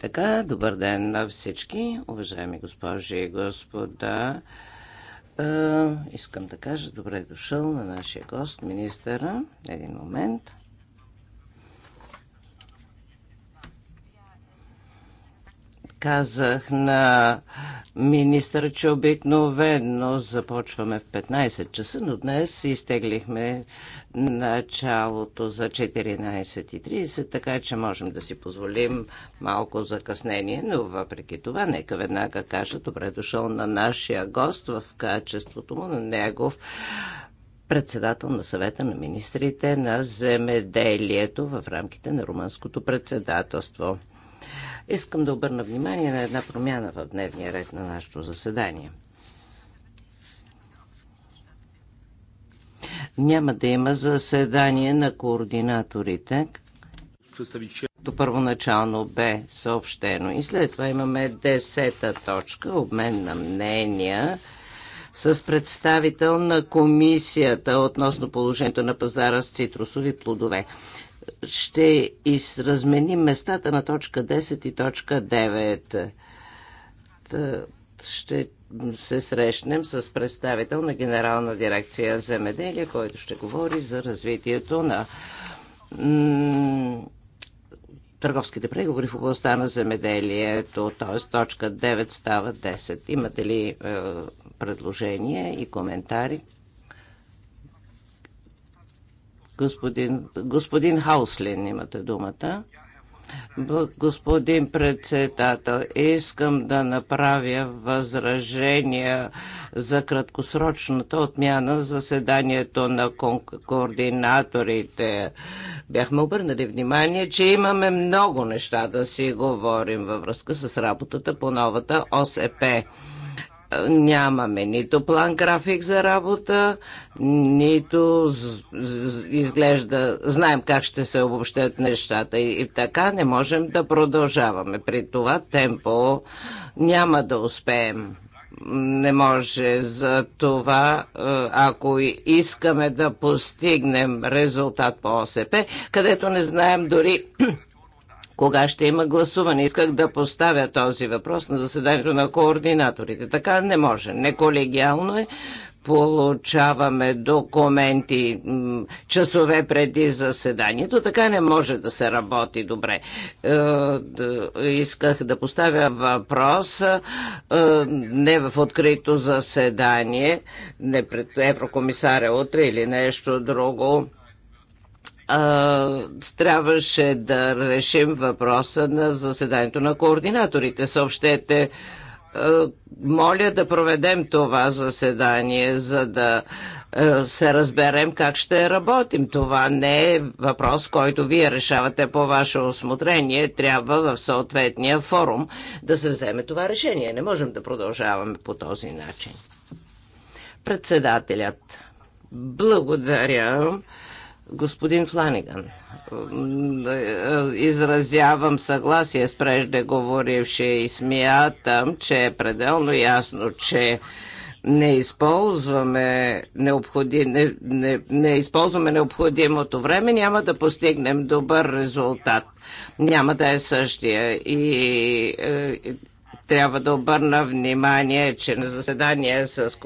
Така, добър ден на всички, уважаеми госпожи и господа. Е, искам да кажа добре дошъл на нашия гост, министъра. Един момент. казах на министър, че обикновено започваме в 15 часа, но днес изтеглихме началото за 14.30, така че можем да си позволим малко закъснение, но въпреки това, нека веднага кажа, добре дошъл на нашия гост в качеството му на негов председател на съвета на министрите на земеделието в рамките на румънското председателство. Искам да обърна внимание на една промяна в дневния ред на нашето заседание. Няма да има заседание на координаторите, като първоначално бе съобщено. И след това имаме десета точка, обмен на мнения с представител на комисията относно положението на пазара с цитрусови плодове ще изразменим местата на точка 10 и точка 9. ще се срещнем с представител на Генерална дирекция земеделие, който ще говори за развитието на търговските преговори в областта на земеделието, т.е. точка 9 става 10. Имате ли е, предложения и коментари? Господин, господин Хауслин, имате думата. Господин председател, искам да направя възражения за краткосрочната отмяна заседанието на координаторите. Бяхме обърнали внимание, че имаме много неща да си говорим във връзка с работата по новата ОСП нямаме нито план график за работа, нито изглежда, знаем как ще се обобщат нещата и, и така не можем да продължаваме. При това темпо няма да успеем не може. За това, е, ако искаме да постигнем резултат по ОСП, където не знаем дори кога ще има гласуване? Исках да поставя този въпрос на заседанието на координаторите. Така не може. Неколегиално е получаваме документи часове преди заседанието. Така не може да се работи добре. Е, исках да поставя въпрос е, не в открито заседание, не пред еврокомисаря утре или нещо друго а, трябваше да решим въпроса на заседанието на координаторите. Съобщете, а, моля да проведем това заседание, за да а, се разберем как ще работим. Това не е въпрос, който вие решавате по ваше осмотрение. Трябва в съответния форум да се вземе това решение. Не можем да продължаваме по този начин. Председателят. Благодаря. Господин Фланиган, е, е, изразявам съгласие с преждеговоривши и смятам, че е пределно ясно, че не използваме, необходи, не, не, не използваме необходимото време, няма да постигнем добър резултат. Няма да е същия. И, и е, трябва да обърна внимание, че на заседание с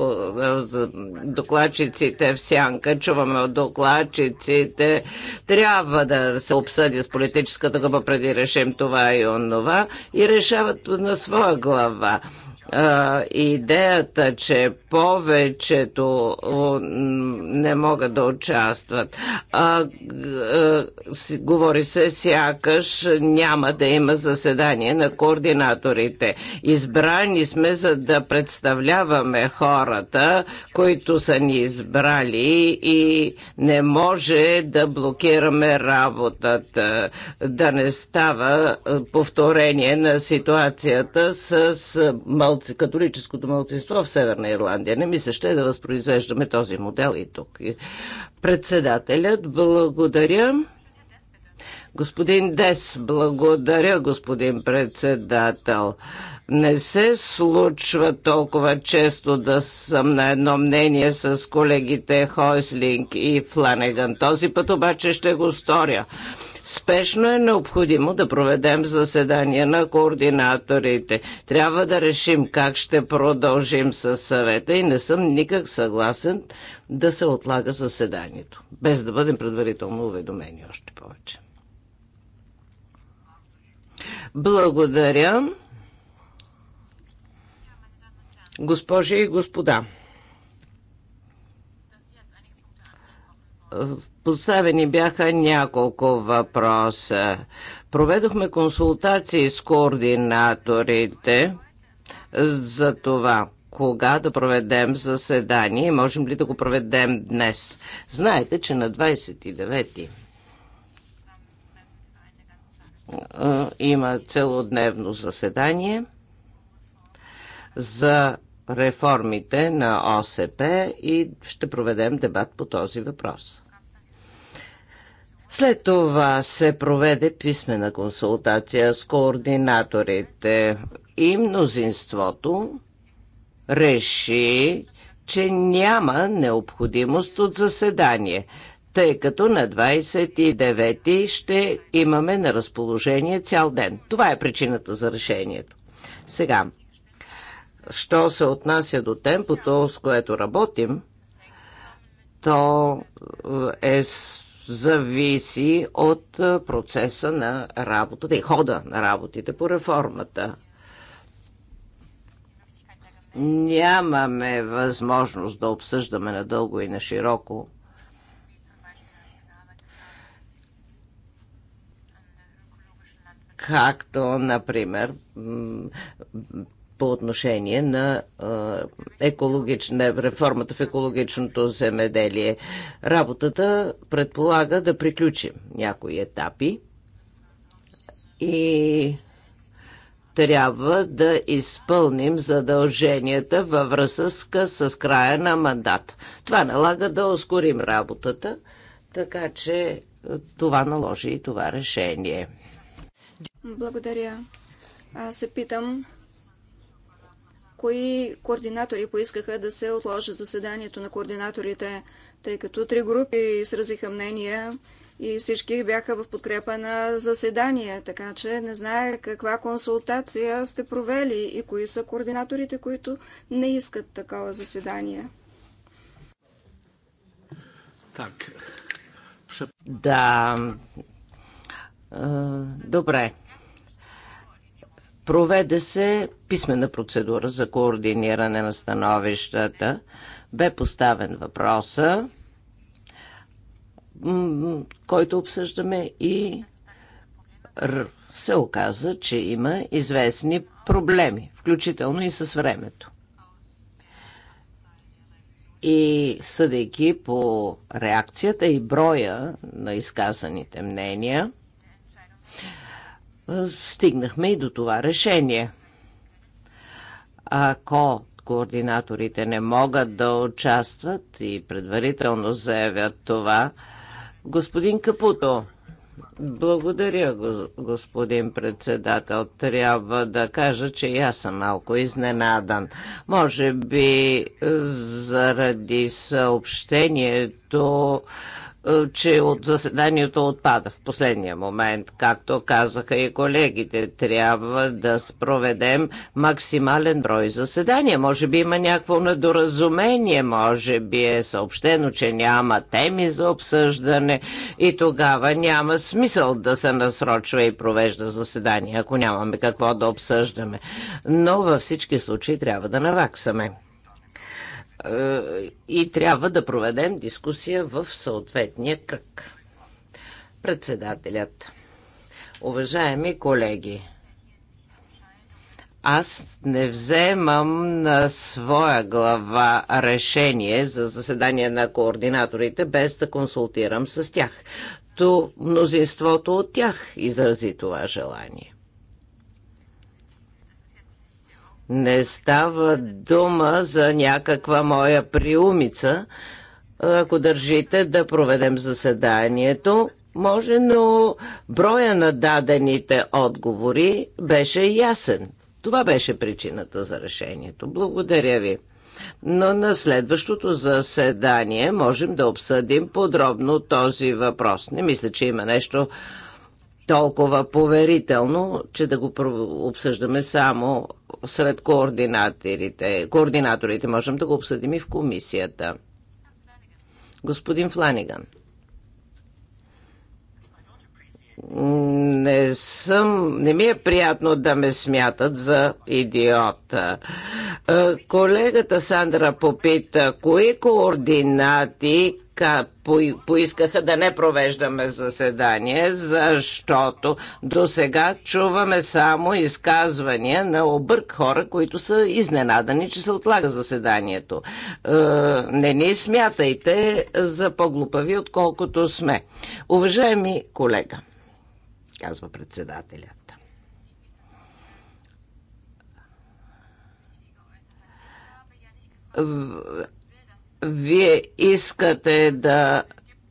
докладчиците в Сянка, чуваме от докладчиците, трябва да се обсъди с политическата група преди решим това и онова и решават на своя глава идеята, че повечето не могат да участват. А, говори се, сякаш няма да има заседание на координаторите. Избрани сме за да представляваме хората, които са ни избрали и не може да блокираме работата, да не става повторение на ситуацията с мълчанието мълци, католическото мълцинство в Северна Ирландия. Не мисля ще да възпроизвеждаме този модел и тук. Председателят, благодаря. Господин Дес, благодаря, господин председател. Не се случва толкова често да съм на едно мнение с колегите Хойслинг и Фланеган. Този път обаче ще го сторя. Спешно е необходимо да проведем заседание на координаторите. Трябва да решим как ще продължим с съвета и не съм никак съгласен да се отлага заседанието, без да бъдем предварително уведомени още повече. Благодаря. Госпожи и господа, Поставени бяха няколко въпроса. Проведохме консултации с координаторите за това кога да проведем заседание. Можем ли да го проведем днес? Знаете, че на 29 ти е, има целодневно заседание за реформите на ОСП и ще проведем дебат по този въпрос. След това се проведе писмена консултация с координаторите и мнозинството реши, че няма необходимост от заседание, тъй като на 29 ще имаме на разположение цял ден. Това е причината за решението. Сега, що се отнася до темпото, с което работим, то е зависи от процеса на работата и хода на работите по реформата. Нямаме възможност да обсъждаме надълго и на широко както, например, по отношение на екологична, реформата в екологичното земеделие. Работата предполага да приключим някои етапи и трябва да изпълним задълженията във връзка с края на мандат. Това налага да ускорим работата, така че това наложи и това решение. Благодаря. Аз се питам кои координатори поискаха да се отложи заседанието на координаторите, тъй като три групи изразиха мнения и всички бяха в подкрепа на заседание, така че не знае каква консултация сте провели и кои са координаторите, които не искат такова заседание. Так. Да. Е, добре. Проведе се писмена процедура за координиране на становищата бе поставен въпроса, който обсъждаме и се оказа, че има известни проблеми, включително и с времето. И съдейки по реакцията и броя на изказаните мнения, стигнахме и до това решение – ако координаторите не могат да участват и предварително заявят това, господин Капуто, благодаря, господин председател. Трябва да кажа, че и аз съм малко изненадан. Може би заради съобщението е, че от заседанието отпада в последния момент. Както казаха и колегите, трябва да проведем максимален брой заседания. Може би има някакво недоразумение, може би е съобщено, че няма теми за обсъждане и тогава няма смисъл да се насрочва и провежда заседание, ако нямаме какво да обсъждаме. Но във всички случаи трябва да наваксаме. Е, и трябва да проведем дискусия в съответния кръг. Председателят. Уважаеми колеги, аз не вземам на своя глава решение за заседание на координаторите, без да консултирам с тях. То мнозинството от тях изрази това желание. Не става дума за някаква моя приумица. Ако държите да проведем заседанието, може, но броя на дадените отговори беше ясен. Това беше причината за решението. Благодаря ви. Но на следващото заседание можем да обсъдим подробно този въпрос. Не мисля, че има нещо толкова поверително, че да го обсъждаме само сред координаторите. Координаторите можем да го обсъдим и в комисията. Господин Фланиган. Не съм, не ми е приятно да ме смятат за идиот. Е, колегата Сандра попита, кои координати така по, поискаха да не провеждаме заседание, защото до сега чуваме само изказвания на обърк хора, които са изненадани, че се отлага заседанието. Е, не ни смятайте за по-глупави, отколкото сме. Уважаеми колега, казва председателят. Вие искате да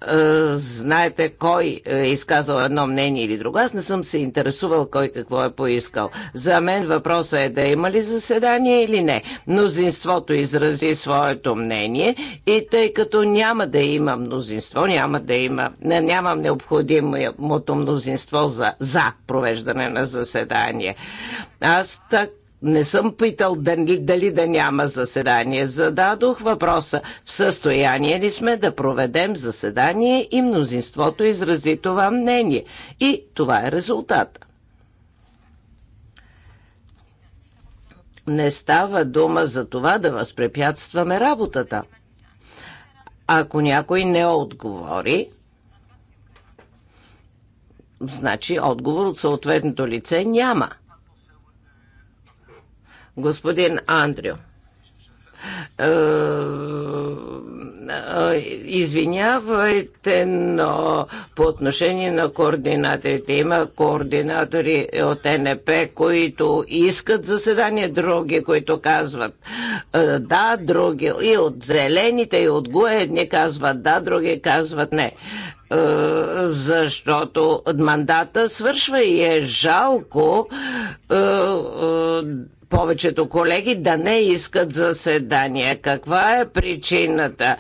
е, знаете кой е изказал едно мнение или друго. Аз не съм се интересувал кой какво е поискал. За мен въпросът е да има ли заседание или не. Мнозинството изрази своето мнение и тъй като няма да има мнозинство, няма да има, не, нямам необходимото мнозинство за, за провеждане на заседание. Аз така не съм питал дали, дали да няма заседание. Зададох въпроса. В състояние ли сме да проведем заседание и мнозинството изрази това мнение. И това е резултата. Не става дума за това да възпрепятстваме работата. Ако някой не отговори, значи отговор от съответното лице няма – господин Андрю. Е, е, извинявайте, но по отношение на координаторите има координатори от НП, които искат заседание, други, които казват е, да, други и от зелените, и от Гуе,дни казват да, други казват не защото мандата свършва и е жалко повечето колеги да не искат заседания. Каква е причината?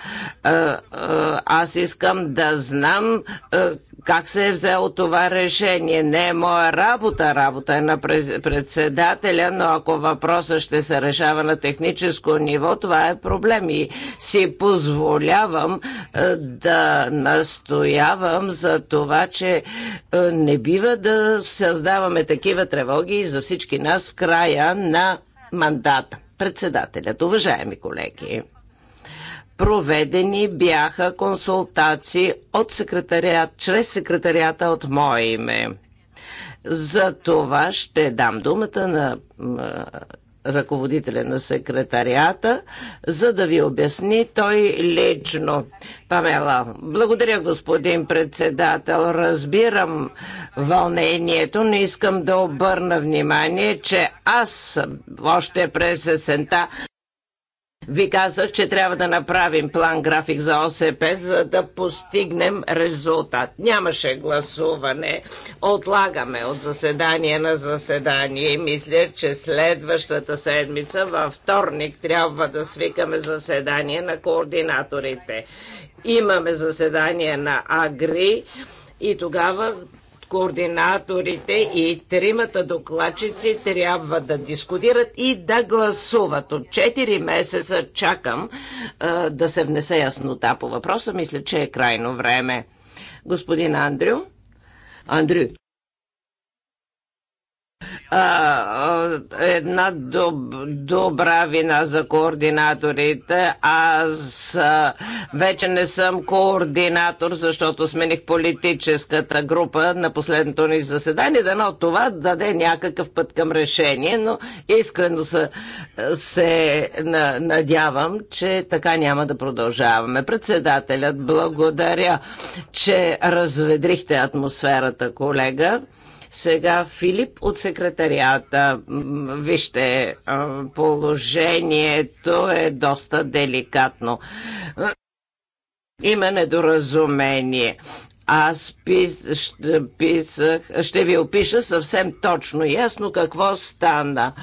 Аз искам да знам как се е взело това решение? Не е моя работа, работа е на председателя, но ако въпросът ще се решава на техническо ниво, това е проблем и си позволявам е, да настоявам за това, че е, не бива да създаваме такива тревоги за всички нас в края на мандата. Председателят, уважаеми колеги. Проведени бяха консултации от секретариат, чрез секретарията от мое име. За това ще дам думата на ръководителя на секретарията, за да ви обясни той лично. Памела, благодаря господин председател. Разбирам вълнението, но искам да обърна внимание, че аз още през есента ви казах, че трябва да направим план график за ОСП, за да постигнем резултат. Нямаше гласуване. Отлагаме от заседание на заседание и мисля, че следващата седмица във вторник трябва да свикаме заседание на координаторите. Имаме заседание на Агри и тогава координаторите и тримата докладчици трябва да дискутират и да гласуват. От 4 месеца чакам а, да се внесе яснота по въпроса. Мисля, че е крайно време. Господин Андрю? Андрю? а, една доб, добра вина за координаторите. Аз а, вече не съм координатор, защото смених политическата група на последното ни заседание. Дано това даде някакъв път към решение, но искрено се, се надявам, че така няма да продължаваме. Председателят, благодаря, че разведрихте атмосферата, колега. Сега Филип от секретарията. Вижте, положението е доста деликатно. Има недоразумение. Аз пис, ще, писах, ще ви опиша съвсем точно, ясно какво стана.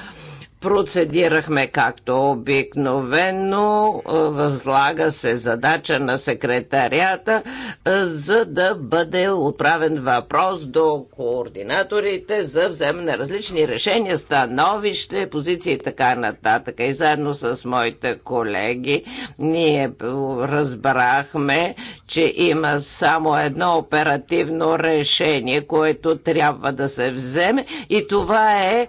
Процедирахме както обикновено, възлага се задача на секретарията, е, за да бъде отправен въпрос до координаторите за вземане на различни решения, становище, позиции и така нататък. И заедно с моите колеги ние разбрахме, че има само едно оперативно решение, което трябва да се вземе и това е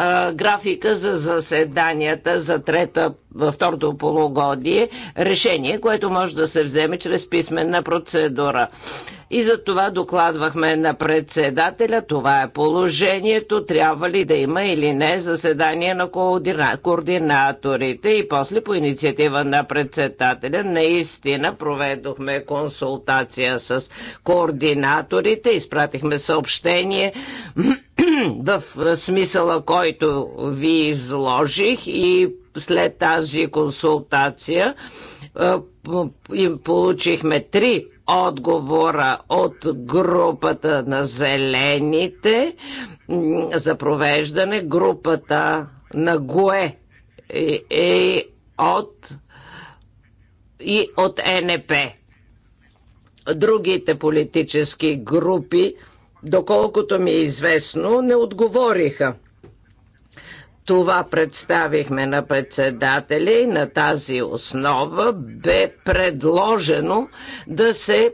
а, графика за заседанията за трета, във второто полугодие. Решение, което може да се вземе чрез писменна процедура и за това докладвахме на председателя. Това е положението. Трябва ли да има или не заседание на координа... координаторите и после по инициатива на председателя наистина проведохме консултация с координаторите. Изпратихме съобщение в смисъла, който ви изложих и след тази консултация им получихме три отговора от групата на зелените за провеждане, групата на ГОЕ и, и от и от НП. Другите политически групи, доколкото ми е известно, не отговориха това представихме на председателя и на тази основа бе предложено да се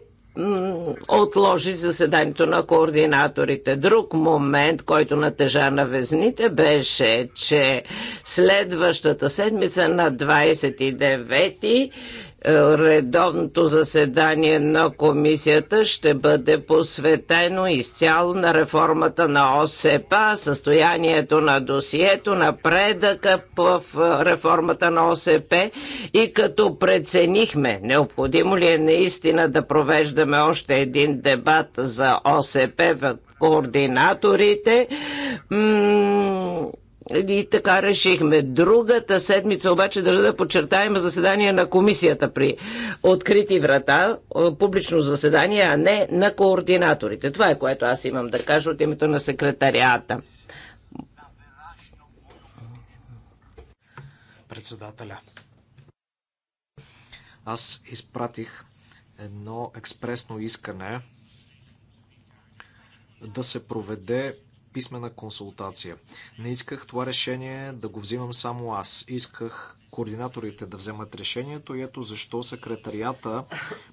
отложи заседанието на координаторите. Друг момент, който натежа на везните, беше, че следващата седмица на 29 ти Редовното заседание на комисията ще бъде посветено изцяло на реформата на ОСП, състоянието на досието, напредъка в реформата на ОСП и като преценихме, необходимо ли е наистина да провеждаме още един дебат за ОСП в координаторите, и така решихме. Другата седмица обаче държа да подчертаем заседание на комисията при открити врата, публично заседание, а не на координаторите. Това е което аз имам да кажа от името на секретарията. Председателя. Аз изпратих едно експресно искане да се проведе писмена консултация. Не исках това решение да го взимам само аз. Исках координаторите да вземат решението и ето защо секретарията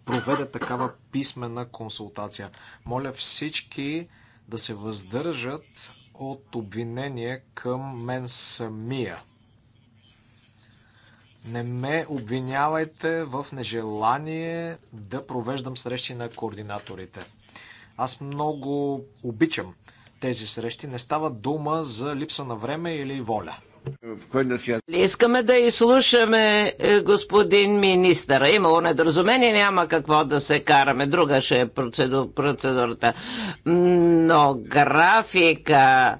проведе такава писмена консултация. Моля всички да се въздържат от обвинение към мен самия. Не ме обвинявайте в нежелание да провеждам срещи на координаторите. Аз много обичам тези срещи. Не става дума за липса на време или воля. Искаме да изслушаме е, господин министъра. Имало недоразумение, няма какво да се караме. Друга ще е процедурата. Но графика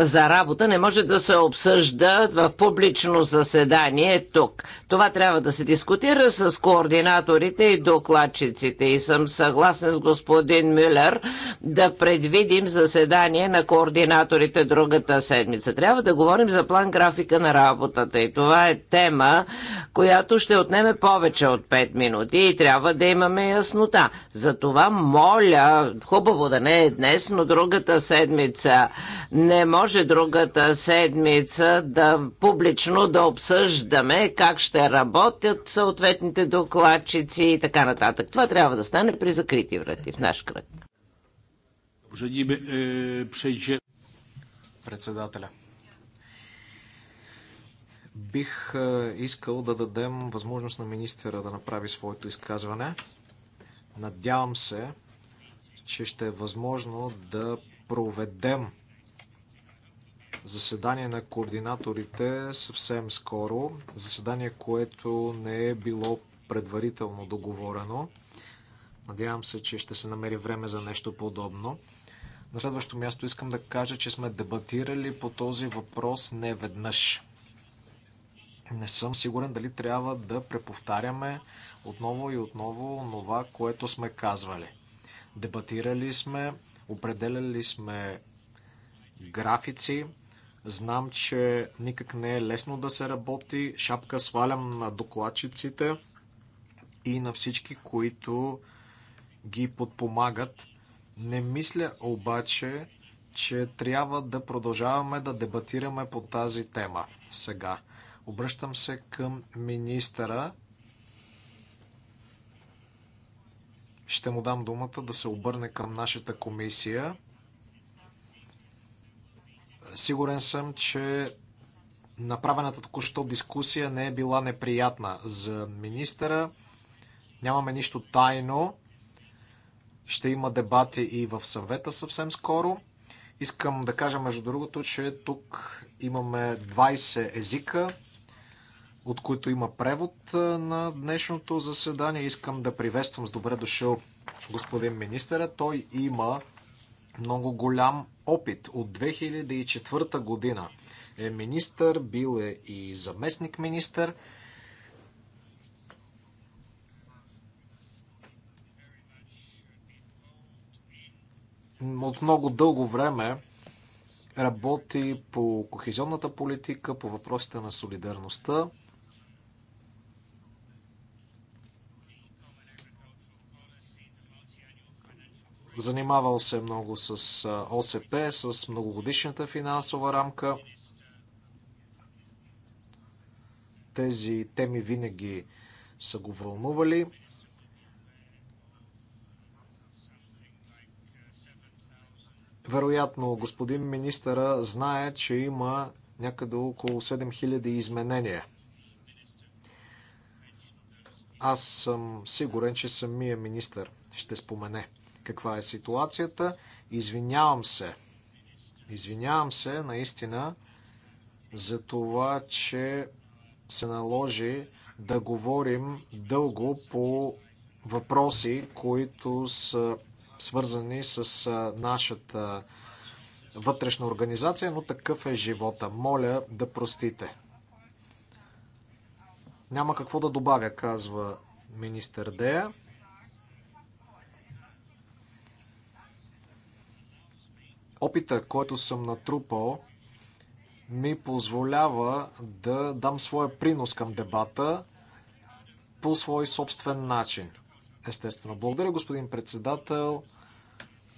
за работа не може да се обсъжда в публично заседание тук. Това трябва да се дискутира с координаторите и докладчиците. И съм съгласен с господин Мюлер да предвидим заседание на координаторите другата седмица. Трябва да говорим за план графика на работата. И това е тема, която ще отнеме повече от 5 минути и трябва да имаме яснота. Затова моля, хубаво да не е днес, но другата седмица не може може другата седмица да публично да обсъждаме как ще работят съответните докладчици и така нататък. Това трябва да стане при закрити врати в наш кръг. Е, Председателя. Бих е, искал да дадем възможност на министъра да направи своето изказване. Надявам се, че ще е възможно да проведем заседание на координаторите съвсем скоро. Заседание, което не е било предварително договорено. Надявам се, че ще се намери време за нещо подобно. На следващо място искам да кажа, че сме дебатирали по този въпрос не веднъж. Не съм сигурен дали трябва да преповтаряме отново и отново това, което сме казвали. Дебатирали сме, определяли сме графици, Знам, че никак не е лесно да се работи. Шапка свалям на докладчиците и на всички, които ги подпомагат. Не мисля обаче, че трябва да продължаваме да дебатираме по тази тема сега. Обръщам се към министъра. Ще му дам думата да се обърне към нашата комисия. Сигурен съм, че направената току-що дискусия не е била неприятна за министъра. Нямаме нищо тайно. Ще има дебати и в съвета съвсем скоро. Искам да кажа, между другото, че тук имаме 20 езика, от които има превод на днешното заседание. Искам да приветствам с добре дошъл господин министъра. Той има много голям опит. От 2004 година е министър, бил е и заместник министър. От много дълго време работи по кохезионната политика, по въпросите на солидарността. Занимавал се е много с ОСП, с многогодишната финансова рамка. Тези теми винаги са го вълнували. Вероятно, господин министъра знае, че има някъде около 7000 изменения. Аз съм сигурен, че самия министър ще спомене каква е ситуацията. Извинявам се. Извинявам се наистина за това, че се наложи да говорим дълго по въпроси, които са свързани с нашата вътрешна организация, но такъв е живота. Моля да простите. Няма какво да добавя, казва министър Дея. Опита, който съм натрупал, ми позволява да дам своя принос към дебата по свой собствен начин. Естествено. Благодаря, господин председател.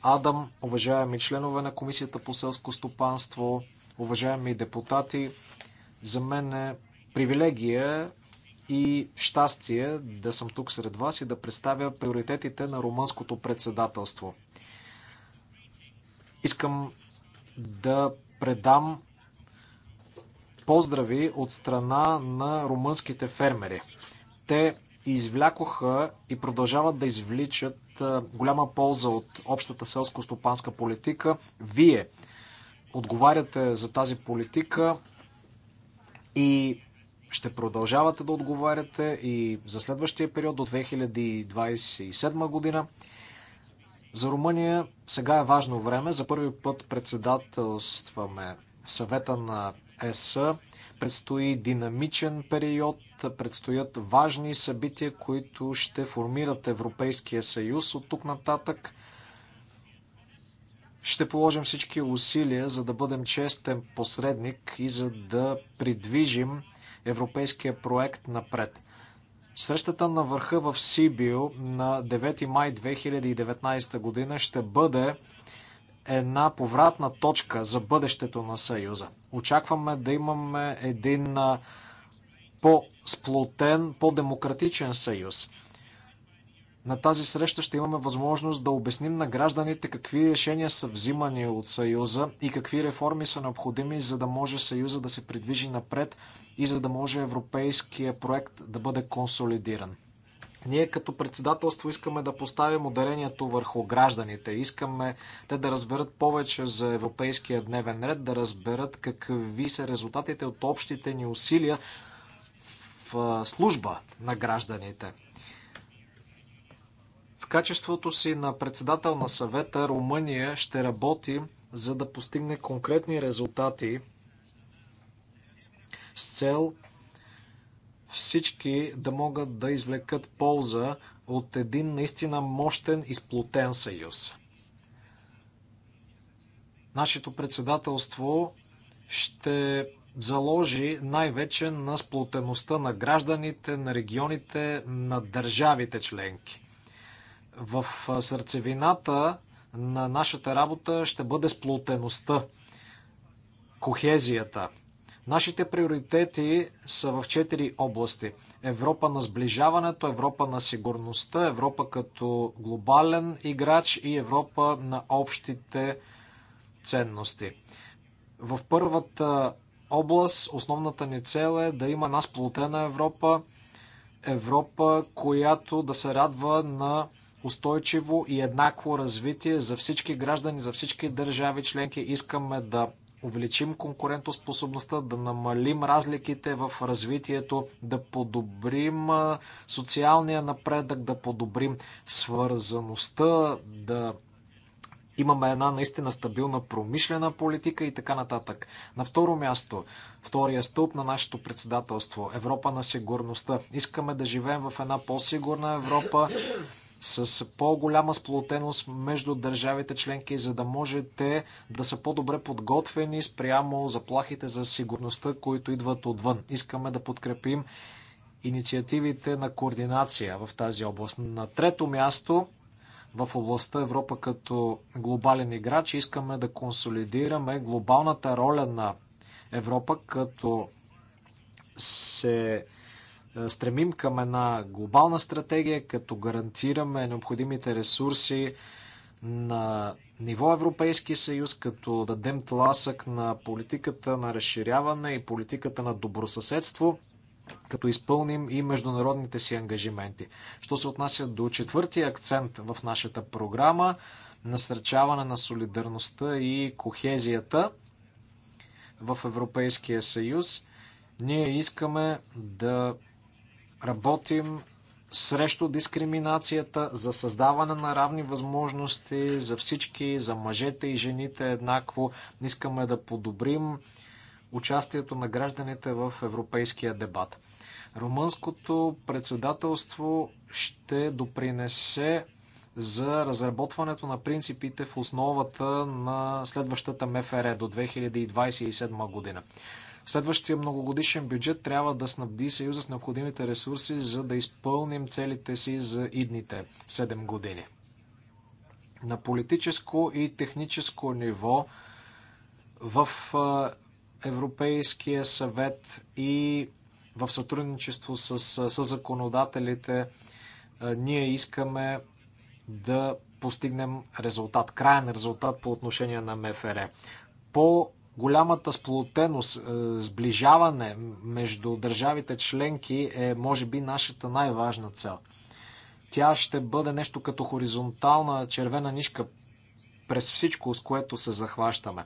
Адам, уважаеми членове на Комисията по селско стопанство, уважаеми депутати, за мен е привилегия и щастие да съм тук сред вас и да представя приоритетите на румънското председателство. Искам да предам поздрави от страна на румънските фермери. Те извлякоха и продължават да извличат голяма полза от общата селско-стопанска политика. Вие отговаряте за тази политика и ще продължавате да отговаряте и за следващия период до 2027 година. За Румъния сега е важно време. За първи път председателстваме съвета на ЕС. Предстои динамичен период, предстоят важни събития, които ще формират Европейския съюз от тук нататък. Ще положим всички усилия, за да бъдем честен посредник и за да придвижим европейския проект напред. Срещата на върха в Сибио на 9 май 2019 година ще бъде една повратна точка за бъдещето на Съюза. Очакваме да имаме един по-сплотен, по-демократичен съюз. На тази среща ще имаме възможност да обясним на гражданите какви решения са взимани от Съюза и какви реформи са необходими, за да може Съюза да се придвижи напред и за да може европейския проект да бъде консолидиран. Ние като председателство искаме да поставим ударението върху гражданите. Искаме те да разберат повече за европейския дневен ред, да разберат какви са резултатите от общите ни усилия в служба на гражданите качеството си на председател на съвета Румъния ще работи за да постигне конкретни резултати с цел всички да могат да извлекат полза от един наистина мощен и сплотен съюз. Нашето председателство ще заложи най-вече на сплотеността на гражданите, на регионите, на държавите членки. В сърцевината на нашата работа ще бъде сплотеността, кохезията. Нашите приоритети са в четири области. Европа на сближаването, Европа на сигурността, Европа като глобален играч и Европа на общите ценности. В първата област основната ни цел е да има нас сплотена Европа, Европа, която да се радва на устойчиво и еднакво развитие за всички граждани, за всички държави членки. Искаме да увеличим конкурентоспособността, да намалим разликите в развитието, да подобрим социалния напредък, да подобрим свързаността, да имаме една наистина стабилна промишлена политика и така нататък. На второ място, втория стълб на нашето председателство Европа на сигурността. Искаме да живеем в една по-сигурна Европа, с по-голяма сплотеност между държавите членки, за да можете да са по-добре подготвени спрямо заплахите за сигурността, които идват отвън. Искаме да подкрепим инициативите на координация в тази област. На трето място, в областта Европа като глобален играч, искаме да консолидираме глобалната роля на Европа, като се е, стремим към една глобална стратегия, като гарантираме необходимите ресурси на ниво Европейски съюз, като дадем тласък на политиката на разширяване и политиката на добросъседство, като изпълним и международните си ангажименти. Що се отнася до четвъртия акцент в нашата програма, насърчаване на солидарността и кохезията в Европейския съюз, ние искаме да Работим срещу дискриминацията, за създаване на равни възможности за всички, за мъжете и жените еднакво. Искаме да подобрим участието на гражданите в европейския дебат. Румънското председателство ще допринесе за разработването на принципите в основата на следващата МФР до 2027 година. Следващия многогодишен бюджет трябва да снабди Съюза с необходимите ресурси, за да изпълним целите си за идните 7 години. На политическо и техническо ниво в Европейския съвет и в сътрудничество с, с законодателите ние искаме да постигнем резултат, краен резултат по отношение на МФР. По голямата сплотеност, е, сближаване между държавите членки е, може би, нашата най-важна цел. Тя ще бъде нещо като хоризонтална червена нишка през всичко, с което се захващаме.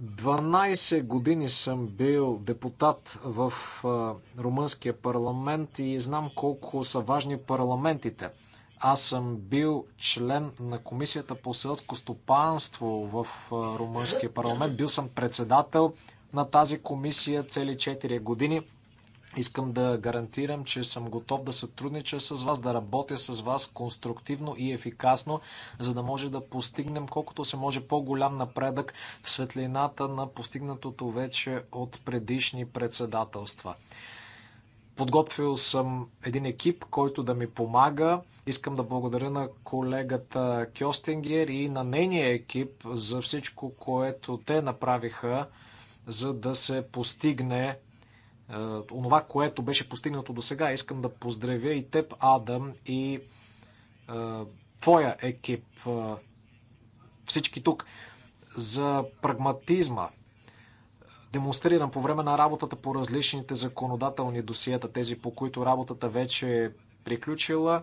12 години съм бил депутат в е, румънския парламент и знам колко са важни парламентите – аз съм бил член на Комисията по селско стопанство в Румънския парламент. Бил съм председател на тази комисия цели 4 години. Искам да гарантирам, че съм готов да сътруднича с вас, да работя с вас конструктивно и ефикасно, за да може да постигнем колкото се може по-голям напредък в светлината на постигнатото вече от предишни председателства. Подготвил съм един екип, който да ми помага. Искам да благодаря на колегата Кьостингер и на нейния екип за всичко, което те направиха, за да се постигне е, онова, което беше постигнато до сега. Искам да поздравя и теб, Адам, и е, твоя екип, е, всички тук, за прагматизма, демонстриран по време на работата по различните законодателни досиета, тези по които работата вече е приключила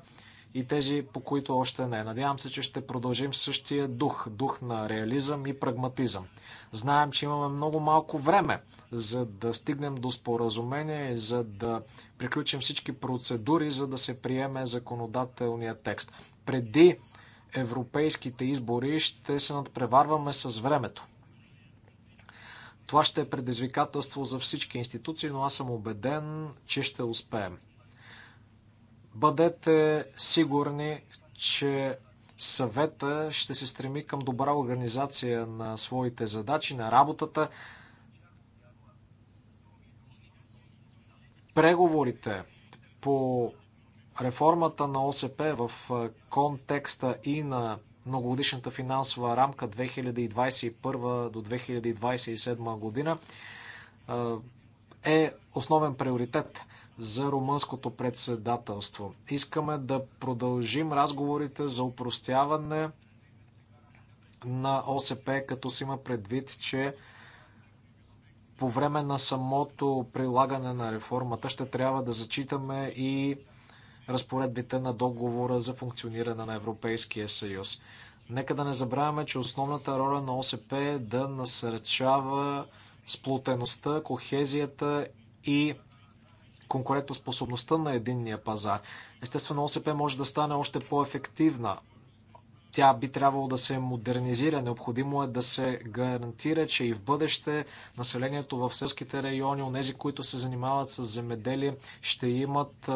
и тези по които още не. Надявам се, че ще продължим същия дух, дух на реализъм и прагматизъм. Знаем, че имаме много малко време, за да стигнем до споразумение, за да приключим всички процедури, за да се приеме законодателния текст. Преди европейските избори ще се надпреварваме с времето. Това ще е предизвикателство за всички институции, но аз съм убеден, че ще успеем. Бъдете сигурни, че съвета ще се стреми към добра организация на своите задачи, на работата. Преговорите по реформата на ОСП в контекста и на многогодишната финансова рамка 2021 до 2027 година е основен приоритет за румънското председателство. Искаме да продължим разговорите за упростяване на ОСП, като си има предвид, че по време на самото прилагане на реформата ще трябва да зачитаме и разпоредбите на договора за функциониране на Европейския съюз. Нека да не забравяме, че основната роля на ОСП е да насърчава сплутеността, кохезията и конкурентоспособността на единния пазар. Естествено, ОСП може да стане още по-ефективна. Тя би трябвало да се модернизира. Необходимо е да се гарантира, че и в бъдеще населението в селските райони, нези, които се занимават с земеделие, ще имат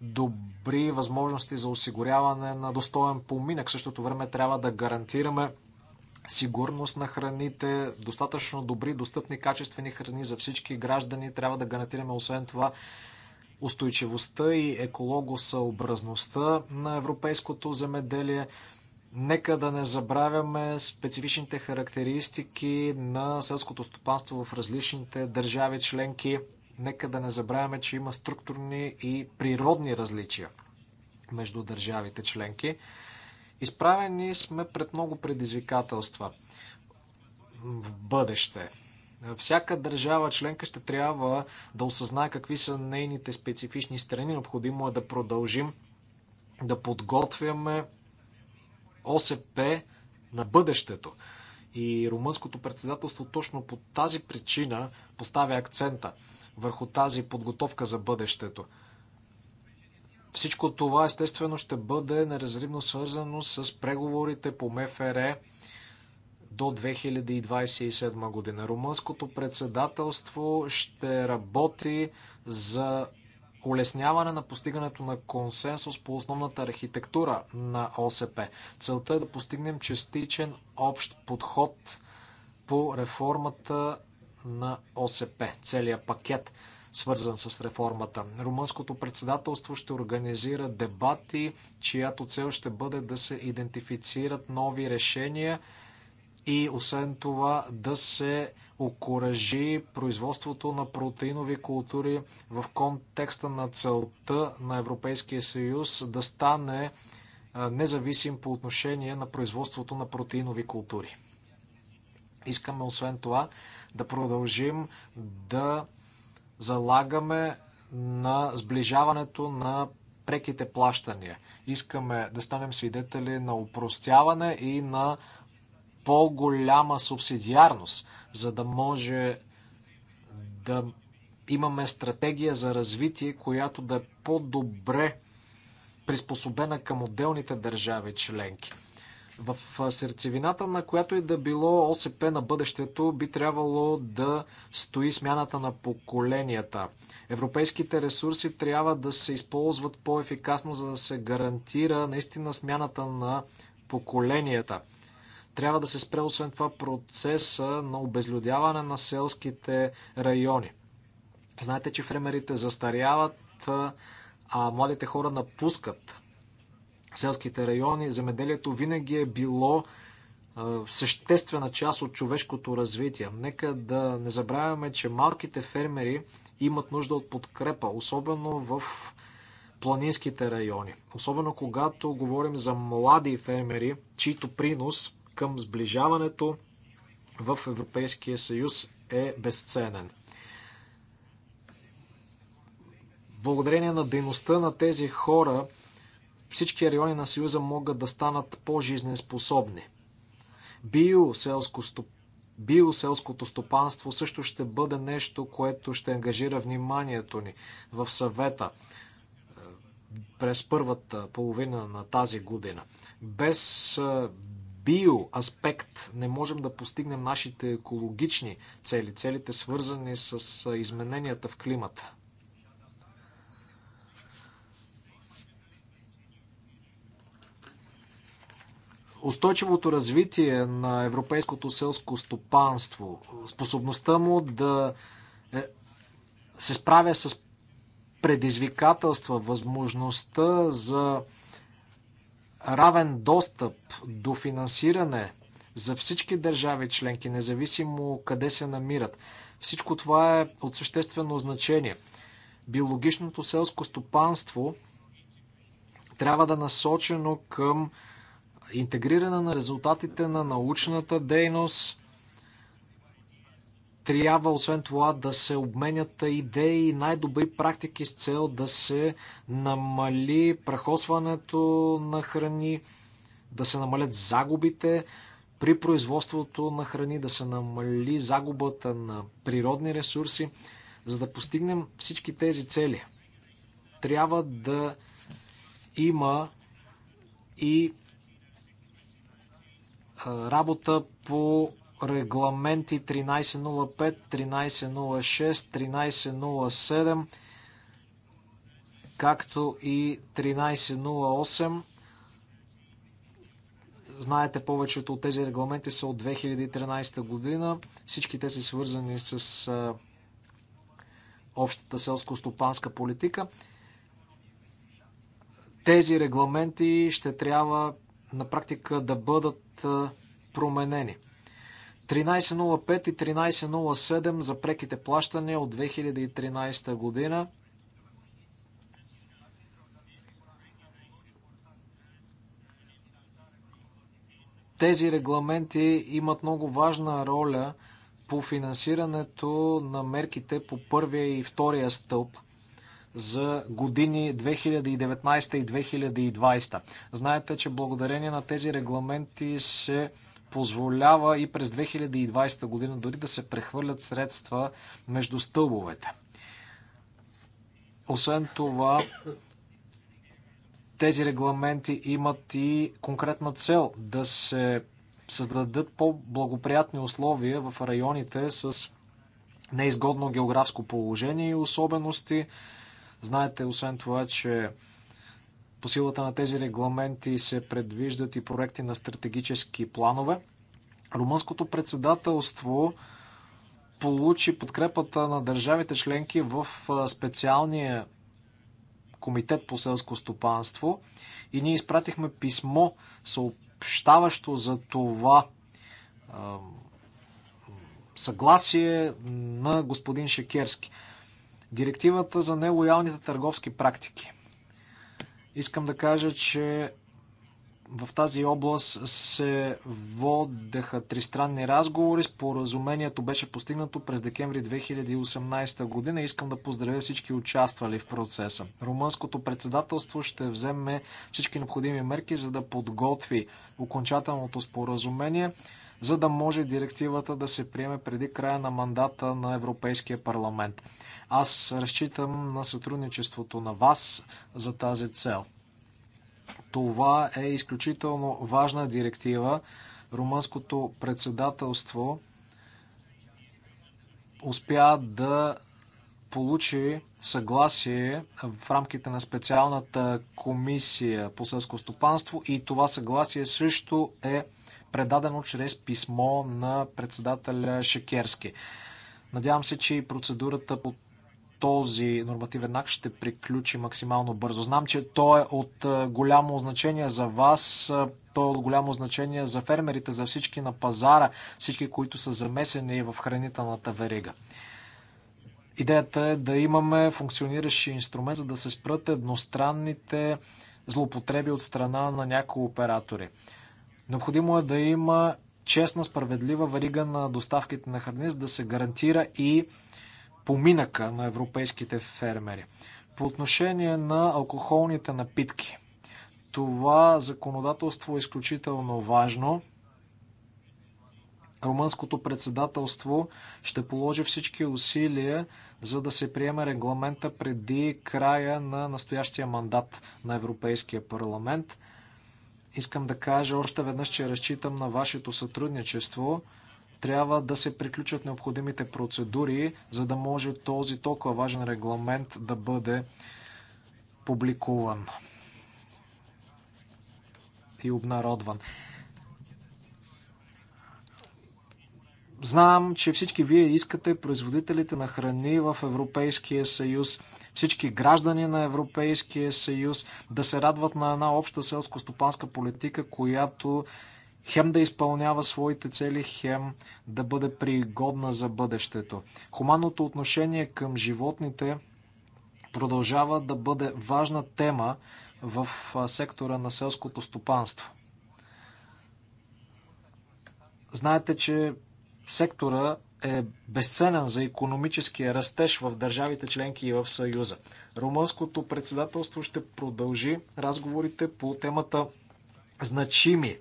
добри възможности за осигуряване на достоен поминък. В същото време трябва да гарантираме сигурност на храните, достатъчно добри, достъпни, качествени храни за всички граждани. Трябва да гарантираме освен това устойчивостта и екологосъобразността на европейското земеделие. Нека да не забравяме специфичните характеристики на селското стопанство в различните държави членки. Нека да не забравяме, че има структурни и природни различия между държавите членки. Изправени сме пред много предизвикателства в бъдеще. Всяка държава членка ще трябва да осъзнае какви са нейните специфични страни. Необходимо е да продължим да подготвяме ОСП на бъдещето. И румънското председателство точно по тази причина поставя акцента – върху тази подготовка за бъдещето. Всичко това естествено ще бъде неразривно свързано с преговорите по МФР до 2027 година. Румънското председателство ще работи за улесняване на постигането на консенсус по основната архитектура на ОСП. Целта е да постигнем частичен общ подход по реформата на ОСП, целият пакет, свързан с реформата. Румънското председателство ще организира дебати, чиято цел ще бъде да се идентифицират нови решения и освен това да се окоръжи производството на протеинови култури в контекста на целта на Европейския съюз да стане независим по отношение на производството на протеинови култури. Искаме освен това да продължим да залагаме на сближаването на преките плащания. Искаме да станем свидетели на упростяване и на по-голяма субсидиарност, за да може да имаме стратегия за развитие, която да е по-добре приспособена към отделните държави членки в сърцевината на която и да било ОСП на бъдещето би трябвало да стои смяната на поколенията. Европейските ресурси трябва да се използват по-ефикасно, за да се гарантира наистина смяната на поколенията. Трябва да се спре освен това процеса на обезлюдяване на селските райони. Знаете, че фремерите застаряват, а младите хора напускат селските райони, земеделието винаги е било съществена част от човешкото развитие. Нека да не забравяме, че малките фермери имат нужда от подкрепа, особено в планинските райони. Особено когато говорим за млади фермери, чийто принос към сближаването в Европейския съюз е безценен. Благодарение на дейността на тези хора, всички райони на Съюза могат да станат по-жизнеспособни. биоселското стопанство също ще бъде нещо, което ще ангажира вниманието ни в съвета е, през първата половина на тази година. Без е, биоаспект не можем да постигнем нашите екологични цели, целите свързани с е, измененията в климата. устойчивото развитие на европейското селско стопанство, способността му да е, се справя с предизвикателства, възможността за равен достъп до финансиране за всички държави членки, независимо къде се намират. Всичко това е от съществено значение. Биологичното селско стопанство трябва да насочено към интегриране на резултатите на научната дейност. Трябва, освен това, да се обменят идеи и най-добри практики с цел да се намали прахосването на храни, да се намалят загубите при производството на храни, да се намали загубата на природни ресурси. За да постигнем всички тези цели, трябва да има и работа по регламенти 1305, 1306, 1307, както и 1308. Знаете, повечето от тези регламенти са от 2013 година. Всички те са свързани с общата селско-стопанска политика. Тези регламенти ще трябва на практика да бъдат променени. 13.05 и 13.07 за преките плащания от 2013 година. Тези регламенти имат много важна роля по финансирането на мерките по първия и втория стълб – за години 2019 и 2020. Знаете, че благодарение на тези регламенти се позволява и през 2020 година дори да се прехвърлят средства между стълбовете. Освен това, тези регламенти имат и конкретна цел да се създадат по-благоприятни условия в районите с неизгодно географско положение и особености. Знаете, освен това, че по силата на тези регламенти се предвиждат и проекти на стратегически планове. Румънското председателство получи подкрепата на държавите членки в специалния комитет по селско стопанство и ние изпратихме писмо съобщаващо за това съгласие на господин Шекерски. Директивата за нелоялните търговски практики. Искам да кажа, че в тази област се водеха тристранни разговори. Споразумението беше постигнато през декември 2018 година. Искам да поздравя всички участвали в процеса. Румънското председателство ще вземе всички необходими мерки, за да подготви окончателното споразумение за да може директивата да се приеме преди края на мандата на Европейския парламент. Аз разчитам на сътрудничеството на вас за тази цел. Това е изключително важна директива. Румънското председателство успя да получи съгласие в рамките на специалната комисия по селско стопанство и това съгласие също е предадено чрез писмо на председателя Шекерски. Надявам се, че и процедурата по този нормативен акт ще приключи максимално бързо. Знам, че то е от е, голямо значение за вас, е, то е от голямо значение за фермерите, за всички на пазара, всички, които са замесени в хранителната верига. Идеята е да имаме функциониращи инструмент, за да се спрат едностранните злоупотреби от страна на някои оператори. Необходимо е да има честна, справедлива варига на доставките на храни, за да се гарантира и поминъка на европейските фермери. По отношение на алкохолните напитки, това законодателство е изключително важно. Румънското председателство ще положи всички усилия, за да се приеме регламента преди края на настоящия мандат на Европейския парламент. Искам да кажа още веднъж, че разчитам на вашето сътрудничество. Трябва да се приключат необходимите процедури, за да може този толкова важен регламент да бъде публикуван и обнародван. Знам, че всички вие искате производителите на храни в Европейския съюз всички граждани на Европейския съюз, да се радват на една обща селско-стопанска политика, която хем да изпълнява своите цели, хем да бъде пригодна за бъдещето. Хуманното отношение към животните продължава да бъде важна тема в сектора на селското стопанство. Знаете, че сектора е безценен за економическия растеж в държавите членки и в Съюза. Румънското председателство ще продължи разговорите по темата значими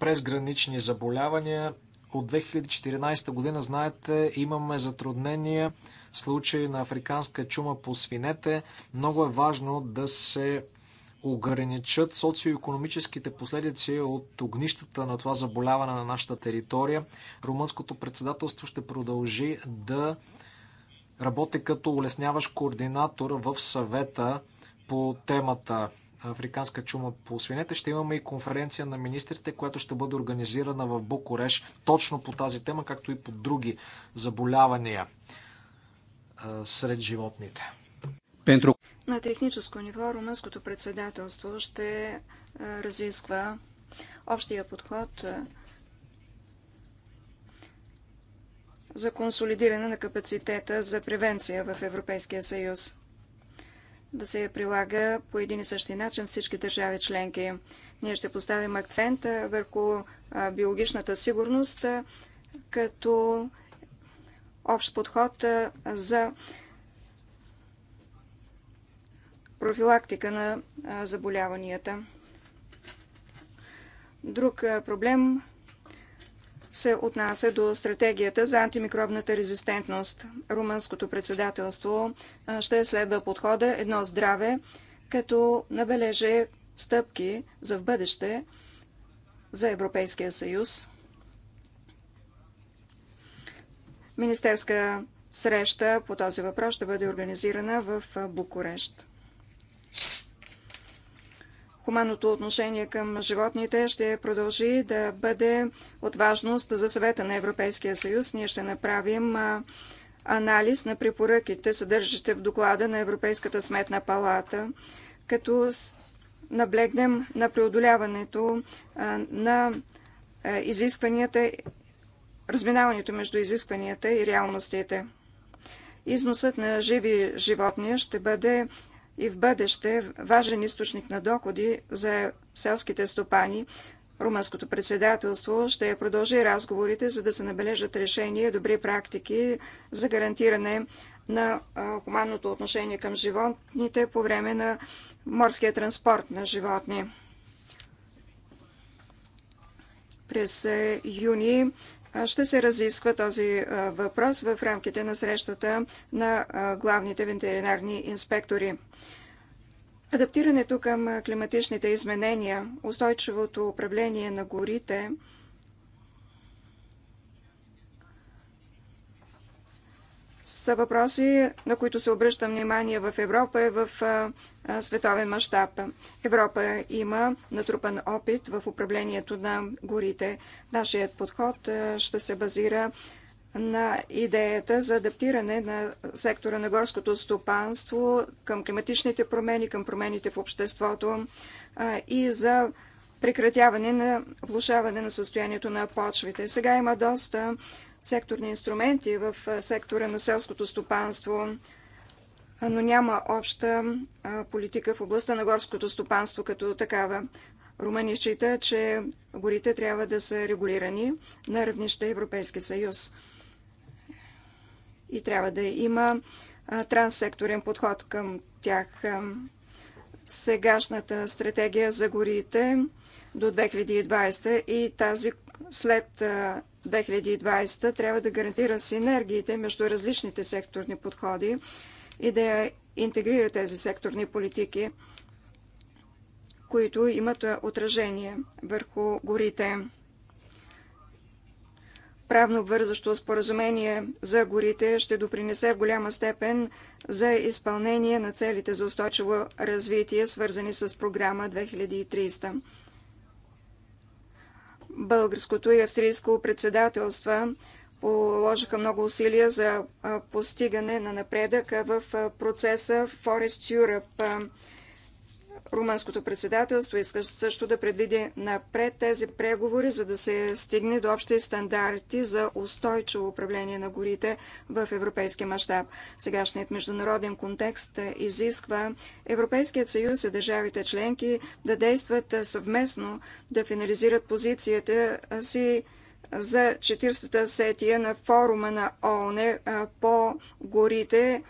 през гранични заболявания. От 2014 година, знаете, имаме затруднения случаи на африканска чума по свинете. Много е важно да се ограничат социо-економическите последици от огнищата на това заболяване на нашата територия. Румънското председателство ще продължи да работи като улесняващ координатор в съвета по темата африканска чума по свинете. Ще имаме и конференция на министрите, която ще бъде организирана в Букуреш точно по тази тема, както и по други заболявания сред животните. Pentru на техническо ниво румънското председателство ще е, разисква общия подход е, за консолидиране на капацитета за превенция в Европейския съюз. Да се прилага по един и същи начин всички държави членки. Ние ще поставим акцент е, върху биологичната сигурност като общ подход за профилактика на заболяванията. Друг проблем се отнася до стратегията за антимикробната резистентност. Румънското председателство ще следва подхода едно здраве, като набележи стъпки за в бъдеще за Европейския съюз. Министерска среща по този въпрос ще бъде организирана в Букурещ. Хуманното отношение към животните ще продължи да бъде от важност за съвета на Европейския съюз. Ние ще направим анализ на препоръките, съдържащите в доклада на Европейската сметна палата, като наблегнем на преодоляването на изискванията, разминаването между изискванията и реалностите. Износът на живи животни ще бъде и в бъдеще важен източник на доходи за селските стопани. Румънското председателство ще продължи разговорите, за да се набележат решения и добри практики за гарантиране на хуманното отношение към животните по време на морския транспорт на животни. През юни ще се разисква този въпрос в рамките на срещата на главните ветеринарни инспектори. Адаптирането към климатичните изменения, устойчивото управление на горите – са въпроси, на които се обръща внимание в Европа и в световен мащаб. Европа има натрупан опит в управлението на горите. Нашият подход ще се базира на идеята за адаптиране на сектора на горското стопанство към климатичните промени, към промените в обществото и за прекратяване на влушаване на състоянието на почвите. Сега има доста секторни инструменти в сектора на селското стопанство, но няма обща политика в областта на горското стопанство като такава. Румъния счита, че горите трябва да са регулирани на равнище Европейски съюз и трябва да има транссекторен подход към тях. Сегашната стратегия за горите до 2020 и тази след 2020 трябва да гарантира синергиите между различните секторни подходи и да интегрира тези секторни политики, които имат отражение върху горите. Правно вързащо споразумение за горите ще допринесе в голяма степен за изпълнение на целите за устойчиво развитие, свързани с програма 2300. Българското и австрийско председателства положиха много усилия за постигане на напредък в процеса Forest Europe. Румънското председателство иска също да предвиди напред тези преговори, за да се стигне до общи стандарти за устойчиво управление на горите в европейски мащаб. Сегашният международен контекст изисква Европейският съюз и държавите членки да действат съвместно, да финализират позицията си за 40-та сетия на форума на ООН по горите,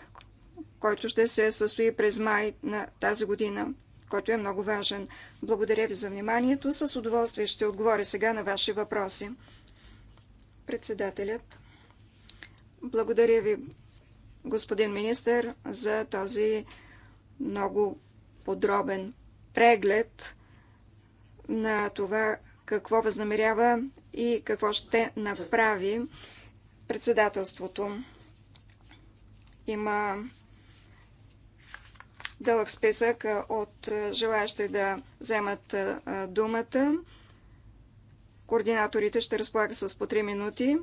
който ще се състои през май на тази година който е много важен. Благодаря ви за вниманието. С удоволствие ще отговоря сега на ваши въпроси. Председателят. Благодаря ви, господин министър, за този много подробен преглед на това какво възнамерява и какво ще направи председателството. Има дълъг списък от желаящи да вземат думата. Координаторите ще разполагат с по 3 минути,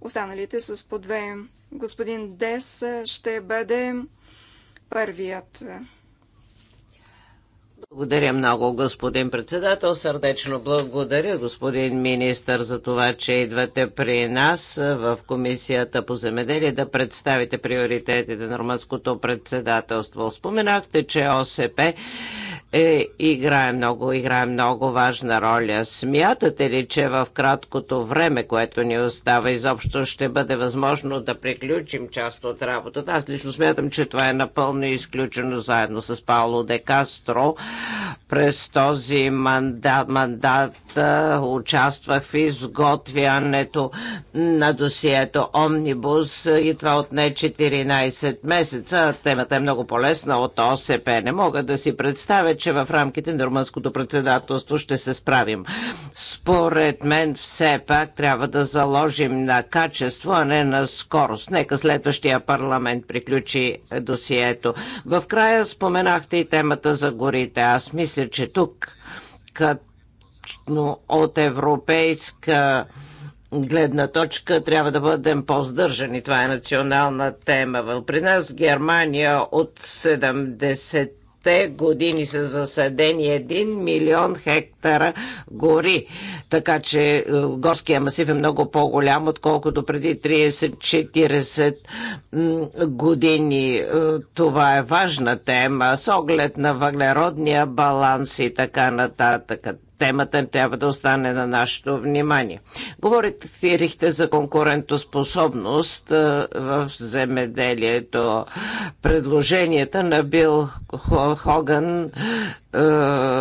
останалите с по 2. Господин Дес ще бъде първият. Благодаря много, господин председател. Сърдечно благодаря, господин министър, за това, че идвате при нас в Комисията по земеделие да представите приоритетите на румънското председателство. Споменахте, че ОСП е, играе, много, играе много важна роля. Смятате ли, че в краткото време, което ни остава, изобщо ще бъде възможно да приключим част от работата? Аз лично смятам, че това е напълно изключено заедно с Пауло де Кастро. През този мандат, мандат участва в изготвянето на досието Омнибус и това отне 14 месеца. Темата е много полезна от ОСП. Не мога да си представя, че в рамките на румънското председателство ще се справим. Според мен все пак трябва да заложим на качество, а не на скорост. Нека следващия парламент приключи досието. В края споменахте и темата за горите. Аз мисля, че тук като от европейска гледна точка трябва да бъдем по-здържани. Това е национална тема. При нас Германия от 70 те години са засадени 1 милион хектара гори. Така че е, горския масив е много по-голям, отколкото преди 30-40 години. Е, това е важна тема с оглед на въглеродния баланс и така нататък темата трябва да остане на нашето внимание. Говорихте за конкурентоспособност в земеделието. Предложенията на Бил Хоган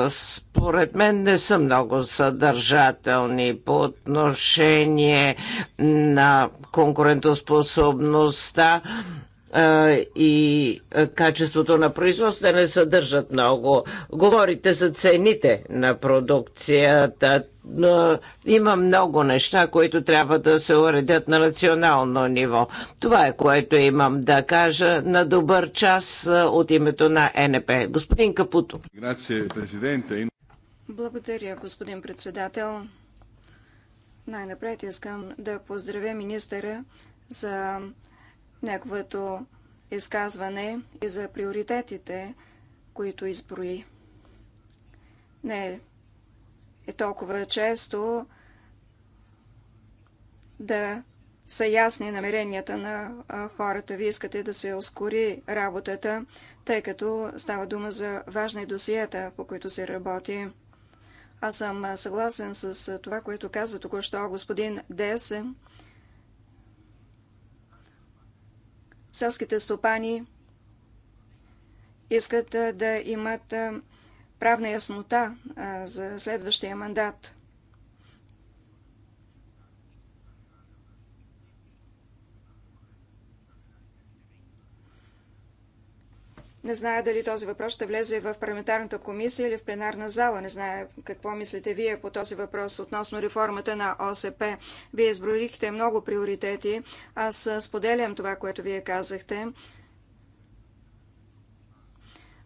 според мен не са много съдържателни по отношение на конкурентоспособността и качеството на производство не съдържат много. Говорите за цените на продукцията. Има много неща, които трябва да се уредят на национално ниво. Това е което имам да кажа на добър час от името на НП. Господин Капуто. Благодаря, господин председател. Най-напред искам да поздравя министъра за неговото изказване и за приоритетите, които изброи. Не е толкова често да са ясни намеренията на хората. Вие искате да се ускори работата, тъй като става дума за важни досиета, по които се работи. Аз съм съгласен с това, което каза току-що господин Десе. селските стопани искат да имат правна яснота за следващия мандат. Не зная дали този въпрос ще влезе в парламентарната комисия или в пленарна зала. Не зная какво мислите вие по този въпрос относно реформата на ОСП. Вие изброихте много приоритети. Аз споделям това, което вие казахте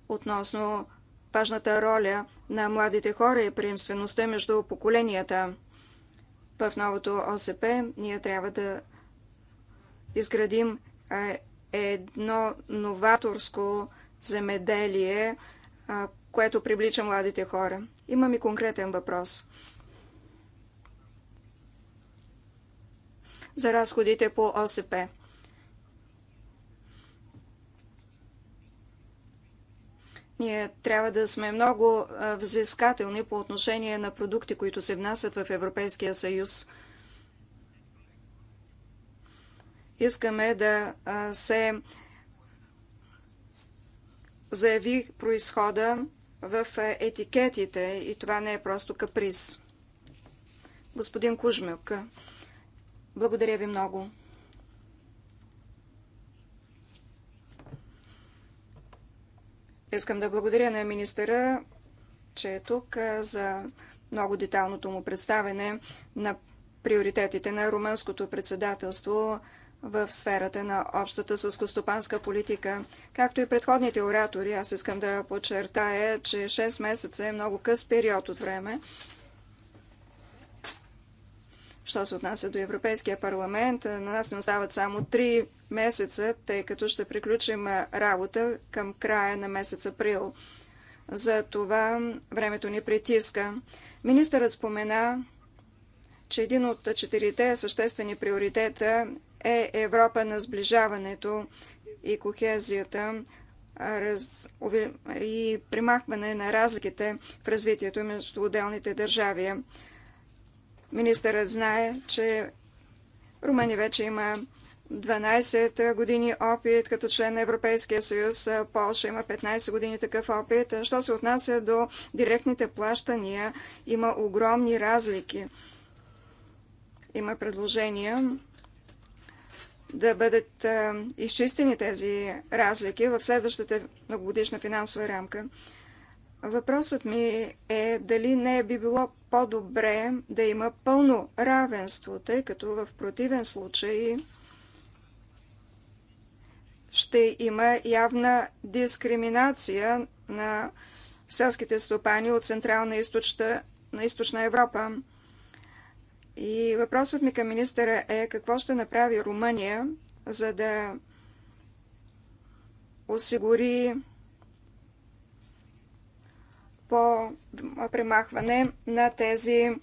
относно важната роля на младите хора и приемствеността между поколенията. В новото ОСП ние трябва да изградим едно новаторско земеделие, което привлича младите хора. Имам и конкретен въпрос. За разходите по ОСП. Ние трябва да сме много взискателни по отношение на продукти, които се внасят в Европейския съюз. Искаме да се заяви происхода в е, етикетите и това не е просто каприз. Господин Кужмюк, благодаря ви много. Искам да благодаря на министъра, че е тук е, за много деталното му представене на приоритетите на румънското председателство в сферата на общата съскостопанска политика. Както и предходните оратори, аз искам да подчертая, че 6 месеца е много къс период от време. Що се отнася до Европейския парламент, на нас не остават само 3 месеца, тъй като ще приключим работа към края на месец април. За това времето ни притиска. Министърът спомена, че един от четирите съществени приоритета е Европа на сближаването и кохезията раз... и примахване на разликите в развитието между отделните държави. Министърът знае, че Румъния вече има 12 години опит като член на Европейския съюз. Полша има 15 години такъв опит. Що се отнася до директните плащания, има огромни разлики. Има предложения да бъдат изчистени тези разлики в следващата многогодишна финансова рамка. Въпросът ми е дали не би било по-добре да има пълно равенство, тъй като в противен случай ще има явна дискриминация на селските стопани от Централна и Източна Европа. И въпросът ми към министъра е какво ще направи Румъния, за да осигури по премахване на тези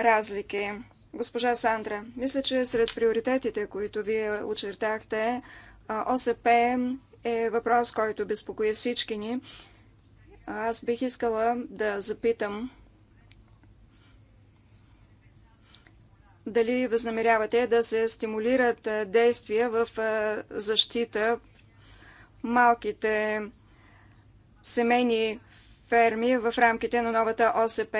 разлики. Госпожа Сандра, мисля, че сред приоритетите, които вие очертахте, ОСП е въпрос, който безпокои всички ни. Аз бих искала да запитам дали възнамерявате да се стимулират е, действия в е, защита малките семейни ферми в рамките на новата ОСП,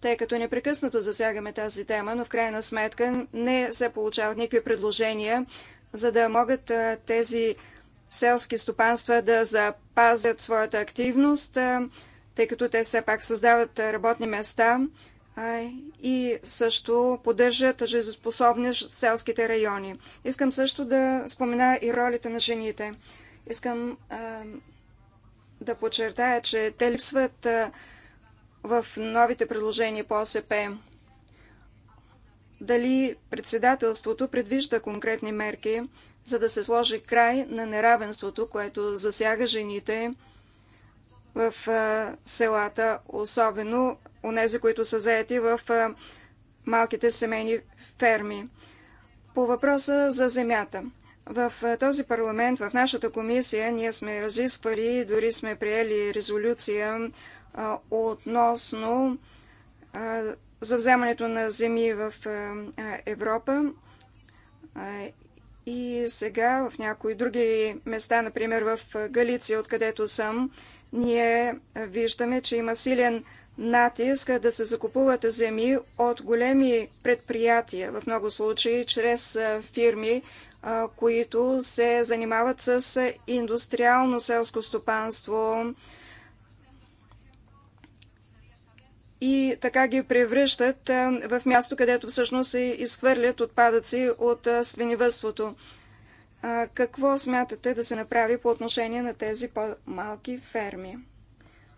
тъй като непрекъснато засягаме тази тема, но в крайна сметка не се получават никакви предложения, за да могат е, тези селски стопанства да запазят своята активност, тъй като те все пак създават работни места, и също поддържат жизнеспособни селските райони. Искам също да спомена и ролите на жените. Искам а, да подчертая, че те липсват а, в новите предложения по ОСП. Дали председателството предвижда конкретни мерки, за да се сложи край на неравенството, което засяга жените в а, селата, особено онези, които са заети в малките семейни ферми. По въпроса за земята. В този парламент, в нашата комисия, ние сме разисквали и дори сме приели резолюция относно за вземането на земи в Европа. и сега в някои други места, например в Галиция, откъдето съм, ние виждаме, че има силен натиск да се закупуват земи от големи предприятия, в много случаи чрез фирми, които се занимават с индустриално селско стопанство и така ги превръщат в място, където всъщност се изхвърлят отпадъци от свиневътството. Какво смятате да се направи по отношение на тези по-малки ферми?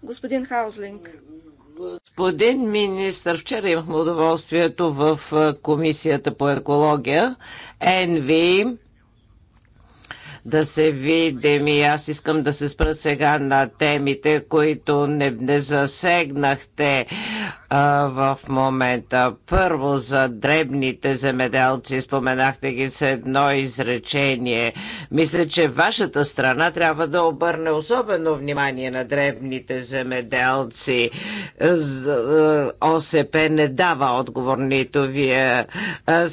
Господин Хаузлинг. Господин министр, вчера имахме удоволствието в Комисията по екология, НВИ, да се видим и аз искам да се спра сега на темите, които не, не засегнахте а, в момента. Първо за дребните земеделци, споменахте ги с едно изречение. Мисля, че вашата страна трябва да обърне особено внимание на дребните земеделци. Е, ОСП не дава отговор нито вие. Е,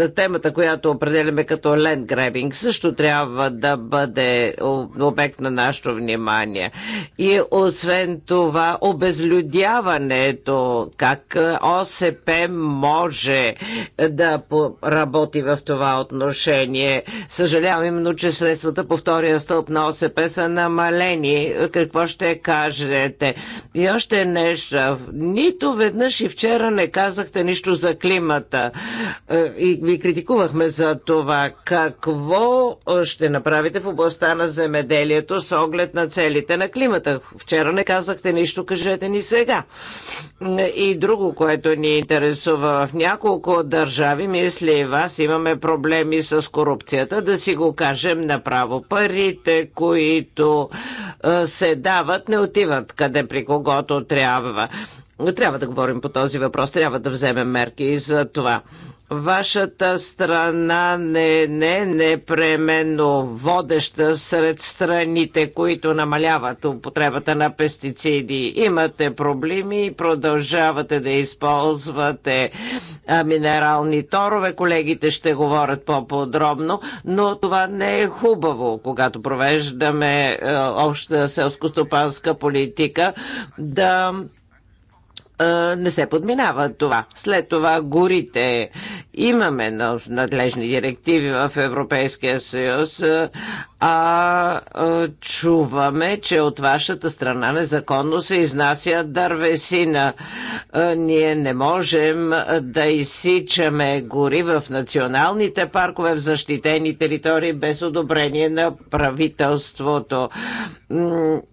е, темата, която определяме като ленд гребинг, също трябва трябва да бъде обект на нашето внимание. И освен това, обезлюдяването, как ОСП може да работи в това отношение. Съжалявам именно, че следствата по втория стълб на ОСП са намалени. Какво ще кажете? И още нещо. Нито веднъж и вчера не казахте нищо за климата. Е, и ви критикувахме за това. Какво ще ще направите в областта на земеделието с оглед на целите на климата? Вчера не казахте нищо, кажете ни сега. И друго, което ни интересува в няколко държави, мисля, и вас, имаме проблеми с корупцията, да си го кажем направо. Парите, които се дават, не отиват къде при когото трябва. Трябва да говорим по този въпрос, трябва да вземем мерки и за това. Вашата страна не е не, непременно водеща сред страните, които намаляват употребата на пестициди. Имате проблеми и продължавате да използвате минерални торове. Колегите ще говорят по-подробно, но това не е хубаво, когато провеждаме е, обща селско-стопанска политика, да не се подминава това. След това горите. Имаме надлежни директиви в Европейския съюз, а, а чуваме, че от вашата страна незаконно се изнася дървесина. А, ние не можем да изсичаме гори в националните паркове, в защитени територии без одобрение на правителството.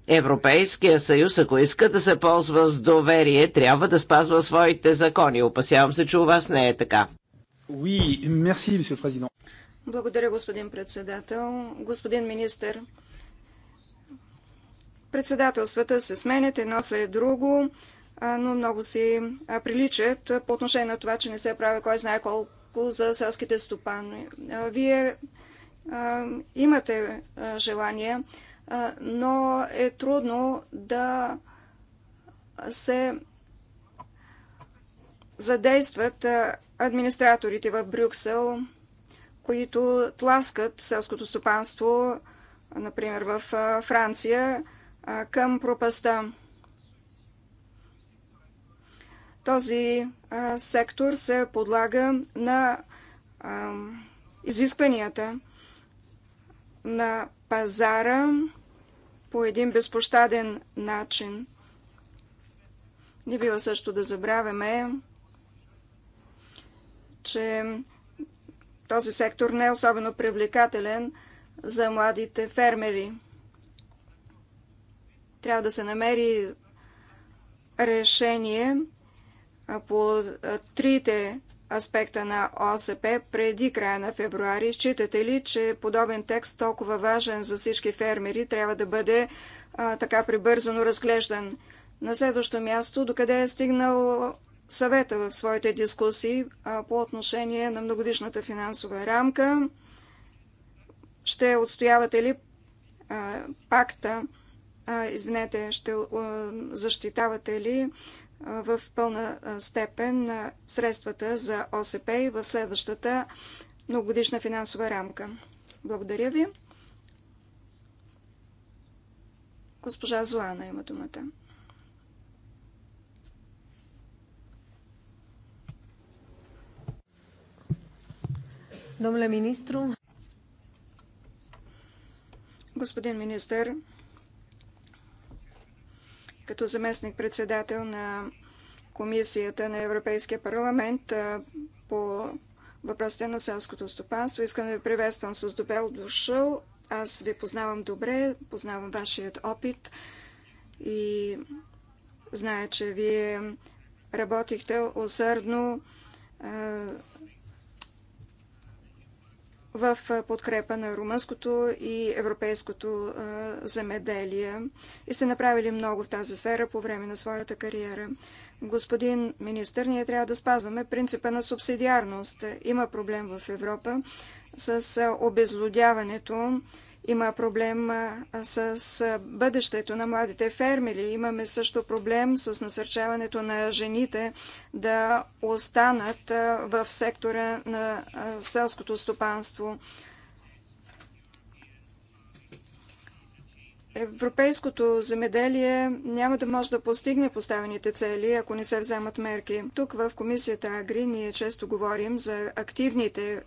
Европейския съюз, ако иска да се ползва с доверие, трябва да спазва своите закони. Опасявам се, че у вас не е така. Oui, merci, monsieur le président. Благодаря, господин председател. Господин министър, председателствата се сменят едно след друго, но много си приличат по отношение на това, че не се прави кой знае колко за селските стопани. Вие имате желание, но е трудно да се задействат администраторите в Брюксел които тласкат селското стопанство, например в Франция, към пропаста. Този сектор се подлага на изискванията на пазара по един безпощаден начин. Не бива също да забравяме, че този сектор не е особено привлекателен за младите фермери. Трябва да се намери решение по трите аспекта на ОСП преди края на февруари. Считате ли, че подобен текст, толкова важен за всички фермери, трябва да бъде а, така прибързано разглеждан? На следващо място, докъде е стигнал съвета в своите дискусии по отношение на многодишната финансова рамка. Ще отстоявате ли пакта, извинете, ще защитавате ли в пълна степен средствата за ОСП в следващата многогодишна финансова рамка. Благодаря ви. Госпожа Зоана има думата. Domnule ministru. Господин министър, като заместник-председател на Комисията на Европейския парламент по въпросите на селското стопанство, искам да ви приветствам с добел дошъл. Аз ви познавам добре, познавам вашият опит и зная, че вие работихте усърдно в подкрепа на румънското и европейското земеделие и сте направили много в тази сфера по време на своята кариера. Господин министър, ние трябва да спазваме принципа на субсидиарност. Има проблем в Европа с обезлюдяването има проблем с бъдещето на младите фермери. Имаме също проблем с насърчаването на жените да останат в сектора на селското стопанство. Европейското земеделие няма да може да постигне поставените цели, ако не се вземат мерки. Тук в комисията Агри ние често говорим за активните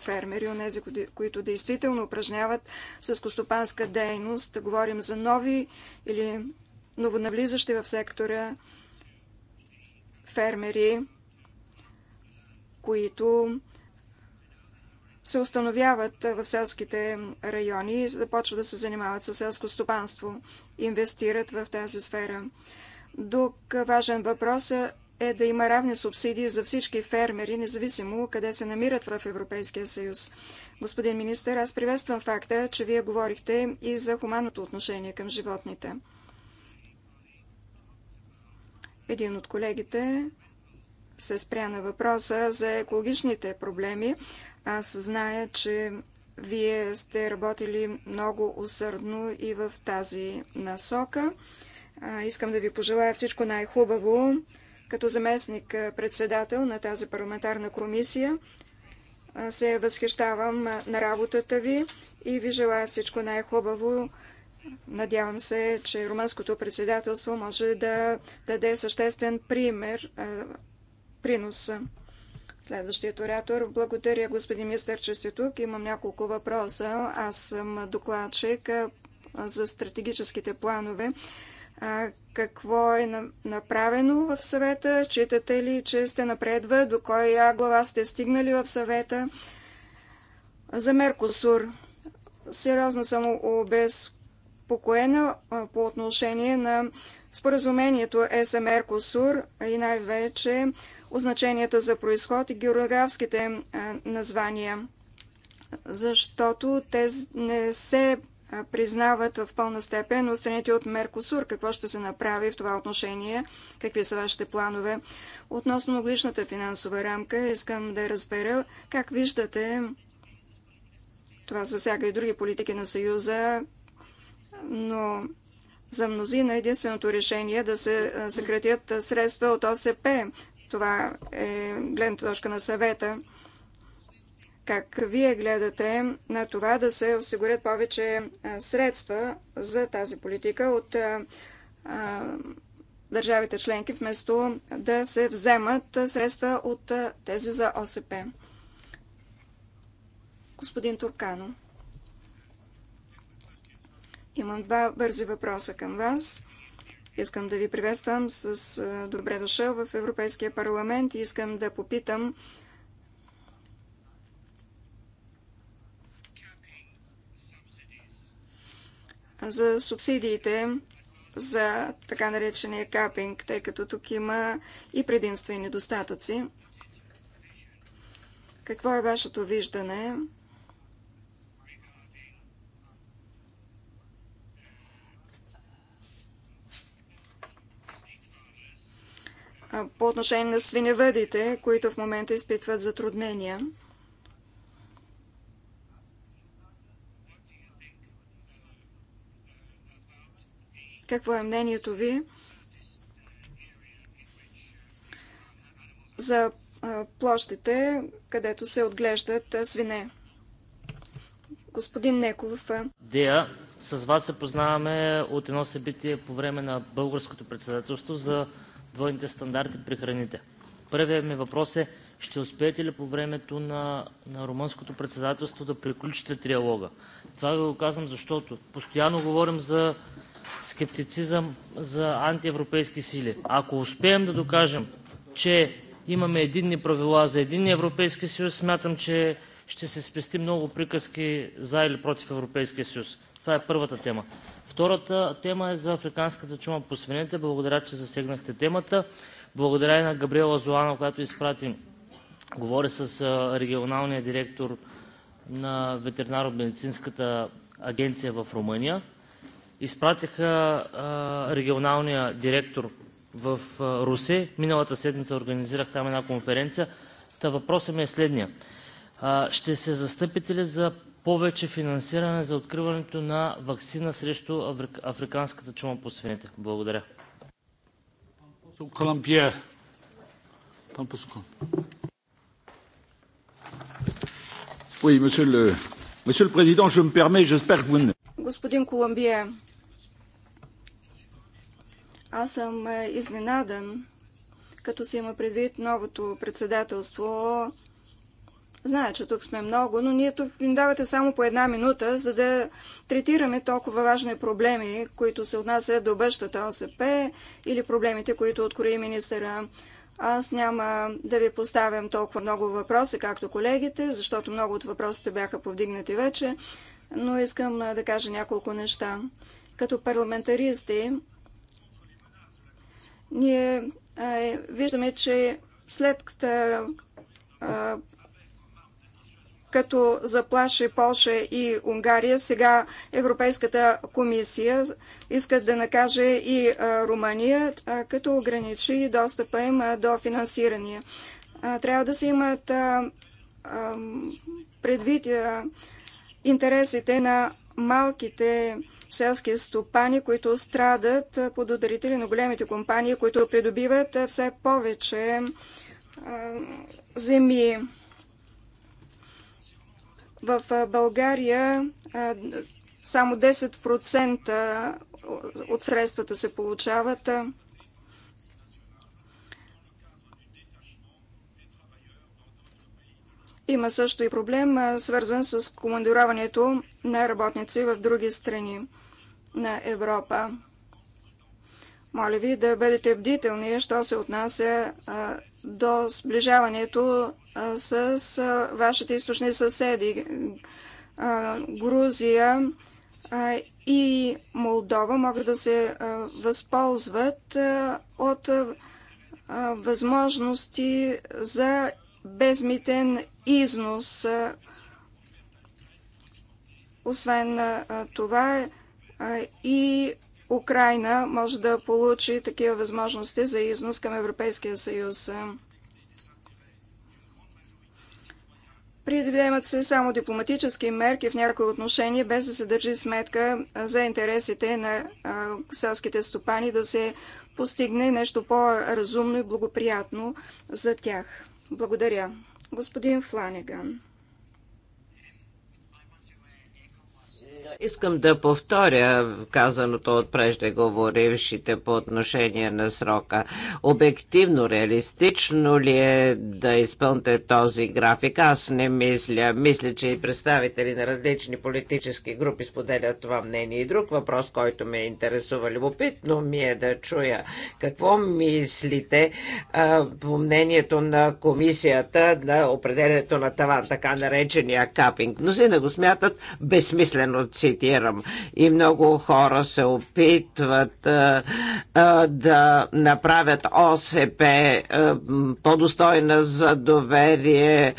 фермери, онези, които действително упражняват съскостопанска дейност. Говорим за нови или новонавлизащи в сектора фермери, които се установяват в селските райони и започват да се занимават с селско стопанство, инвестират в тази сфера. Друг важен въпрос е е да има равни субсидии за всички фермери, независимо къде се намират в Европейския съюз. Господин министър, аз приветствам факта, че вие говорихте и за хуманното отношение към животните. Един от колегите се спря на въпроса за екологичните проблеми. Аз зная, че вие сте работили много усърдно и в тази насока. Искам да ви пожелая всичко най-хубаво като заместник председател на тази парламентарна комисия се възхищавам на работата ви и ви желая всичко най-хубаво. Надявам се, че румънското председателство може да даде съществен пример, принос. Следващият оратор. Благодаря, господин министър, че сте тук. Имам няколко въпроса. Аз съм докладчик за стратегическите планове какво е направено в съвета, читате ли, че сте напредва, до коя глава сте стигнали в съвета. За Меркосур. Сериозно съм обезпокоена по отношение на споразумението ЕСА Меркосур и най-вече означенията за происход и географските названия, защото те не се признават в пълна степен от страните от Меркосур. Какво ще се направи в това отношение? Какви са вашите планове? Относно многоличната финансова рамка, искам да разбера как виждате това засяга и други политики на Съюза, но за мнозина единственото решение е да се съкратят средства от ОСП. Това е гледната точка на съвета как вие гледате на това да се осигурят повече средства за тази политика от държавите членки, вместо да се вземат средства от тези за ОСП. Господин Туркано, имам два бързи въпроса към вас. Искам да ви приветствам с добре дошъл в Европейския парламент и искам да попитам за субсидиите за така наречения капинг, тъй като тук има и предимства и недостатъци. Какво е вашето виждане? по отношение на свиневъдите, които в момента изпитват затруднения. Какво е мнението ви за площите, където се отглеждат свине? Господин Неков. Дея, с вас се познаваме от едно събитие по време на българското председателство за двойните стандарти при храните. Първият ми въпрос е ще успеете ли по времето на Румънското председателство да приключите триалога? Това Ви го казвам, защото постоянно говорим за скептицизъм, за антиевропейски сили. Ако успеем да докажем, че имаме единни правила за един Европейски съюз, смятам, че ще се спести много приказки за или против Европейския съюз. Това е първата тема. Втората тема е за африканската чума по свинете. Благодаря, че засегнахте темата. Благодаря и на Габриела Зоана, която изпрати Говоря с регионалния директор на ветеринарно-медицинската агенция в Румъния. Изпратиха регионалния директор в Русе. Миналата седмица организирах там една конференция. Та въпросът ми е следния. Ще се застъпите ли за повече финансиране за откриването на ваксина срещу африканската чума по свинете? Благодаря. Господин Колумбия, аз съм е, изненадан, като се има предвид новото председателство. Знае, че тук сме много, но ние тук ни давате само по една минута, за да третираме толкова важни проблеми, които се отнасят до бъщата ОСП или проблемите, които открои министъра. Аз няма да ви поставям толкова много въпроси, както колегите, защото много от въпросите бяха повдигнати вече, но искам да кажа няколко неща. Като парламентаристи, ние е, виждаме, че след като като заплаши Польша и Унгария, сега Европейската комисия иска да накаже и Румъния, като ограничи достъпа им до финансиране. Трябва да се имат предвид интересите на малките селски стопани, които страдат под ударители на големите компании, които придобиват все повече земи. В България само 10% от средствата се получават. Има също и проблем, свързан с командироването на работници в други страни на Европа. Моля ви да бъдете бдителни, що се отнася до сближаването с вашите източни съседи. Грузия и Молдова могат да се възползват от възможности за безмитен износ. Освен това и Украина може да получи такива възможности за износ към Европейския съюз. Предвидемат се само дипломатически мерки в някои отношения, без да се държи сметка за интересите на селските стопани да се постигне нещо по-разумно и благоприятно за тях. Благодаря. Господин Фланеган. Искам да повторя казаното от преждеговорившите по отношение на срока. Обективно, реалистично ли е да изпълните този график? Аз не мисля. Мисля, че и представители на различни политически групи споделят това мнение. И друг въпрос, който ме интересува любопитно ми е да чуя. Какво мислите а, по мнението на комисията на определенето на таван, така наречения капинг? Мнозина го смятат безсмислено цифра цитирам. И много хора се опитват а, а, да направят ОСП а, по-достойна за доверие,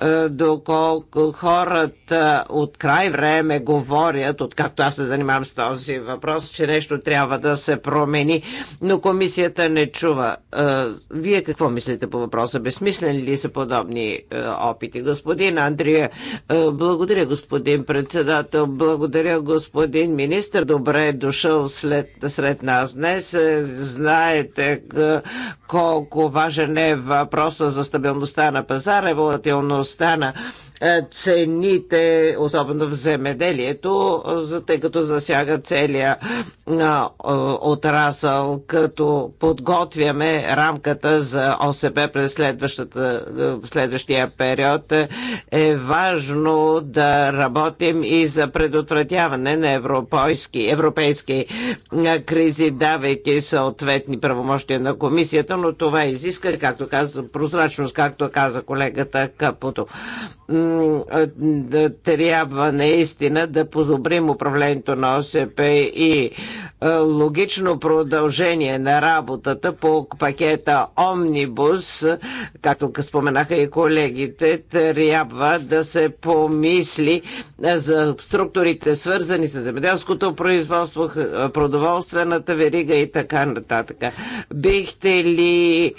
а, доколко хората от край време говорят, откакто аз се занимавам с този въпрос, че нещо трябва да се промени, но комисията не чува. А, вие какво мислите по въпроса? Безсмислени ли са подобни а, опити? Господин Андрия, а, благодаря, господин председател, благодаря благодаря, господин министр. Добре е дошъл след, сред нас днес. Е, знаете колко важен е въпроса за стабилността на пазара, волатилността на е, цените, особено в земеделието, тъй като засяга целия е, отрасъл, като подготвяме рамката за ОСП през следващия период. Е важно да работим и за предотвратяване предотвратяване на европейски, европейски кризи, давайки съответни правомощия на комисията, но това изиска, както каза, прозрачност, както каза колегата Капуто трябва наистина да позобрим управлението на ОСП и логично продължение на работата по пакета Омнибус, както споменаха и колегите, трябва да се помисли за структурите свързани с земеделското производство, продоволствената верига и така нататък. Бихте ли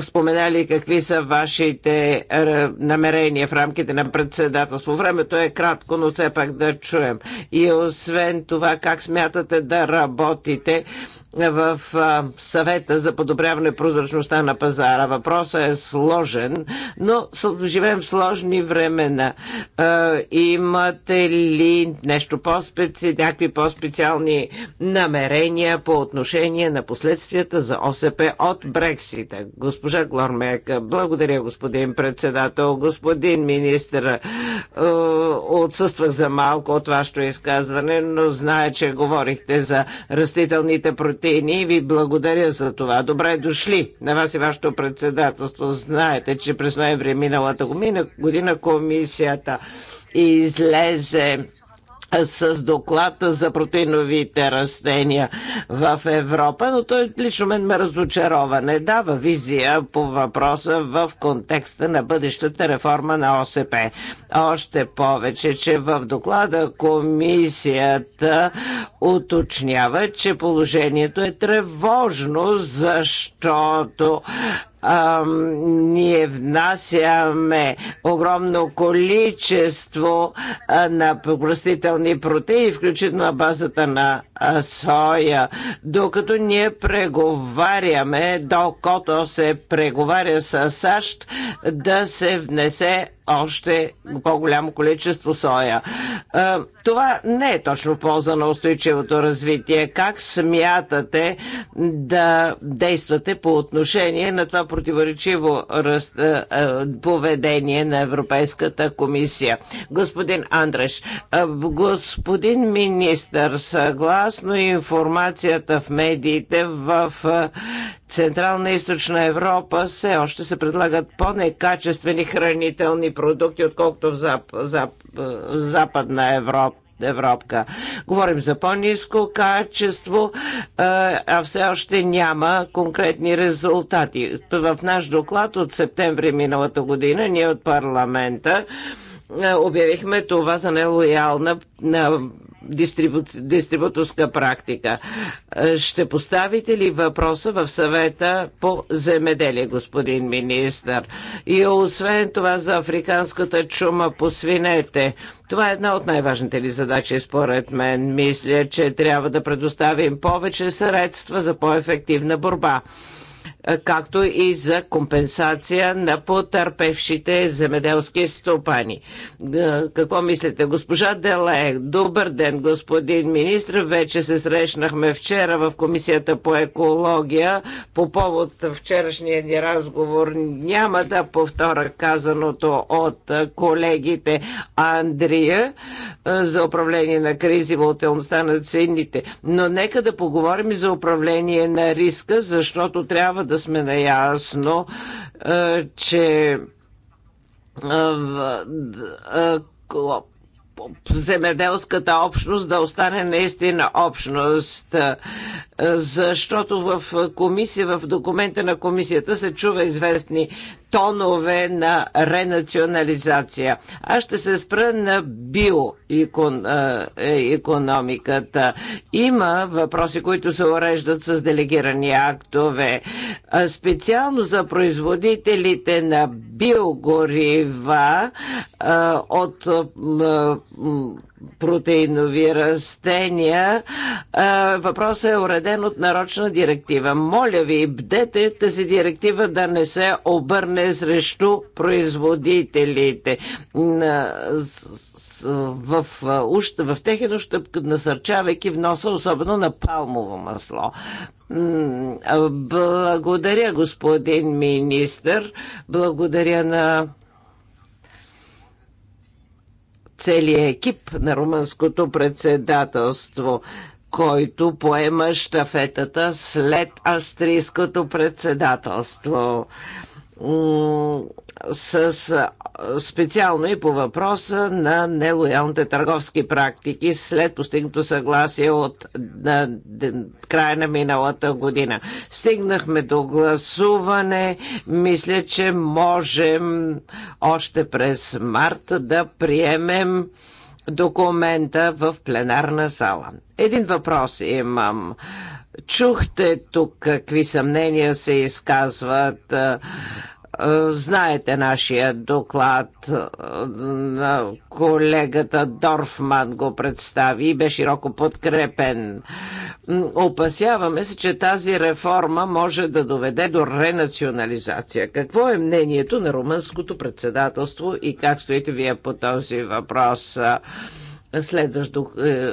споменали какви са вашите намерения изявление в рамките на председателство. Времето е кратко, но все пак да чуем. И освен това, как смятате да работите в съвета за подобряване прозрачността на пазара. Въпросът е сложен, но живеем в сложни времена. Имате ли нещо по-специ, някакви по-специални намерения по отношение на последствията за ОСП от Брексита? Госпожа Глормека, благодаря господин председател, господин министр. Отсъствах за малко от вашето изказване, но знае, че говорихте за растителните против картини и ви благодаря за това. Добре дошли на вас и вашето председателство. Знаете, че през ноември миналата година комисията излезе с доклада за протеиновите растения в Европа, но той лично мен ме разочарова. Не дава визия по въпроса в контекста на бъдещата реформа на ОСП. Още повече, че в доклада комисията уточнява, че положението е тревожно, защото а, ние внасяме огромно количество а, на простителни протеи, включително на базата на соя. Докато ние преговаряме, докато се преговаря с САЩ, да се внесе още по-голямо количество соя. Това не е точно в полза на устойчивото развитие. Как смятате да действате по отношение на това противоречиво поведение на Европейската комисия? Господин Андреш, господин министър, съгласен съгласно информацията в медиите в Централна и Източна Европа все още се предлагат по-некачествени хранителни продукти, отколкото в зап, зап, Западна Европа. Европка. Говорим за по-низко качество, а все още няма конкретни резултати. В наш доклад от септември миналата година ние от парламента обявихме това за нелоялна дистрибу... дистрибуторска практика. Е, ще поставите ли въпроса в съвета по земеделие, господин министр? И освен това за африканската чума по свинете. Това е една от най-важните ли задачи, според мен. Мисля, че трябва да предоставим повече средства за по-ефективна борба. Е, както и за компенсация на потърпевшите земеделски стопани. Е, какво мислите? Госпожа Деле, добър ден, господин министр. Вече се срещнахме вчера в Комисията по екология. По повод вчерашния ни разговор няма да повторя казаното от колегите Андрия е, за управление на кризи, волатилността на цените. Но нека да поговорим и за управление на риска, защото трябва да да сме наясно, че земеделската общност да остане наистина общност защото в комисия, в документа на комисията се чува известни тонове на ренационализация. Аз ще се спра на биоекономиката. Има въпроси, които се уреждат с делегирани актове. Специално за производителите на биогорива от протеинови растения. Въпросът е уреден уреден от нарочна директива. Моля ви, бдете тази директива да не се обърне срещу производителите. В, в техен ущъп, насърчавайки вноса, особено на палмово масло. Благодаря, господин министр. Благодаря на целият екип на румънското председателство който поема штафетата след австрийското председателство с специално и по въпроса на нелоялните търговски практики след постигнато съгласие от на, края на миналата година. Стигнахме до гласуване. Мисля, че можем още през март да приемем документа в пленарна зала. Един въпрос имам. Чухте тук какви съмнения се изказват. Е, знаете нашия доклад е, на колегата Дорфман го представи и бе широко подкрепен. Опасяваме се, че тази реформа може да доведе до ренационализация. Какво е мнението на румънското председателство и как стоите вие по този въпрос? Следващ е,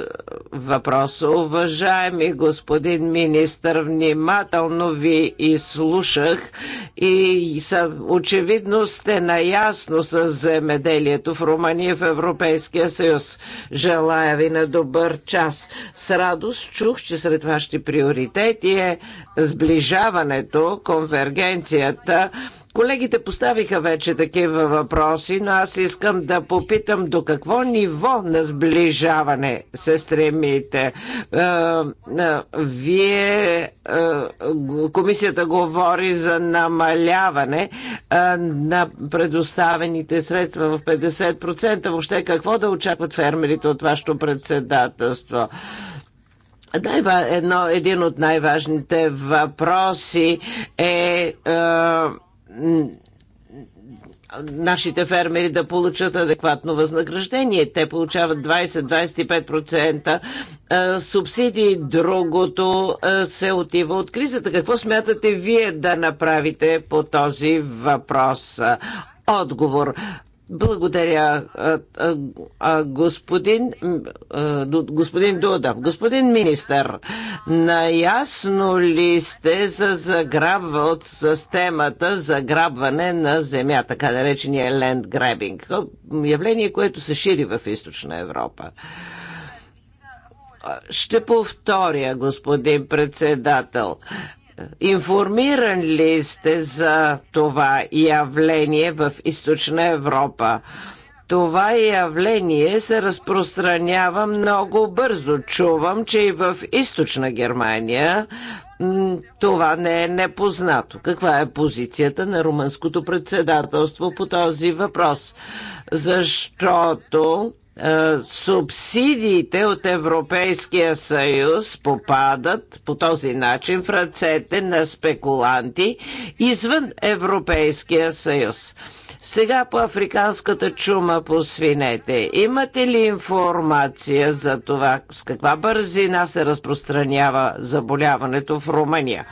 въпрос. Уважаеми господин министр, внимателно ви изслушах и съм, очевидно сте наясно с земеделието в Румъния в Европейския съюз. Желая ви на добър час. С радост чух, че сред вашите приоритети е сближаването, конвергенцията Колегите поставиха вече такива въпроси, но аз искам да попитам до какво ниво на сближаване се стремите. Е, е, вие, е, комисията говори за намаляване на предоставените средства в 50%. Въобще какво да очакват фермерите от вашето председателство? Едно, един от най-важните въпроси е, е нашите фермери да получат адекватно възнаграждение. Те получават 20-25% субсидии, другото се отива от кризата. Какво смятате вие да направите по този въпрос? Отговор. Благодаря, господин, господин Дуда. Господин министър, наясно ли сте за заграбва от темата заграбване на земя, така наречения ленд грабинг? Явление, което се шири в източна Европа. Ще повторя, господин председател. Информиран ли сте за това явление в Източна Европа? Това явление се разпространява много бързо. Чувам, че и в източна Германия това не е непознато. Каква е позицията на румънското председателство по този въпрос? Защото е, субсидиите от Европейския съюз попадат по този начин в ръцете на спекуланти извън Европейския съюз. Сега по африканската чума по свинете. Имате ли информация за това с каква бързина се разпространява заболяването в Румъния?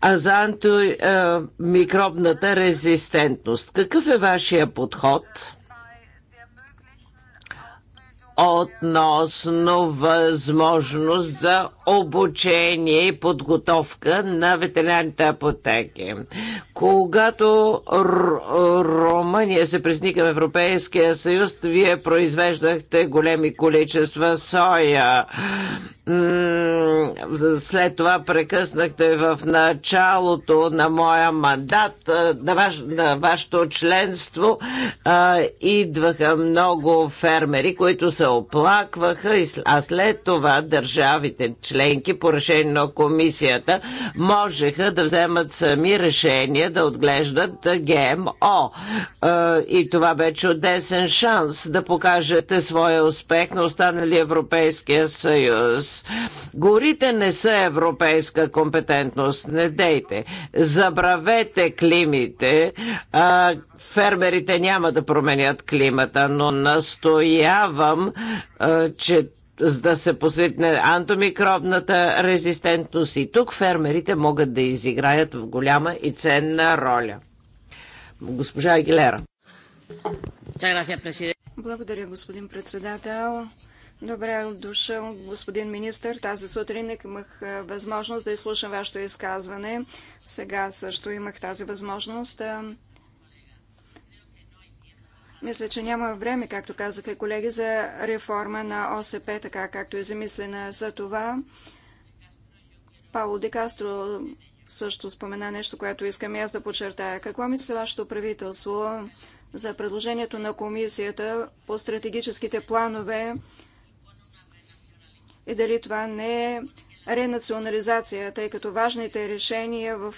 а за антимикробната е, резистентност. Какъв е вашия подход? относно възможност за обучение и подготовка на ветеринарните апотеки. Когато Румъния се присни към Европейския съюз, вие произвеждахте големи количества соя. След това прекъснахте в началото на моя мандат, на, ваш, на вашето членство, идваха много фермери, които са оплакваха, а след това държавите членки по решение на комисията можеха да вземат сами решение да отглеждат ГМО. Е, и това бе чудесен шанс да покажете своя успех на останали Европейския съюз. Горите не са европейска компетентност, не дейте. Забравете климите, фермерите няма да променят климата, но настоявам че да се посветне антомикробната резистентност и тук фермерите могат да изиграят в голяма и ценна роля. Госпожа Агилера. Благодаря, господин председател. Добре дошъл, господин министр. Тази сутрин имах възможност да изслушам вашето изказване. Сега също имах тази възможност. Мисля, че няма време, както казаха колеги, за реформа на ОСП, така както е замислена за това. Павло Кастро също спомена нещо, което искам и аз да подчертая. Какво мисли вашето правителство за предложението на комисията по стратегическите планове и дали това не е ренационализация, тъй като важните решения в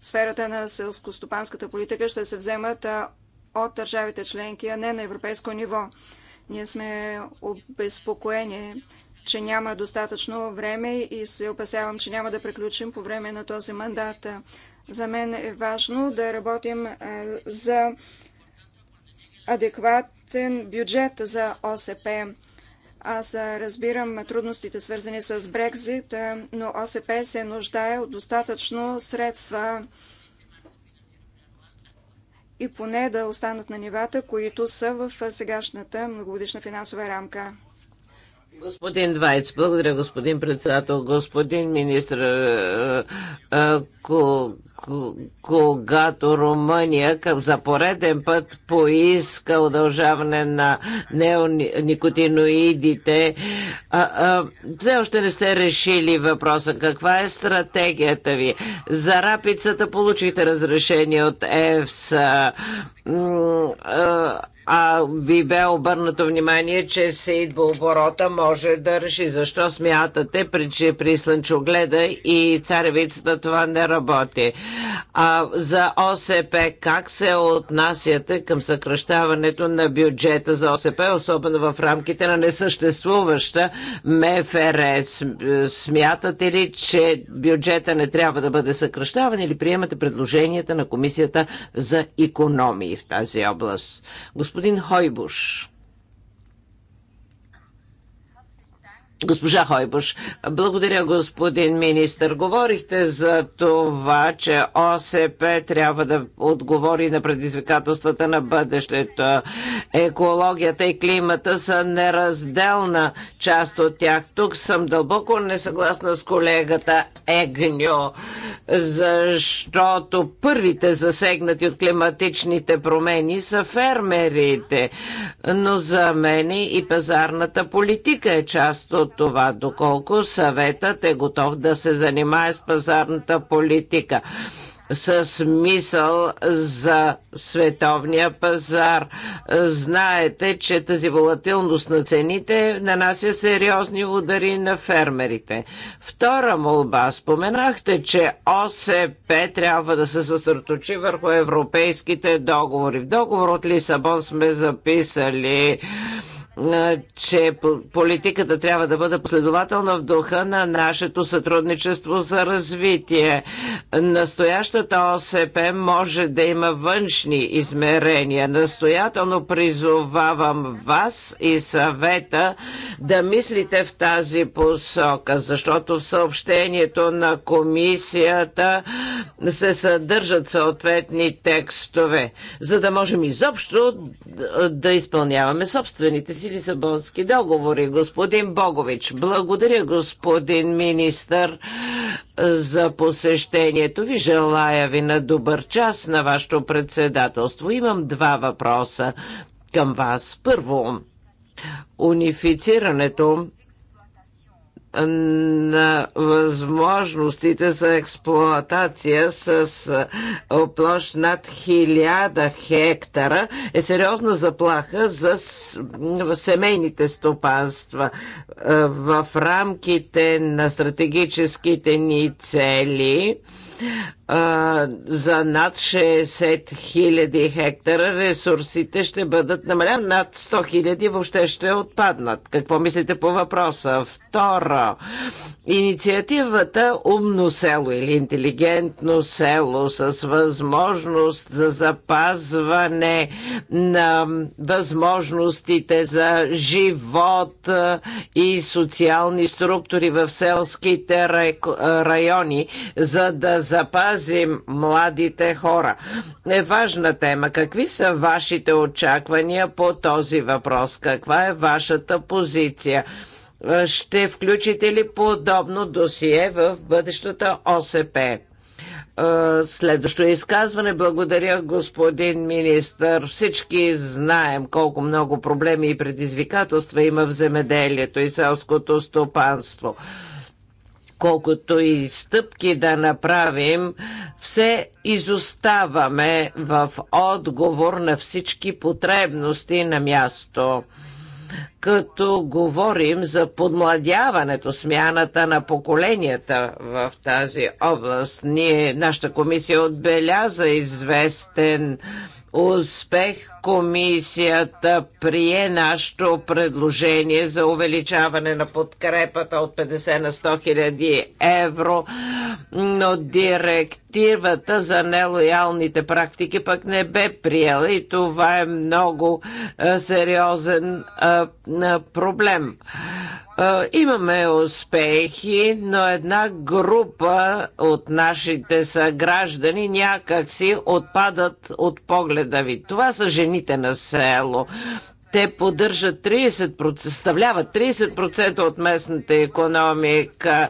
сферата на селскостопанската политика ще се вземат от държавите членки, а не на европейско ниво. Ние сме обезпокоени, че няма достатъчно време и се опасявам, че няма да приключим по време на този мандат. За мен е важно да работим е, за адекватен бюджет за ОСП. Аз е, разбирам трудностите, свързани с Брекзит, е, но ОСП се нуждае от достатъчно средства и поне да останат на нивата, които са в сегашната многогодишна финансова рамка. Господин Двайц, благодаря господин председател, господин министр. Е, е, когато Румъния към за пореден път поиска удължаване на неоникотиноидите, е, все още не сте решили въпроса. Каква е стратегията ви? За рапицата получихте разрешение от ЕФСА а ви бе обърнато внимание, че идва оборота може да реши. Защо смятате, че при слънчогледа и царевицата това не работи? А за ОСП, как се отнасяте към съкръщаването на бюджета за ОСП, особено в рамките на несъществуваща МФР? Смятате ли, че бюджета не трябва да бъде съкръщаван или приемате предложенията на Комисията за економии в тази област? Господин господин Хойбуш. Госпожа Хойбуш, благодаря господин министр. Говорихте за това, че ОСП трябва да отговори на предизвикателствата на бъдещето. Екологията и климата са неразделна част от тях. Тук съм дълбоко несъгласна с колегата Егньо, защото първите засегнати от климатичните промени са фермерите. Но за мен и пазарната политика е част от това, доколко съветът е готов да се занимае с пазарната политика с мисъл за световния пазар. Знаете, че тази волатилност на цените нанася сериозни удари на фермерите. Втора молба. Споменахте, че ОСП трябва да се съсредоточи върху европейските договори. В договор от Лисабон сме записали че политиката трябва да бъде последователна в духа на нашето сътрудничество за развитие. Настоящата ОСП може да има външни измерения. Настоятелно призовавам вас и съвета да мислите в тази посока, защото в съобщението на комисията се съдържат съответни текстове, за да можем изобщо да изпълняваме собствените си лисабонски договори. Господин Богович, благодаря господин министър за посещението ви. Желая ви на добър час на вашето председателство. Имам два въпроса към вас. Първо, унифицирането на възможностите за експлоатация с площ над 1000 хектара е сериозна заплаха за семейните стопанства. В рамките на стратегическите ни цели за над 60 000 хектара ресурсите ще бъдат намалени. Над 100 000 въобще ще отпаднат. Какво мислите по въпроса? Второ, инициативата Умно село или интелигентно село с възможност за запазване на възможностите за живот и социални структури в селските райони, за да запазват запазим младите хора. Е важна тема. Какви са вашите очаквания по този въпрос? Каква е вашата позиция? Е, ще включите ли подобно досие в бъдещата ОСП? Е, следващо изказване. Благодаря, господин министър. Всички знаем колко много проблеми и предизвикателства има в земеделието и селското стопанство колкото и стъпки да направим, все изоставаме в отговор на всички потребности на място като говорим за подмладяването, смяната на поколенията в тази област. Ние, нашата комисия отбеляза известен успех комисията прие нашето предложение за увеличаване на подкрепата от 50 на 100 хиляди евро, но директивата за нелоялните практики пък не бе приела и това е много е, сериозен е, е, проблем. Имаме успехи, но една група от нашите съграждани някак си отпадат от погледа ви. Това са жените на село. Те поддържат 30%, съставляват 30% от местната економика.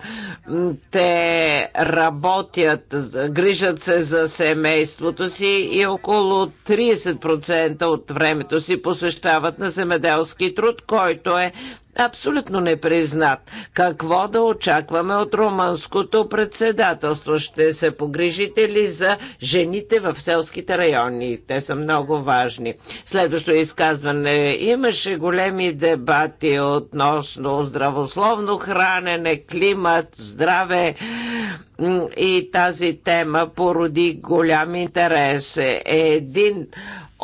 Те работят, грижат се за семейството си и около 30% от времето си посвещават на земеделски труд, който е абсолютно непризнат. Какво да очакваме от румънското председателство? Ще се погрижите ли за жените в селските райони? Те са много важни. Следващо изказване. Имаше големи дебати относно здравословно хранене, климат, здраве и тази тема породи голям интерес. Е, един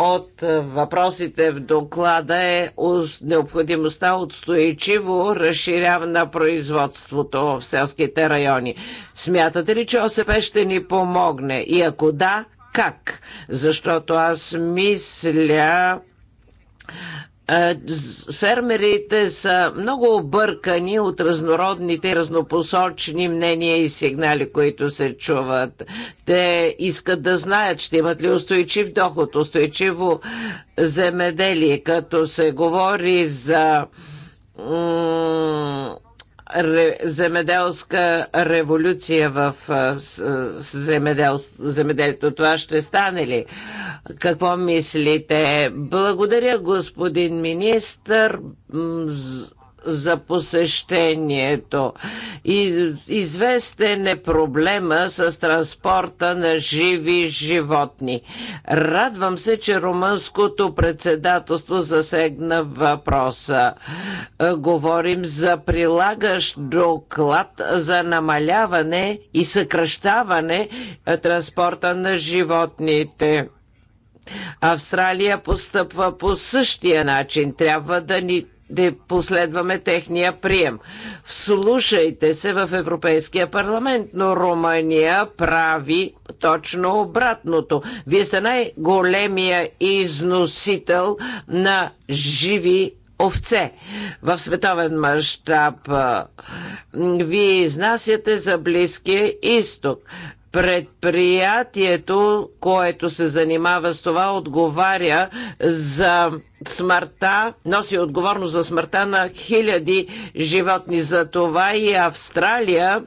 от е, въпросите в доклада е необходимостта от стоечиво разширяване на производството в селските райони. Смятате ли, че ОСП ще ни помогне? И ако да, как? Защото аз мисля, е, фермерите са много объркани от разнородните и разнопосочни мнения и сигнали, които се чуват. Те искат да знаят, ще имат ли устойчив доход, устойчиво земеделие, като се говори за ре, земеделска революция в земедел, земеделието. Това ще стане ли? Какво мислите? Благодаря, господин министр за посещението. И известен е проблема с транспорта на живи животни. Радвам се, че румънското председателство засегна въпроса. Е, говорим за прилагащ доклад за намаляване и съкръщаване е, транспорта на животните. Австралия постъпва по същия начин. Трябва да ни да последваме техния прием. Вслушайте се в Европейския парламент, но Румъния прави точно обратното. Вие сте най-големия износител на живи овце в световен мащаб. Вие изнасяте за Близкия изток. Предприятието, което се занимава с това, отговаря за смъртта, носи отговорност за смъртта на хиляди животни. За това и Австралия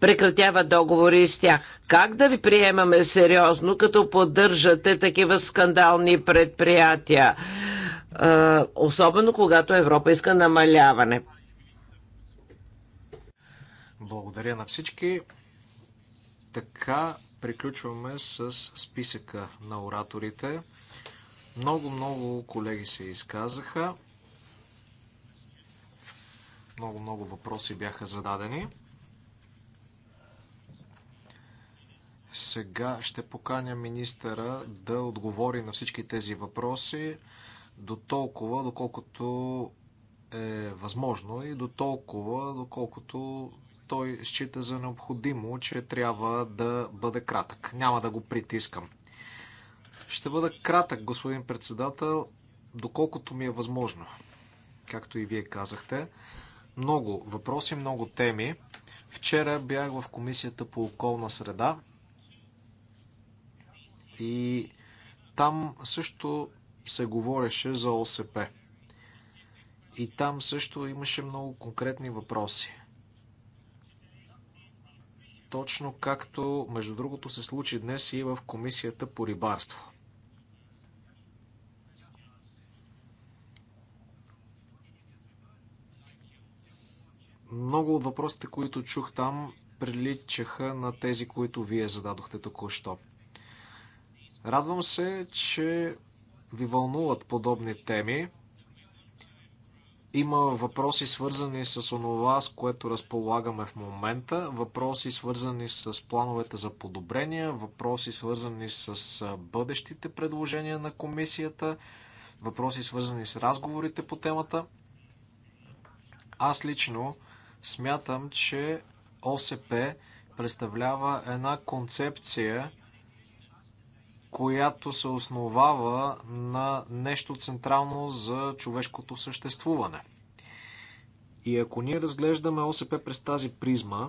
прекратява договори с тях. Как да ви приемаме сериозно, като поддържате такива скандални предприятия? особено когато Европа иска намаляване. Благодаря на всички така приключваме с списъка на ораторите. Много, много колеги се изказаха. Много, много въпроси бяха зададени. Сега ще поканя министъра да отговори на всички тези въпроси до толкова, доколкото е възможно и до толкова, доколкото той счита за необходимо, че трябва да бъде кратък. Няма да го притискам. Ще бъда кратък, господин председател, доколкото ми е възможно. Както и вие казахте. Много въпроси, много теми. Вчера бях в Комисията по околна среда и там също се говореше за ОСП. И там също имаше много конкретни въпроси точно както, между другото, се случи днес и в Комисията по рибарство. Много от въпросите, които чух там, приличаха на тези, които вие зададохте току-що. Радвам се, че ви вълнуват подобни теми. Има въпроси свързани с онова, с което разполагаме в момента, въпроси свързани с плановете за подобрения, въпроси свързани с бъдещите предложения на комисията, въпроси свързани с разговорите по темата. Аз лично смятам, че ОСП представлява една концепция, която се основава на нещо централно за човешкото съществуване. И ако ние разглеждаме ОСП през тази призма,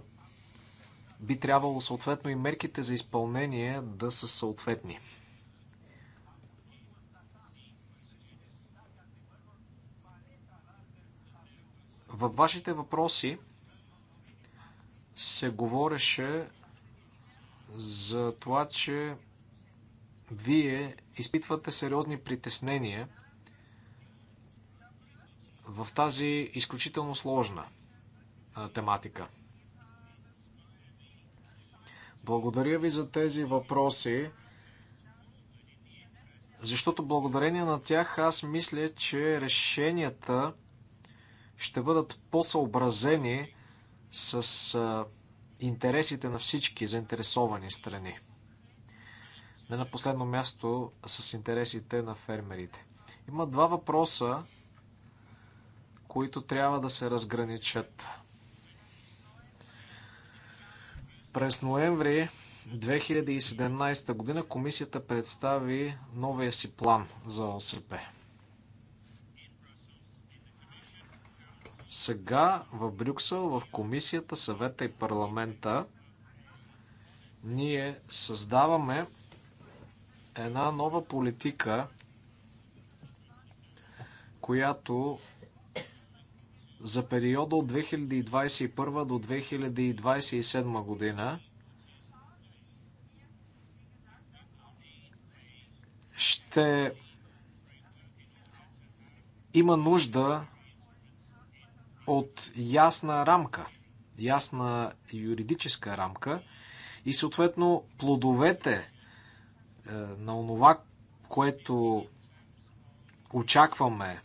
би трябвало съответно и мерките за изпълнение да са съответни. Във вашите въпроси се говореше за това, че вие изпитвате сериозни притеснения в тази изключително сложна тематика. Благодаря ви за тези въпроси, защото благодарение на тях аз мисля, че решенията ще бъдат по-съобразени с интересите на всички заинтересовани страни не на последно място с интересите на фермерите. Има два въпроса, които трябва да се разграничат. През ноември 2017 година комисията представи новия си план за ОСП. Сега в Брюксел, в комисията, съвета и парламента ние създаваме една нова политика, която за периода от 2021 до 2027 година ще има нужда от ясна рамка, ясна юридическа рамка и съответно плодовете е, на онова, което очакваме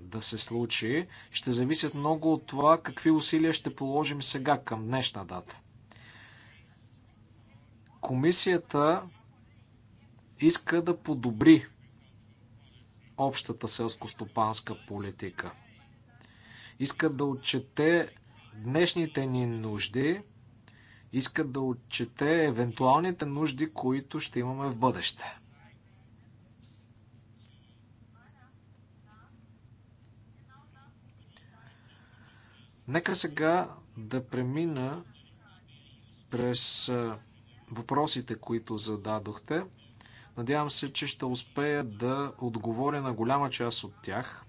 да се случи, ще зависят много от това какви усилия ще положим сега към днешна дата. Комисията иска да подобри общата селско-стопанска политика. Иска да отчете днешните ни нужди иска да отчете евентуалните нужди, които ще имаме в бъдеще. Нека сега да премина през въпросите, които зададохте. Надявам се, че ще успея да отговоря на голяма част от тях.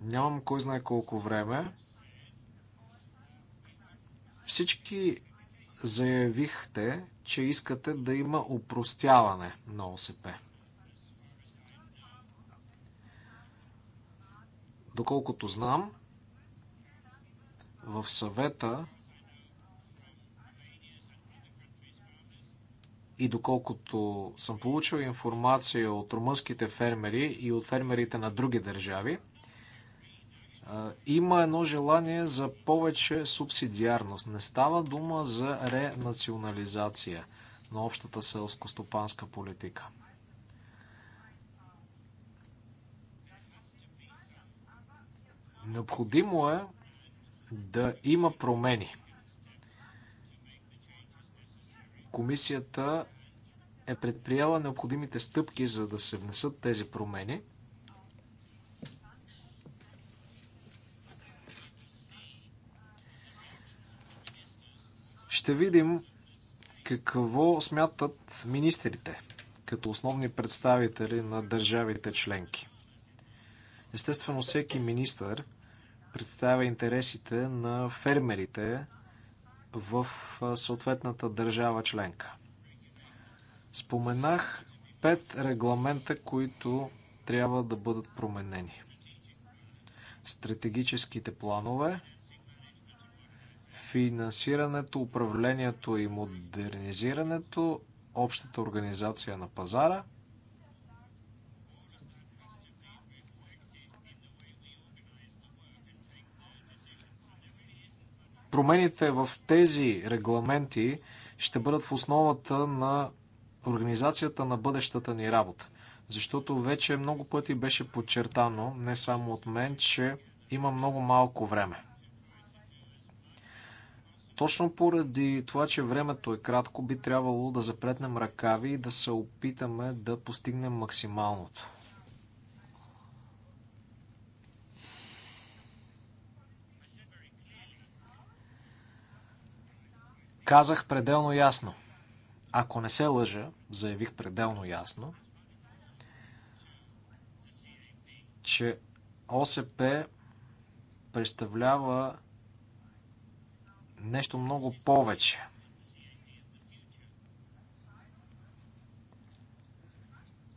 Нямам кой знае колко време. Всички заявихте, че искате да има упростяване на ОСП. Доколкото знам, в съвета и доколкото съм получил информация от румънските фермери и от фермерите на други държави, има едно желание за повече субсидиарност. Не става дума за ренационализация на общата селско-стопанска политика. Необходимо е да има промени. Комисията е предприела необходимите стъпки, за да се внесат тези промени – Ще видим какво смятат министрите като основни представители на държавите членки. Естествено, всеки министър представя интересите на фермерите в съответната държава членка. Споменах пет регламента, които трябва да бъдат променени. Стратегическите планове, финансирането, управлението и модернизирането, общата организация на пазара. Промените в тези регламенти ще бъдат в основата на организацията на бъдещата ни работа. Защото вече много пъти беше подчертано, не само от мен, че има много малко време. Точно поради това, че времето е кратко, би трябвало да запретнем ръкави и да се опитаме да постигнем максималното. Казах пределно ясно. Ако не се лъжа, заявих пределно ясно, че ОСП представлява нещо много повече.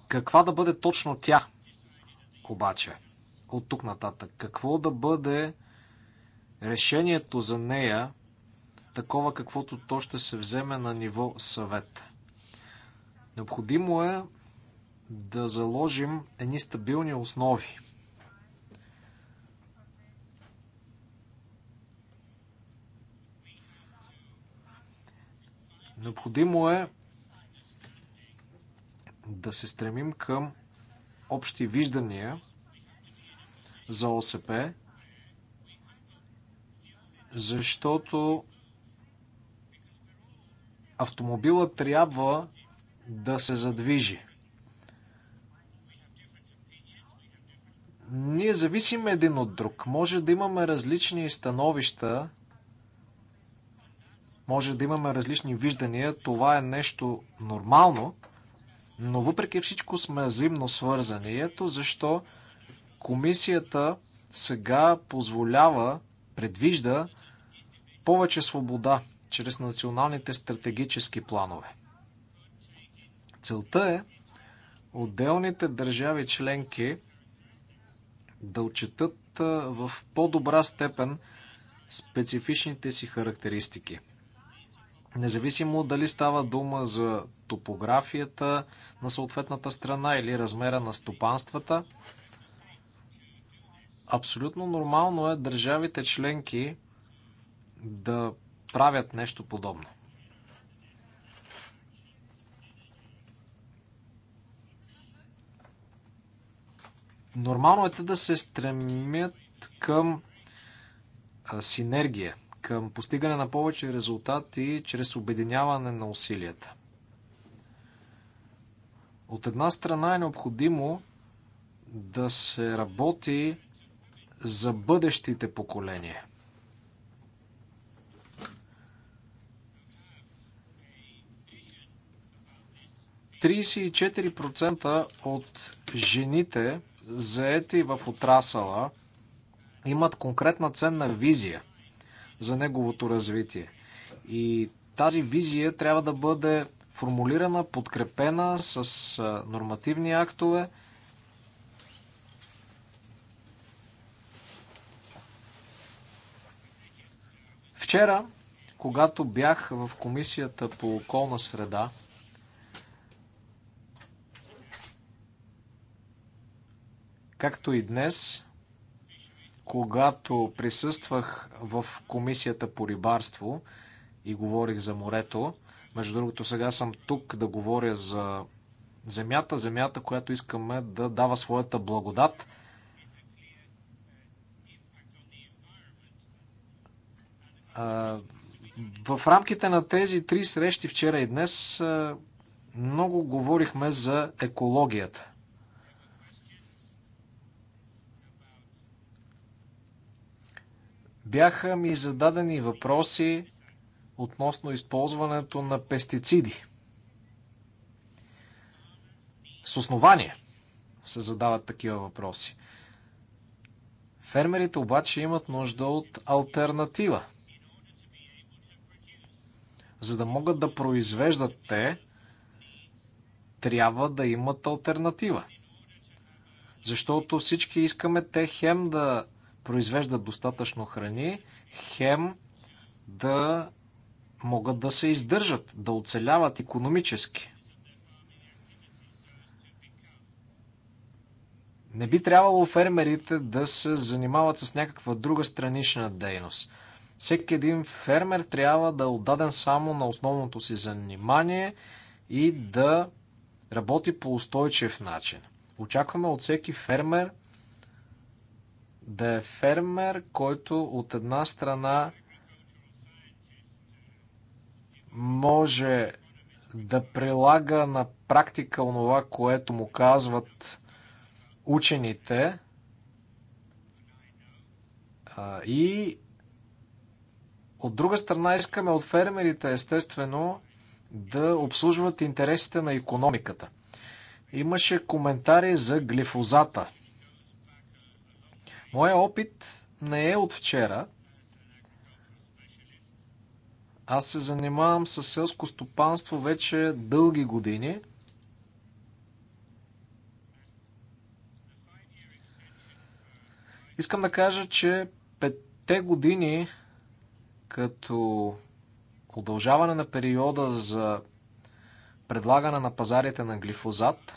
Каква да бъде точно тя, обаче, от тук нататък? Какво да бъде решението за нея, такова каквото то ще се вземе на ниво съвет? Необходимо е да заложим едни стабилни основи Необходимо е да се стремим към общи виждания за ОСП, защото автомобила трябва да се задвижи. Ние зависим един от друг. Може да имаме различни становища може да имаме различни виждания, това е нещо нормално, но въпреки всичко сме взаимно свързани. Ето защо комисията сега позволява, предвижда повече свобода чрез националните стратегически планове. Целта е отделните държави членки да отчитат в по-добра степен специфичните си характеристики. Независимо дали става дума за топографията на съответната страна или размера на стопанствата, абсолютно нормално е държавите членки да правят нещо подобно. Нормално е те да се стремят към синергия към постигане на повече резултати чрез обединяване на усилията. От една страна е необходимо да се работи за бъдещите поколения. от жените заети в отрасала имат конкретна ценна визия – за неговото развитие. И тази визия трябва да бъде формулирана, подкрепена с нормативни актове. Вчера, когато бях в Комисията по околна среда, както и днес, когато присъствах в комисията по рибарство и говорих за морето, между другото сега съм тук да говоря за земята, земята, която искаме да дава своята благодат. В рамките на тези три срещи вчера и днес много говорихме за екологията. Бяха ми зададени въпроси относно използването на пестициди. С основание се задават такива въпроси. Фермерите обаче имат нужда от альтернатива. За да могат да произвеждат те, трябва да имат альтернатива. Защото всички искаме те хем да произвеждат достатъчно храни, хем да могат да се издържат, да оцеляват економически. Не би трябвало фермерите да се занимават с някаква друга странична дейност. Всеки един фермер трябва да е отдаден само на основното си занимание и да работи по устойчив начин. Очакваме от всеки фермер да е фермер, който от една страна може да прилага на практика онова, което му казват учените и от друга страна искаме от фермерите естествено да обслужват интересите на економиката. Имаше коментари за глифозата – Моя опит не е от вчера. Аз се занимавам с селско стопанство вече дълги години. Искам да кажа, че петте години като удължаване на периода за предлагане на пазарите на глифозат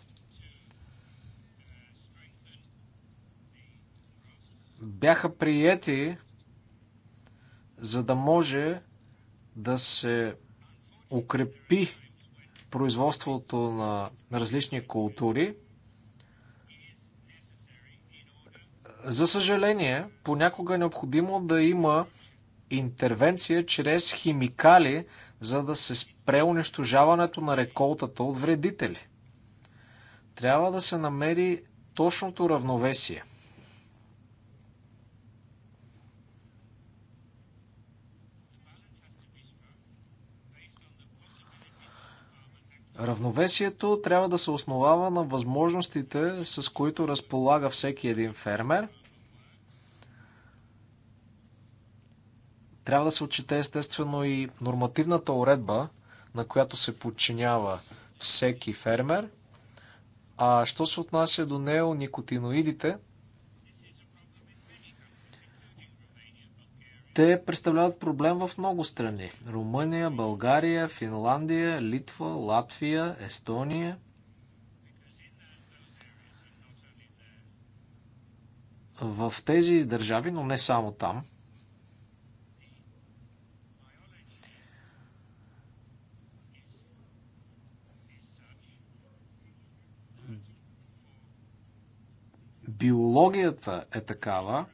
бяха приети, за да може да се укрепи производството на различни култури. За съжаление, понякога е необходимо да има интервенция чрез химикали, за да се спре унищожаването на реколтата от вредители. Трябва да се намери точното равновесие – Равновесието трябва да се основава на възможностите, с които разполага всеки един фермер. Трябва да се отчете естествено и нормативната уредба, на която се подчинява всеки фермер. А що се отнася до неоникотиноидите – те представляват проблем в много страни. Румъния, България, Финландия, Литва, Латвия, Естония. В тези държави, но не само там, биологията е такава,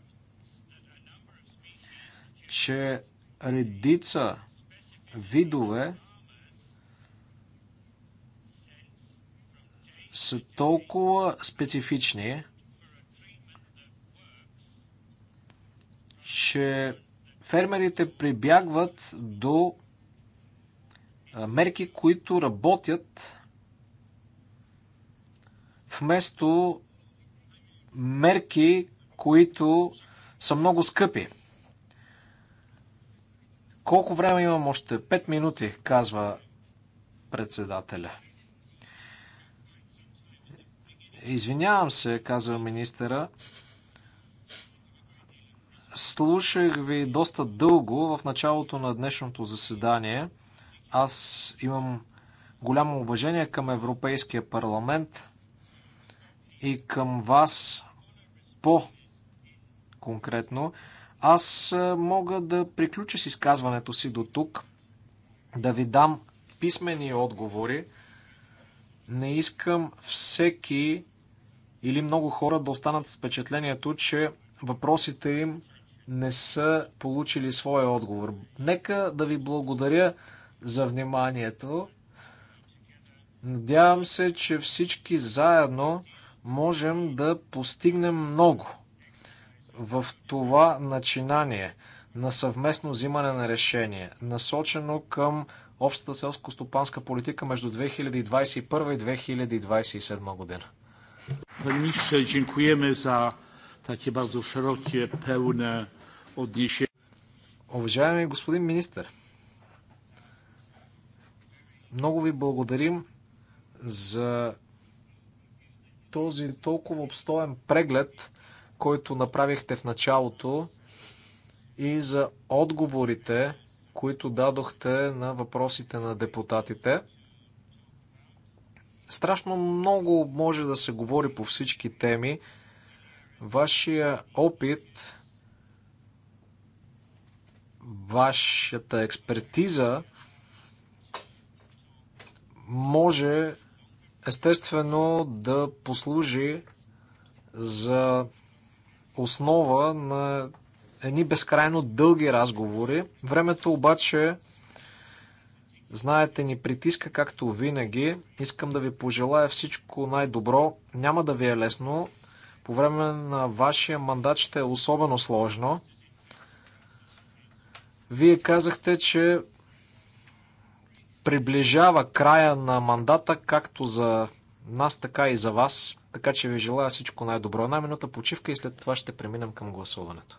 че редица видове са толкова специфични, че фермерите прибягват до мерки, които работят вместо мерки, които са много скъпи колко време имам още? Пет минути, казва председателя. Извинявам се, казва министъра. Слушах ви доста дълго в началото на днешното заседание. Аз имам голямо уважение към Европейския парламент и към вас по-конкретно. Аз мога да приключа с изказването си до тук, да ви дам писмени отговори. Не искам всеки или много хора да останат с впечатлението, че въпросите им не са получили своя отговор. Нека да ви благодаря за вниманието. Надявам се, че всички заедно можем да постигнем много в това начинание на съвместно взимане на решение, насочено към общата селско-стопанска политика между 2021 и 2027 година. Панише, дякуваме за таки бързо широки, пълна отнише. Уважаеми господин министр, много ви благодарим за този толкова обстоен преглед който направихте в началото и за отговорите, които дадохте на въпросите на депутатите. Страшно много може да се говори по всички теми. Вашия опит, вашата експертиза може естествено да послужи за основа на едни безкрайно дълги разговори. Времето обаче, знаете, ни притиска както винаги. Искам да ви пожелая всичко най-добро. Няма да ви е лесно. По време на вашия мандат ще е особено сложно. Вие казахте, че приближава края на мандата, както за нас, така и за вас. Така че ви желая всичко най-добро. Една минута почивка и след това ще преминем към гласуването.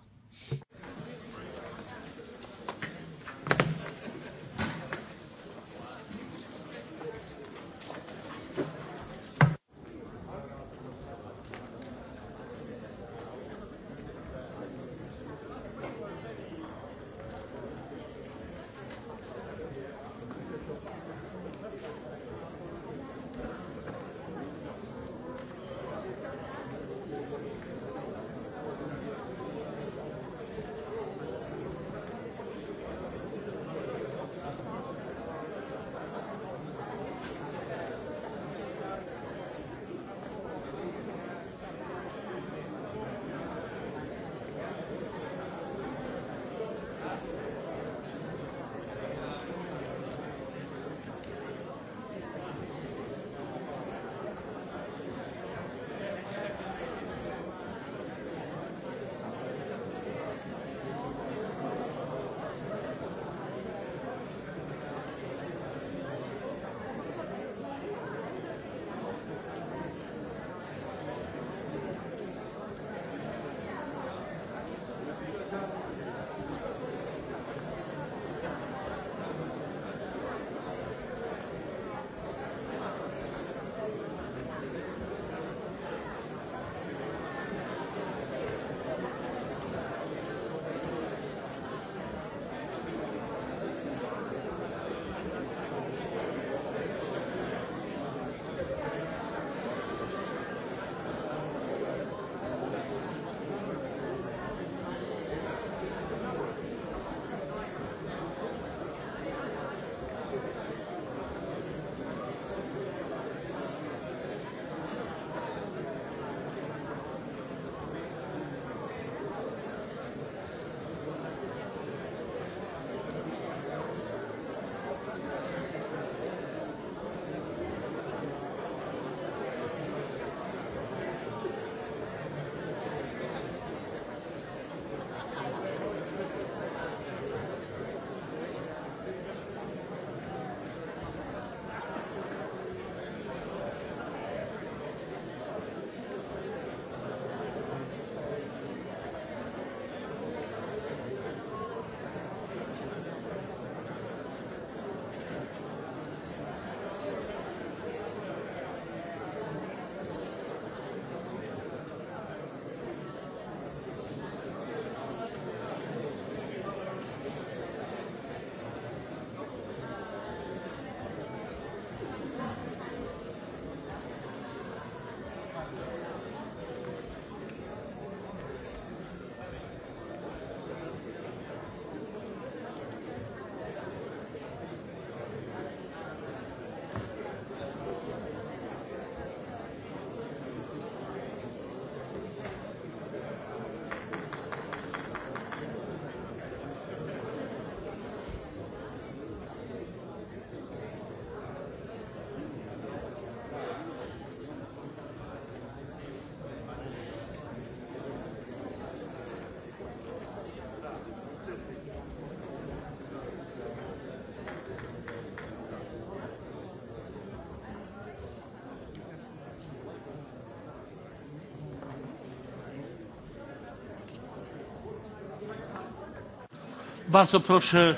Bardzo proszę,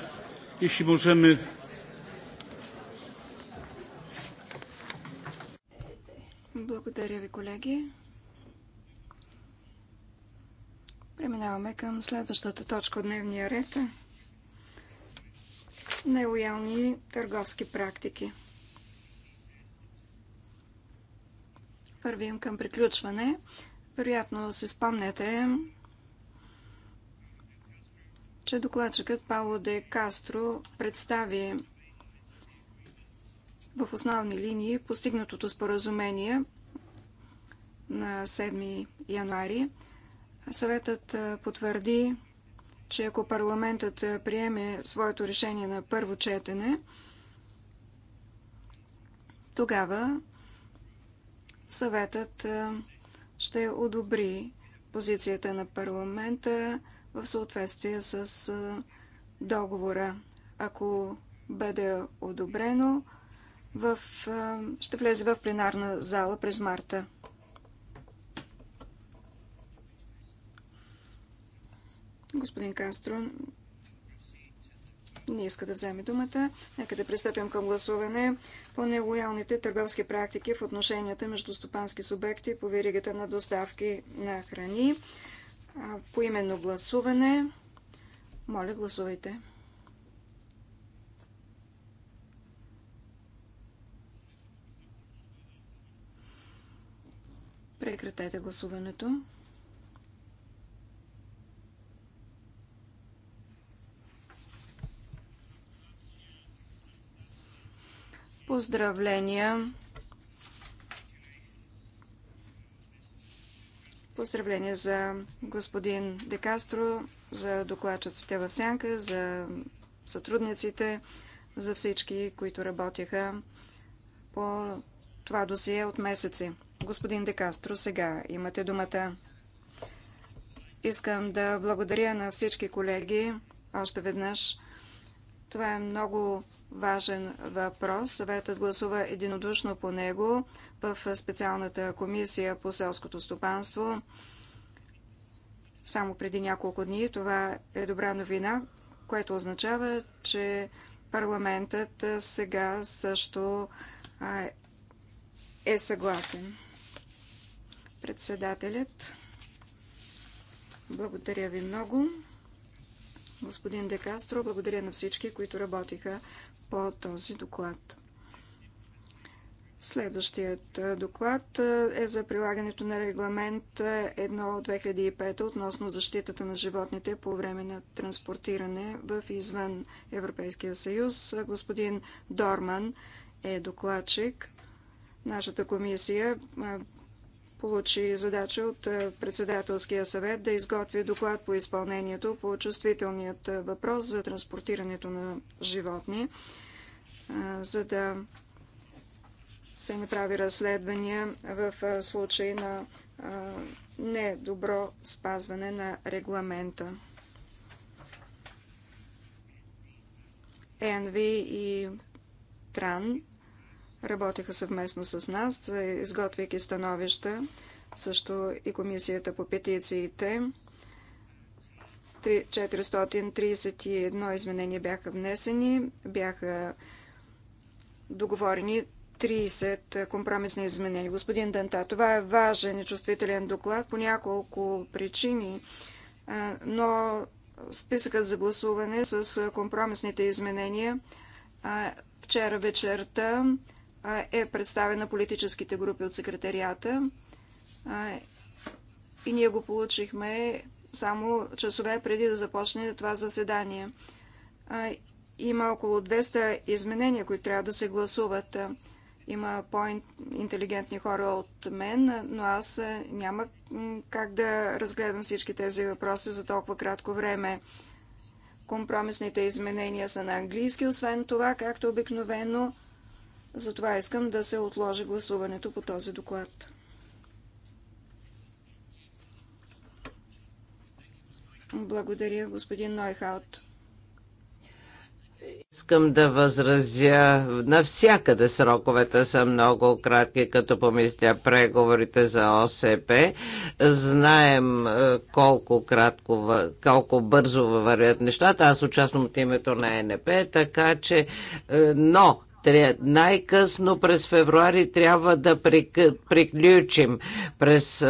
jeśli możemy. Благодаря ви, колеги. Преминаваме към следващата точка от дневния ред. Нелоялни търговски практики. Първим към приключване. Вероятно се спомняте, че докладчикът Пауло де Кастро представи в основни линии постигнатото споразумение на 7 януари. Съветът потвърди, че ако парламентът приеме своето решение на първо четене, тогава съветът ще одобри позицията на парламента в съответствие с договора. Ако бъде одобрено, в, ще влезе в пленарна зала през марта. Господин Кастро не иска да вземе думата. Нека да пристъпим към гласуване по нелоялните търговски практики в отношенията между стопански субекти по веригата на доставки на храни. По именно гласуване. Моля, гласувайте. Прекратете гласуването. Поздравления! Поздравление за господин Декастро, за докладчиците в Сянка, за сътрудниците, за всички, които работиха по това досие от месеци. Господин Декастро, сега имате думата. Искам да благодаря на всички колеги още веднъж. Това е много важен въпрос. Съветът гласува единодушно по него в специалната комисия по селското стопанство. Само преди няколко дни това е добра новина, което означава, че парламентът сега също е съгласен. Председателят. Благодаря ви много. Господин Декастро, благодаря на всички, които работиха по този доклад. Следващият е, доклад е, е за прилагането на регламент 1 е, от 2005 относно защитата на животните по време на транспортиране в извън Европейския съюз. Господин Дорман е докладчик. Нашата комисия получи задача от е, председателския съвет да изготви доклад по изпълнението по чувствителният е, въпрос за транспортирането на животни, е, за да се направи разследвания в случай на недобро спазване на регламента. ЕНВИ и ТРАН работеха съвместно с нас, изготвяйки становища, също и комисията по петициите. 431 изменения бяха внесени, бяха договорени 30 компромисни изменения. Господин Дента, това е важен и чувствителен доклад по няколко причини, но списъкът за гласуване с компромисните изменения вчера вечерта е представена политическите групи от секретарията и ние го получихме само часове преди да започне това заседание. Има около 200 изменения, които трябва да се гласуват. Има по-интелигентни хора от мен, но аз няма как да разгледам всички тези въпроси за толкова кратко време. Компромисните изменения са на английски, освен това, както обикновено затова искам да се отложи гласуването по този доклад. Благодаря, господин Нойхаут. Искам да възразя. Навсякъде сроковете са много кратки, като помисля преговорите за ОСП. Знаем е, колко, кратко, колко бързо вървят нещата. Аз участвам от името на НП. така че... Е, но най-късно през февруари трябва да приключим през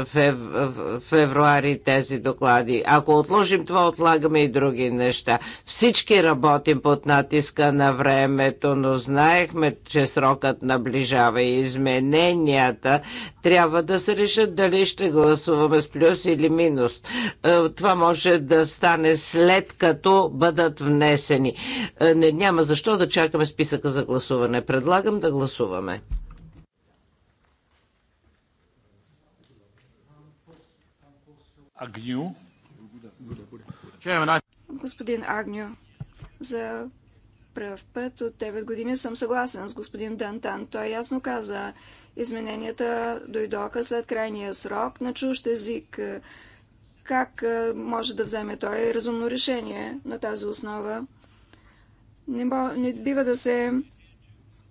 февруари тези доклади. Ако отложим това, отлагаме и други неща. Всички работим под натиска на времето, но знаехме, че срокът наближава и измененията трябва да се решат дали ще гласуваме с плюс или минус. Е, това може да стане след като бъдат внесени. Е, няма защо да чакаме списъка за гласуване гласуване. Предлагам да гласуваме. Агню. Господин Агню, за пръв път от 9 години съм съгласен с господин Дантан. Той ясно каза, измененията дойдоха след крайния срок на чущ език. Как може да вземе той разумно решение на тази основа? Не, бива да се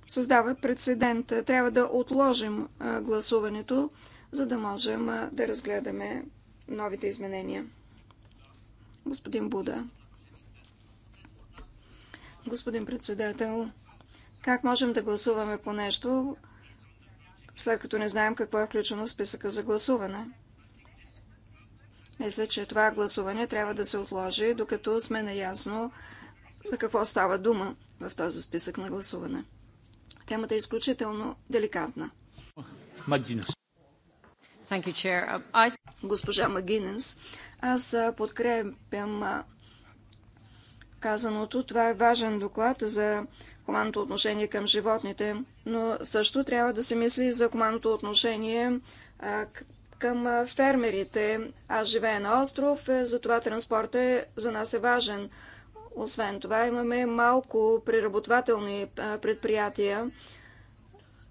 създава прецедент. Трябва да отложим гласуването, за да можем да разгледаме новите изменения. Господин Буда. Господин председател, как можем да гласуваме по нещо, след като не знаем какво е включено в списъка за гласуване? Мисля, че това гласуване трябва да се отложи, докато сме наясно за какво става дума в този списък на гласуване. Темата е изключително деликатна. Магинес. Uh, Госпожа Магинес, аз подкрепям казаното. Това е важен доклад за хуманното отношение към животните, но също трябва да се мисли за хуманното отношение към фермерите. Аз живея на остров, е, затова транспортът е, за нас е важен. Освен това имаме малко преработвателни предприятия.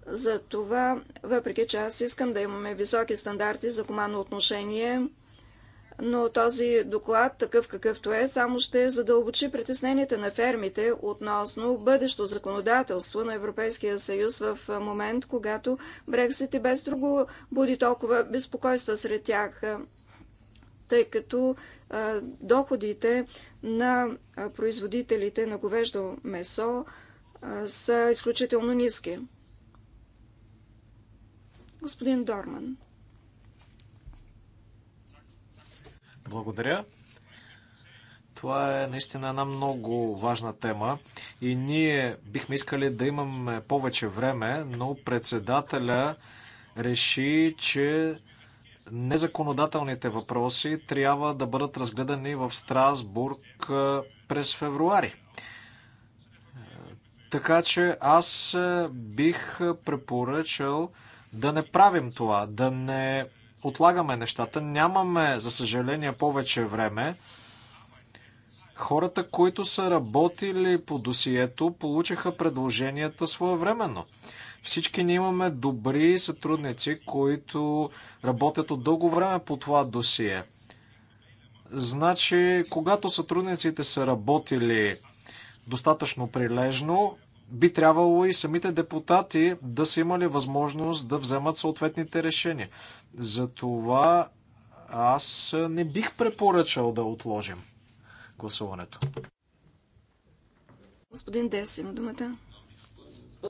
За това, въпреки че аз искам да имаме високи стандарти за командно отношение, но този доклад, такъв какъвто е, само ще задълбочи притесненията на фермите относно бъдещо законодателство на Европейския съюз в момент, когато Брексит и без друго буди толкова безпокойства сред тях тъй като доходите на производителите на говеждо месо са изключително ниски. Господин Дорман. Благодаря. Това е наистина една много важна тема и ние бихме искали да имаме повече време, но председателя реши, че Незаконодателните въпроси трябва да бъдат разгледани в Страсбург през февруари. Така че аз бих препоръчал да не правим това, да не отлагаме нещата. Нямаме, за съжаление, повече време. Хората, които са работили по досието, получиха предложенията своевременно. Всички ние имаме добри сътрудници, които работят от дълго време по това досие. Значи, когато сътрудниците са работили достатъчно прилежно, би трябвало и самите депутати да са имали възможност да вземат съответните решения. Затова аз не бих препоръчал да отложим гласуването. Господин Дес има думата.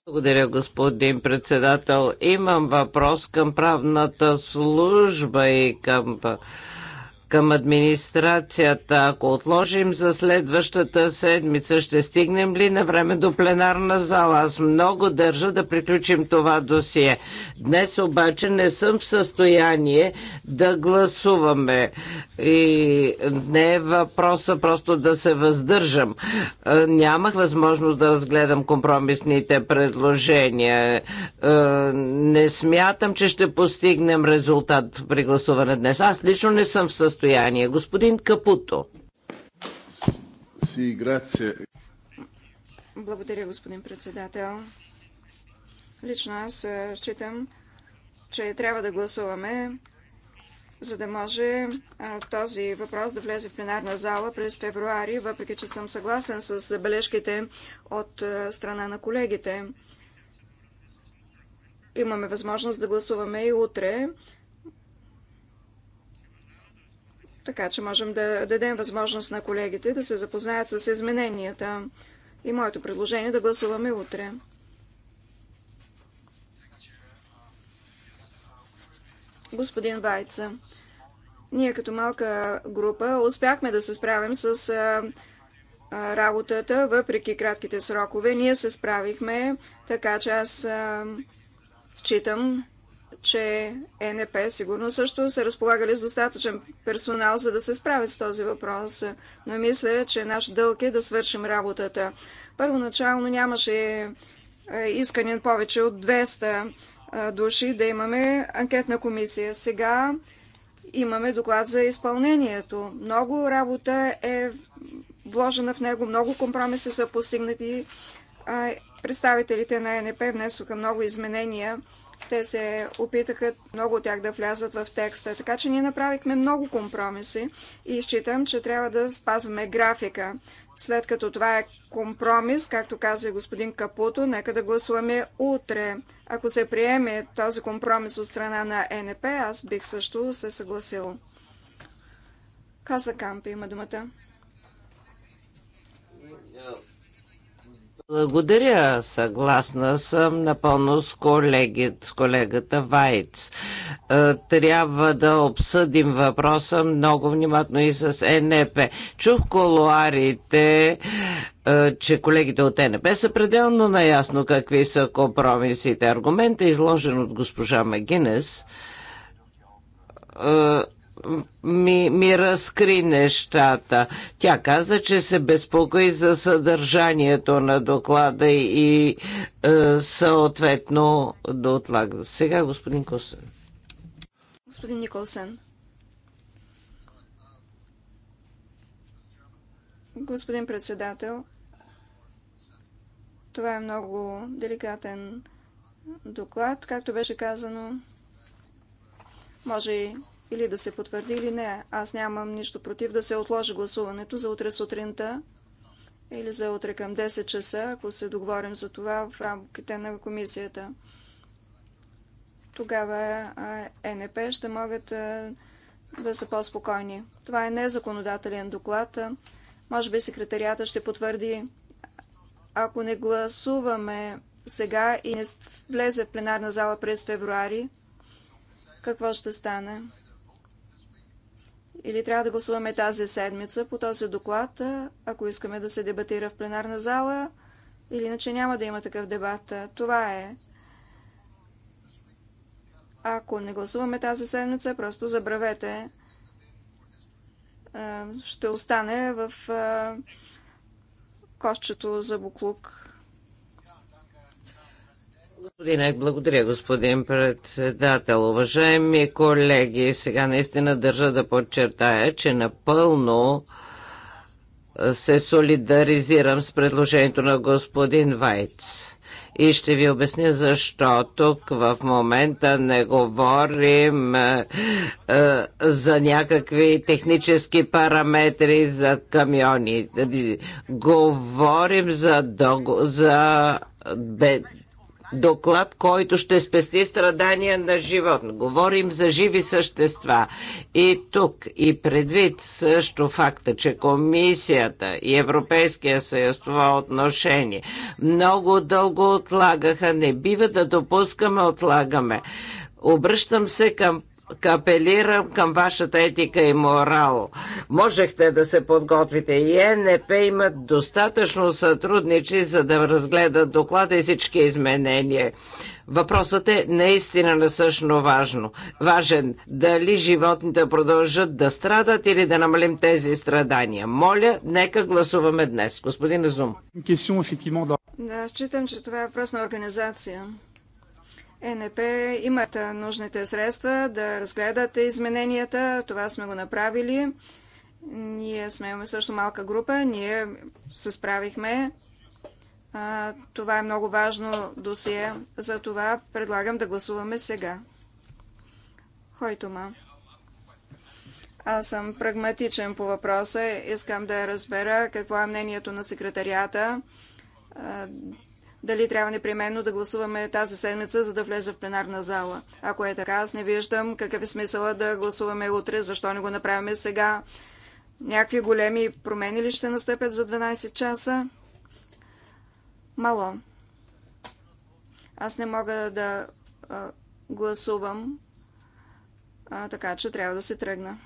Благодаря, господин председател. Имам въпрос към правната служба и към към администрацията. Ако отложим за следващата седмица, ще стигнем ли на време до пленарна зала? Аз много държа да приключим това досие. Днес обаче не съм в състояние да гласуваме. И не е въпроса просто да се въздържам. Нямах възможност да разгледам компромисните предложения. Не смятам, че ще постигнем резултат при гласуване днес. Аз лично не съм в състояние състояние. Господин Капуто. Благодаря, господин председател. Лично аз считам, че трябва да гласуваме, за да може този въпрос да влезе в пленарна зала през февруари, въпреки че съм съгласен с забележките от страна на колегите. Имаме възможност да гласуваме и утре. Така че можем да дадем възможност на колегите да се запознаят с измененията и моето предложение е да гласуваме утре. Господин Вайца, ние като малка група успяхме да се справим с работата, въпреки кратките срокове. Ние се справихме, така че аз читам че НП сигурно също са разполагали с достатъчен персонал, за да се справят с този въпрос. Но мисля, че наш дълг е да свършим работата. Първоначално нямаше е, искане повече от 200 е, души да имаме анкетна комисия. Сега имаме доклад за изпълнението. Много работа е вложена в него, много компромиси са постигнати. Представителите на НП внесоха много изменения те се опитаха много от тях да влязат в текста, така че ние направихме много компромиси и считам, че трябва да спазваме графика. След като това е компромис, както каза господин Капуто, нека да гласуваме утре. Ако се приеме този компромис от страна на НП, аз бих също се съгласил. Каза Кампи има думата. Благодаря, съгласна съм напълно с, колеги, с колегата Вайц. Е, трябва да обсъдим въпроса много внимателно и с НП. Чух колуарите е, че колегите от НП са пределно наясно какви са компромисите. Аргументът, изложен от госпожа Магинес, е, ми, ми разкри нещата. Тя каза, че се безпокои за съдържанието на доклада и е, съответно да отлага. Сега господин Косен. Господин Николсен. Господин председател, това е много деликатен доклад, както беше казано. Може и или да се потвърди или не. Аз нямам нищо против да се отложи гласуването за утре сутринта или за утре към 10 часа, ако се договорим за това в рамките на комисията. Тогава ЕНП ще могат да са по-спокойни. Това е незаконодателен доклад. Може би секретарията ще потвърди, ако не гласуваме сега и не влезе в пленарна зала през февруари, какво ще стане? Или трябва да гласуваме тази седмица по този доклад, ако искаме да се дебатира в пленарна зала, или иначе няма да има такъв дебат. Това е. Ако не гласуваме тази седмица, просто забравете. Ще остане в кошчето за буклук. Господин Ек, благодаря, господин председател. Уважаеми колеги, сега наистина държа да подчертая, че напълно се солидаризирам с предложението на господин Вайц. И ще ви обясня защо тук в момента не говорим е, е, за някакви технически параметри за камиони. Говорим за, за бе, доклад, който ще спести страдания на животно. Говорим за живи същества. И тук, и предвид също факта, че Комисията и Европейския съюз това отношение много дълго отлагаха, не бива да допускаме отлагаме. Обръщам се към апелирам към вашата етика и морал. Можехте да се подготвите и ЕНП имат достатъчно сътрудничи, за да разгледат доклада и всички изменения. Въпросът е наистина насъщно важно. Важен дали животните продължат да страдат или да намалим тези страдания. Моля, нека гласуваме днес. Господин Зум. Да, считам, че това е въпрос на организация. ЕНП имат нужните средства да разгледат измененията. Това сме го направили. Ние сме имаме също малка група. Ние се справихме. Това е много важно досие. За това предлагам да гласуваме сега. Хойтома. Аз съм прагматичен по въпроса. Искам да разбера какво е мнението на секретарията дали трябва непременно да гласуваме тази седмица, за да влезе в пленарна зала. Ако е така, аз не виждам какъв е смисъла да гласуваме утре, защо не го направим сега. Някакви големи промени ли ще настъпят за 12 часа? Мало. Аз не мога да а, гласувам, а, така че трябва да се тръгна.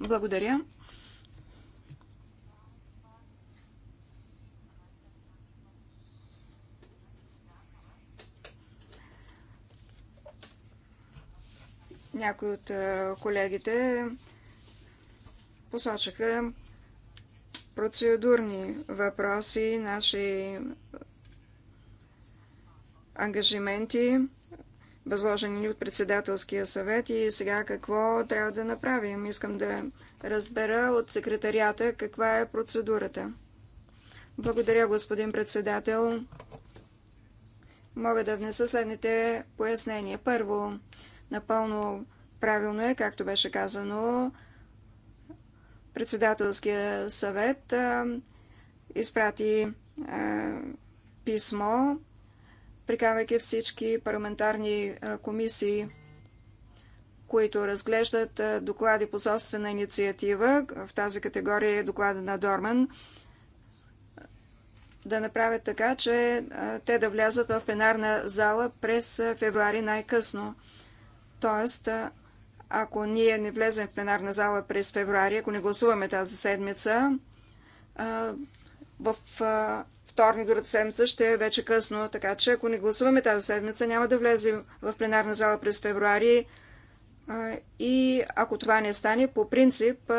Благодаря. Някои от е, колегите посочаха процедурни въпроси, наши ангажименти, възложени ни от председателския съвет и сега какво трябва да направим. Искам да разбера от секретарията каква е процедурата. Благодаря, господин председател. Мога да внеса следните пояснения. Първо, Напълно правилно е, както беше казано, председателския съвет изпрати писмо, прикавайки всички парламентарни комисии, които разглеждат доклади по собствена инициатива, в тази категория е доклада на Дорман, да направят така, че те да влязат в пленарна зала през февруари най-късно. Тоест, ако ние не влезем в пленарна зала през февруари, ако не гласуваме тази седмица, в вторник другата седмица ще е вече късно, така че ако не гласуваме тази седмица, няма да влезем в пленарна зала през февруари. И ако това не стане, по принцип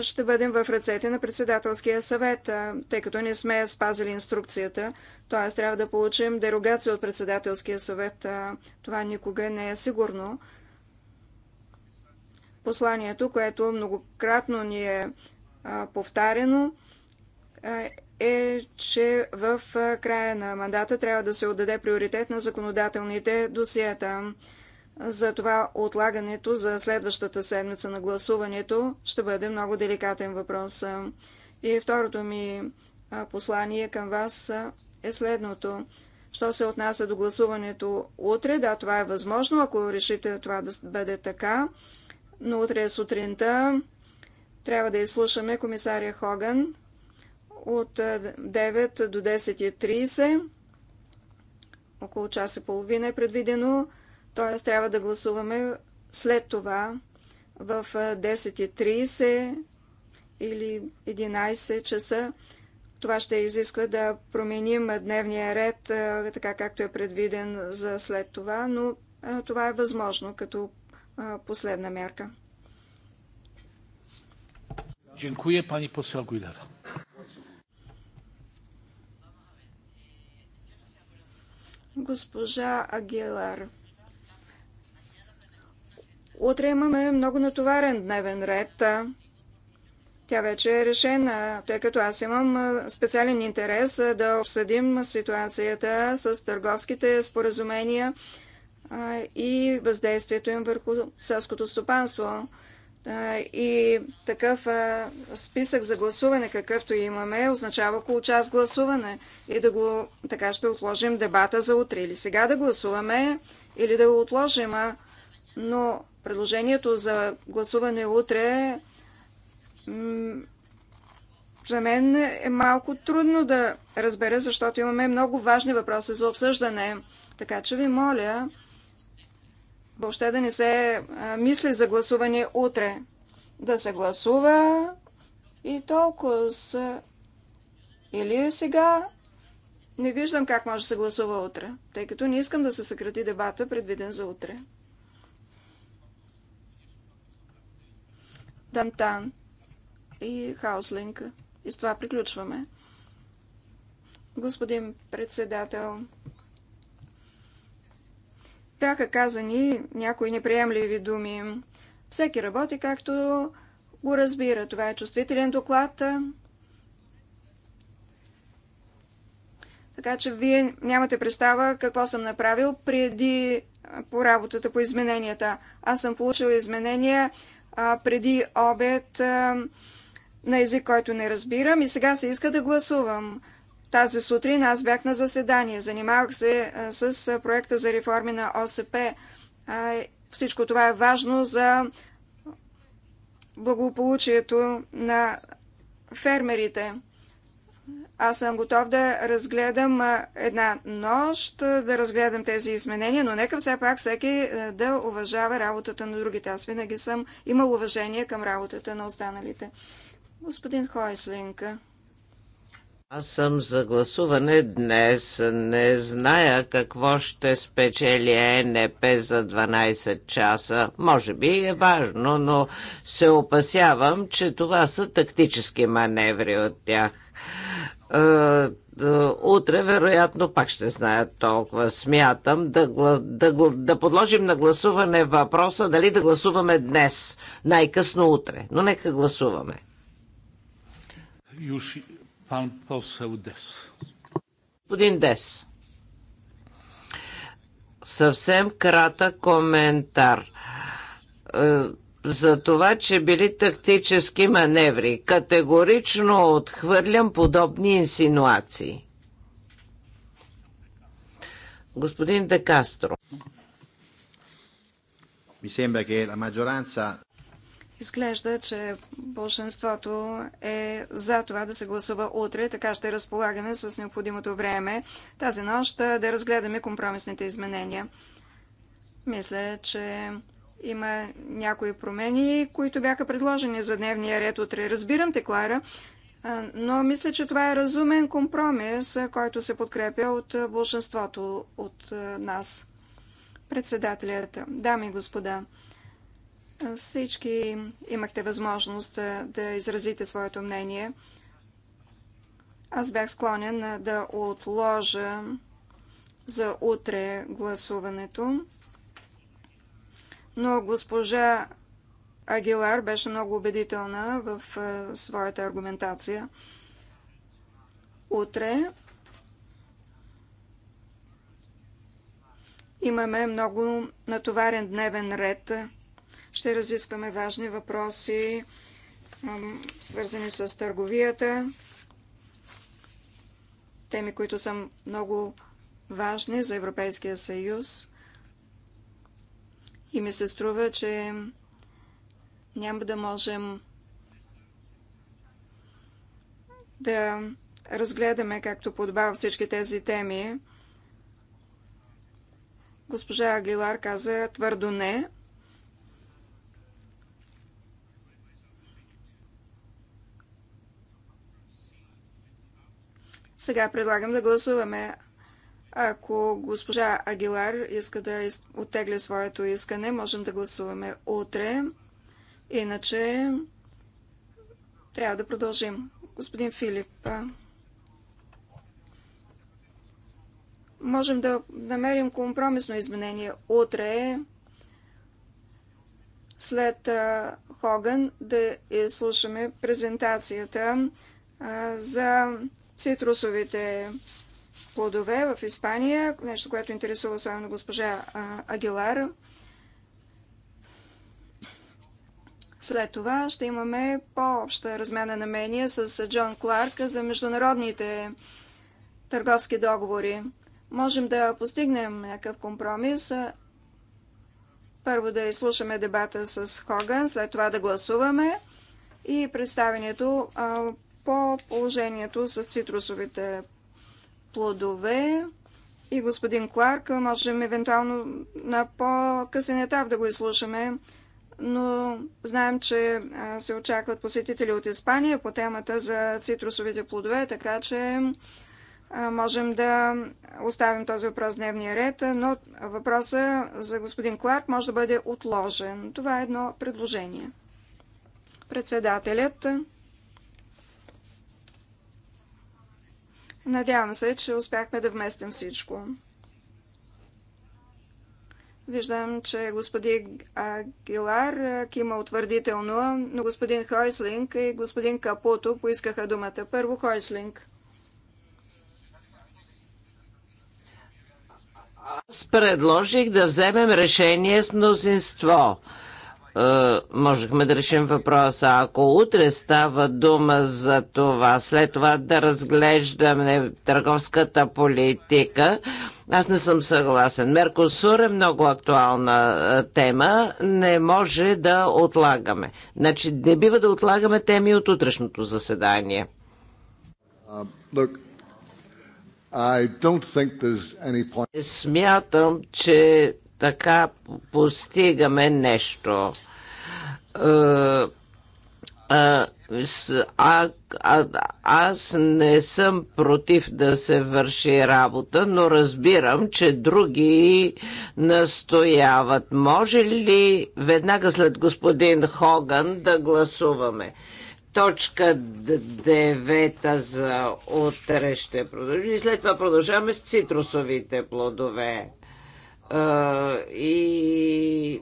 ще бъдем в ръцете на председателския съвет, тъй като не сме спазили инструкцията. Т.е. трябва да получим дерогация от председателския съвет. Това никога не е сигурно. Посланието, което многократно ни е повтарено, е, че в края на мандата трябва да се отдаде приоритет на законодателните досиета. За това отлагането за следващата седмица на гласуването ще бъде много деликатен въпрос. И второто ми послание към вас е следното. Що се отнася до гласуването утре, да, това е възможно, ако решите това да бъде така, но утре сутринта трябва да изслушаме комисаря Хоган от 9 до 10.30. Около час и половина е предвидено т.е. трябва да гласуваме след това в 10.30 или 11 часа. Това ще изисква да променим дневния ред, така както е предвиден за след това, но това е възможно като последна мярка. Дякую, пани посел Гуйлера. Госпожа Агилар. Утре имаме много натоварен дневен ред. Тя вече е решена, тъй като аз имам специален интерес да обсъдим ситуацията с търговските споразумения и въздействието им върху селското стопанство. И такъв списък за гласуване, какъвто имаме, означава около час гласуване. И да го така ще отложим дебата за утре. Или сега да гласуваме, или да го отложим. Но Предложението за гласуване утре за мен е малко трудно да разбера, защото имаме много важни въпроси за обсъждане. Така че ви моля въобще да не се мисли за гласуване утре. Да се гласува и толкова с... Или сега не виждам как може да се гласува утре, тъй като не искам да се съкрати дебата, предвиден за утре. Дантан и Хауслинг. И с това приключваме. Господин председател, бяха казани някои неприемливи думи. Всеки работи както го разбира. Това е чувствителен доклад. Така че вие нямате представа какво съм направил преди по работата по измененията. Аз съм получил изменения а, преди обед а, на език, който не разбирам и сега се иска да гласувам. Тази сутрин аз бях на заседание, занимавах се а, с проекта за реформи на ОСП. А, всичко това е важно за благополучието на фермерите. Аз съм готов да разгледам една нощ, да разгледам тези изменения, но нека все пак всеки да уважава работата на другите. Аз винаги съм имал уважение към работата на останалите. Господин Хойслинка. Аз съм за гласуване днес. Не зная какво ще спечели е НП за 12 часа. Може би е важно, но се опасявам, че това са тактически маневри от тях. Е, е, утре, вероятно, пак ще знаят толкова. Смятам да, да, да подложим на гласуване въпроса дали да гласуваме днес, най-късно утре. Но нека гласуваме. Юши Господин Дес. Съвсем кратък коментар е, за това, че били тактически маневри. Категорично отхвърлям подобни инсинуации. Господин Декастро. Mi sembra che la maggioranza Изглежда, че большинството е за това да се гласува утре, така ще разполагаме с необходимото време тази нощ да разгледаме компромисните изменения. Мисля, че има някои промени, които бяха предложени за дневния ред утре. Разбирам те, Клара, но мисля, че това е разумен компромис, който се подкрепя от большинството от нас. Председателят, дами и господа, всички имахте възможност да, да изразите своето мнение. Аз бях склонен да отложа за утре гласуването, но госпожа Агилар беше много убедителна в своята аргументация. Утре имаме много натоварен дневен ред – ще разискваме важни въпроси, свързани с търговията, теми, които са много важни за Европейския съюз. И ми се струва, че няма да можем да разгледаме, както подбава всички тези теми. Госпожа Агилар каза твърдо не, Сега предлагам да гласуваме. Ако госпожа Агилар иска да оттегля своето искане, можем да гласуваме утре. Иначе трябва да продължим. Господин Филип, можем да намерим компромисно изменение утре след Хоган да изслушаме презентацията за цитрусовите плодове в Испания, нещо, което интересува особено госпожа Агилар. След това ще имаме по-обща размяна на мнение с Джон Кларк за международните търговски договори. Можем да постигнем някакъв компромис. Първо да изслушаме дебата с Хоган, след това да гласуваме и представянето по положението с цитрусовите плодове. И господин Кларк, можем евентуално на по-късен етап да го изслушаме, но знаем, че се очакват посетители от Испания по темата за цитрусовите плодове, така че можем да оставим този въпрос в дневния ред, но въпроса за господин Кларк може да бъде отложен. Това е едно предложение. Председателят Надявам се, че успяхме да вместим всичко. Виждам, че господин Агилар кима утвърдително, но господин Хойслинг и господин Капуто поискаха думата. Първо Хойслинг. Аз предложих да вземем решение с мнозинство. Е, можехме да решим въпроса. Ако утре става дума за това, след това да разглеждаме търговската политика, аз не съм съгласен. Меркосур е много актуална е, тема. Не може да отлагаме. Значи не бива да отлагаме теми от утрешното заседание. Uh, Смятам, че така постигаме нещо. А, е, е, а, а, аз не съм против да се върши работа, но разбирам, че други настояват. Може ли веднага след господин Хоган да гласуваме? Точка 9 за утре ще продължи. След това продължаваме с цитрусовите плодове и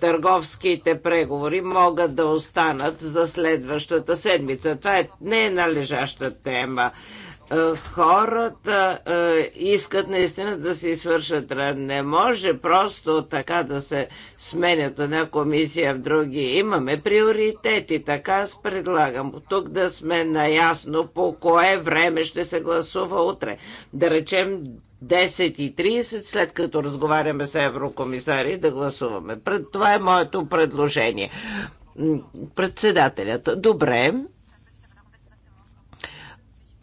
търговските преговори могат да останат за следващата седмица. Това е, не е належаща тема. Хората искат наистина да се свършат. Не може просто така да се сменят една комисия в други. Имаме приоритети. Така аз предлагам тук да сме наясно по кое време ще се гласува утре. Да речем 10.30, след като разговаряме с еврокомисари, да гласуваме. Това е моето предложение. Председателят. Добре.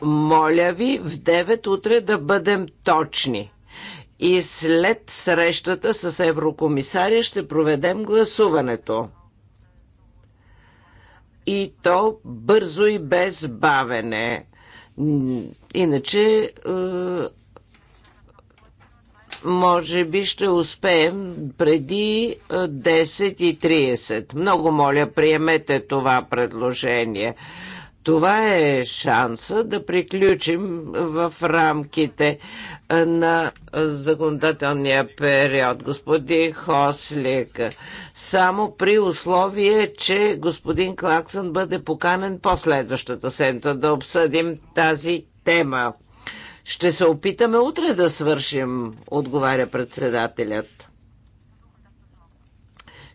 Моля ви в 9 утре да бъдем точни. И след срещата с еврокомисария ще проведем гласуването и то бързо и без бавене. Иначе е, може би ще успеем преди 10.30. Много моля, приемете това предложение. Това е шанса да приключим в рамките на законодателния период. Господин Хослик, само при условие, че господин Клаксън бъде поканен последващата седмица да обсъдим тази тема. Ще се опитаме утре да свършим, отговаря председателят.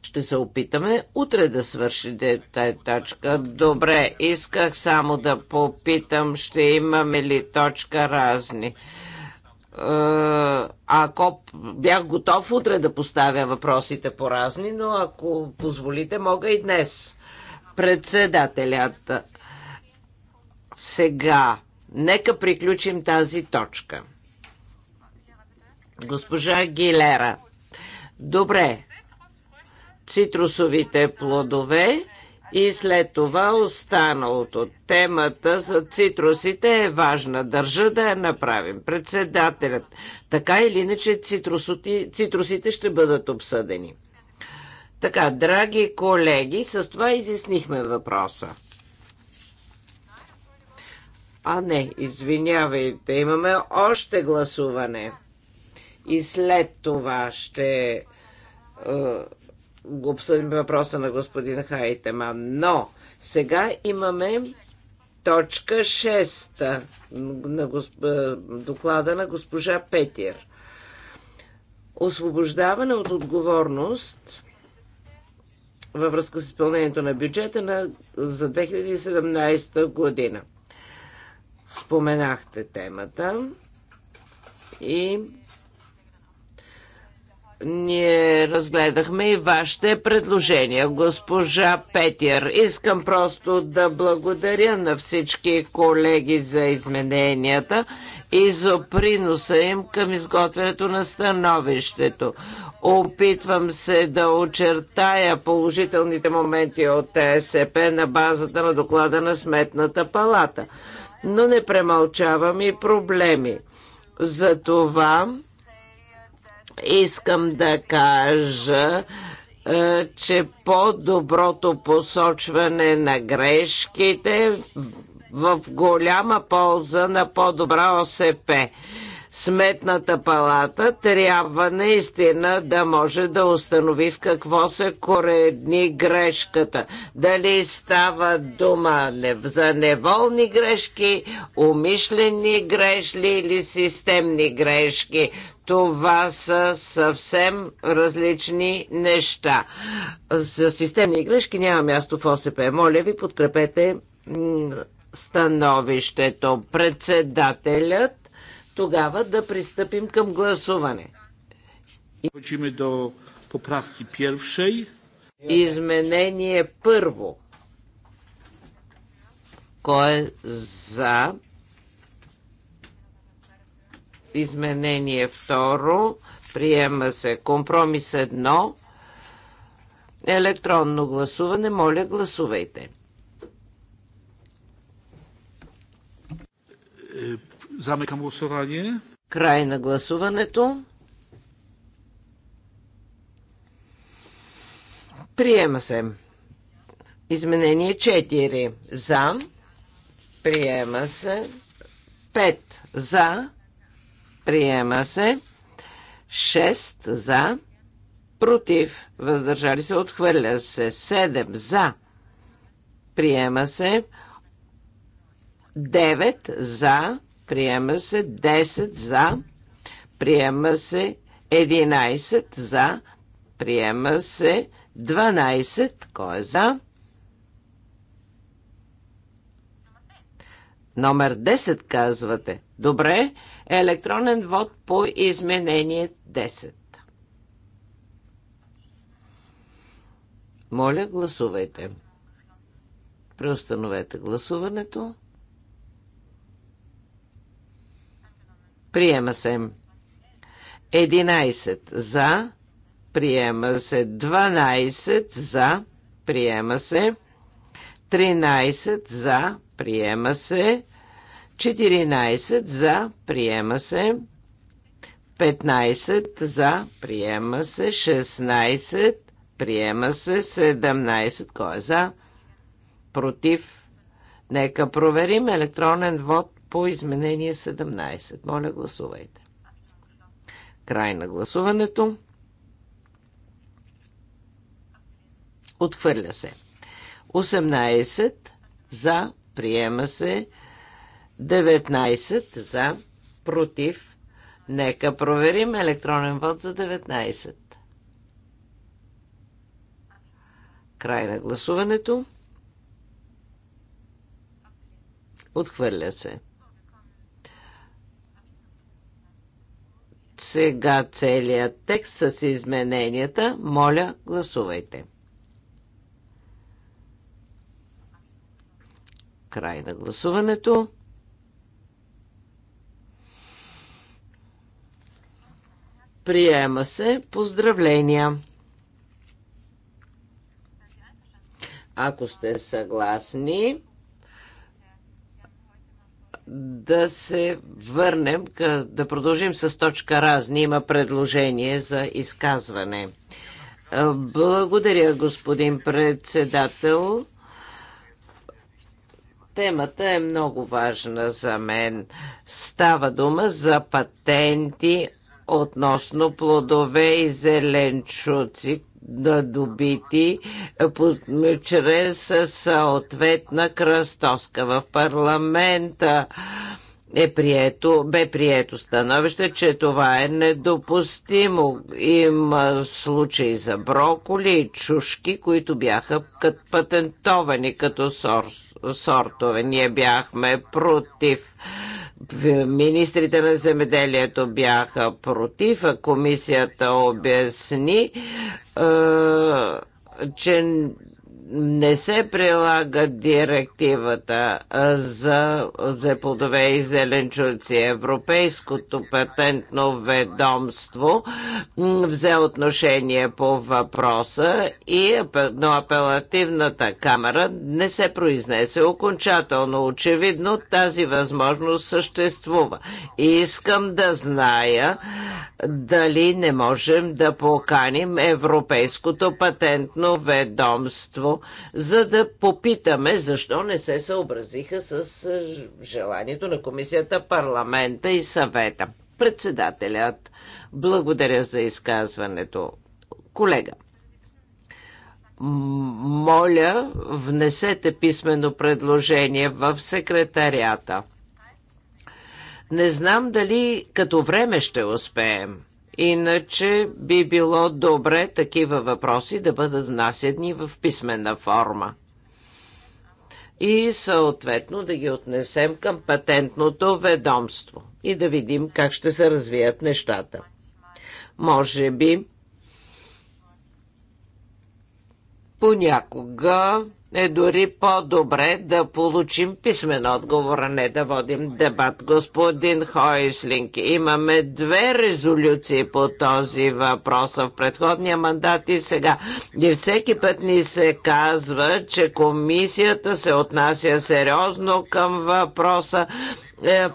Ще се опитаме утре да свършите тази точка. Добре, исках само да попитам, ще имаме ли точка разни е, ако бях готов утре да поставя въпросите по разни, но ако позволите, мога и днес. Председателят. Сега Нека приключим тази точка. Госпожа Гилера. Добре. Цитрусовите плодове и след това останалото. Темата за цитрусите е важна. Държа да я направим. Председателят. Така или иначе цитрусите ще бъдат обсъдени. Така, драги колеги, с това изяснихме въпроса. А не, извинявайте, имаме още гласуване. И след това ще е, го обсъдим въпроса на господин Хайтеман. Но сега имаме точка 6 на госп... Е, доклада на госпожа Петир. Освобождаване от отговорност във връзка с изпълнението на бюджета на... за 2017 година. Споменахте темата и ние разгледахме и вашите предложения, госпожа Петер. Искам просто да благодаря на всички колеги за измененията и за приноса им към изготвянето на становището. Опитвам се да очертая положителните моменти от ТСП е на базата на доклада на Сметната палата – но не премълчавам и проблеми. Затова искам да кажа, е, че по-доброто посочване на грешките в голяма полза на по-добра ОСП. Сметната палата трябва наистина да може да установи в какво се коредни грешката. Дали става дума за неволни грешки, умишлени грешли или системни грешки. Това са съвсем различни неща. За системни грешки няма място в ОСП. Моля ви, подкрепете становището. Председателят тогава да пристъпим към гласуване. Почиме до поправки pierwszej. Изменение първо. Кой е за? Изменение второ. Приема се компромис едно. Електронно гласуване. Моля, гласувайте. Е, Замекам гласование. Край на гласуването. Приема се. Изменение 4. За. Приема се. 5. За. Приема се. 6. За. Против. Въздържали се. Отхвърля се. 7. За. Приема се. 9. За приема се 10 за, приема се 11 за, приема се 12, кой е за? Номер 10 казвате. Добре, електронен вод по изменение 10. Моля, гласувайте. Преустановете гласуването. Приема се. 11 за. Приема се. 12 за. Приема се. 13 за. Приема се. 14 за. Приема се. 15 за. Приема се. 16. Приема се. 17. Кой е за? Против. Нека проверим електронен вод по изменение 17. Моля, гласувайте. Край на гласуването. Отхвърля се. 18 за, приема се. 19 за, против. Нека проверим електронен вод за 19. Край на гласуването. Отхвърля се. сега целият текст с измененията. Моля, гласувайте. Край на гласуването. Приема се. Поздравления! Ако сте съгласни, да се върнем, да продължим с точка разни. Има предложение за изказване. Благодаря, господин председател. Темата е много важна за мен. Става дума за патенти относно плодове и зеленчуци, добити е, чрез съответна кръстоска в парламента е прието, бе прието становище, че това е недопустимо. Има случаи за броколи и чушки, които бяха кът патентовани като сор, сортове. Ние бяхме против. Министрите на земеделието бяха против, а комисията обясни, че не се прилага директивата за, за плодове и зеленчуци. Европейското патентно ведомство взе отношение по въпроса, и, но апелативната камера не се произнесе окончателно. Очевидно тази възможност съществува. И искам да зная дали не можем да поканим Европейското патентно ведомство за да попитаме защо не се съобразиха с е, желанието на комисията, парламента и съвета. Председателят, благодаря за изказването. Колега, моля, внесете писмено предложение в секретарията. Не знам дали като време ще успеем Иначе би било добре такива въпроси да бъдат внасяни в писмена форма и съответно да ги отнесем към патентното ведомство и да видим как ще се развият нещата. Може би понякога е дори по-добре да получим писмен отговор, а не да водим дебат. Господин Хойслинг, имаме две резолюции по този въпрос в предходния мандат и сега. И всеки път ни се казва, че комисията се отнася сериозно към въпроса е,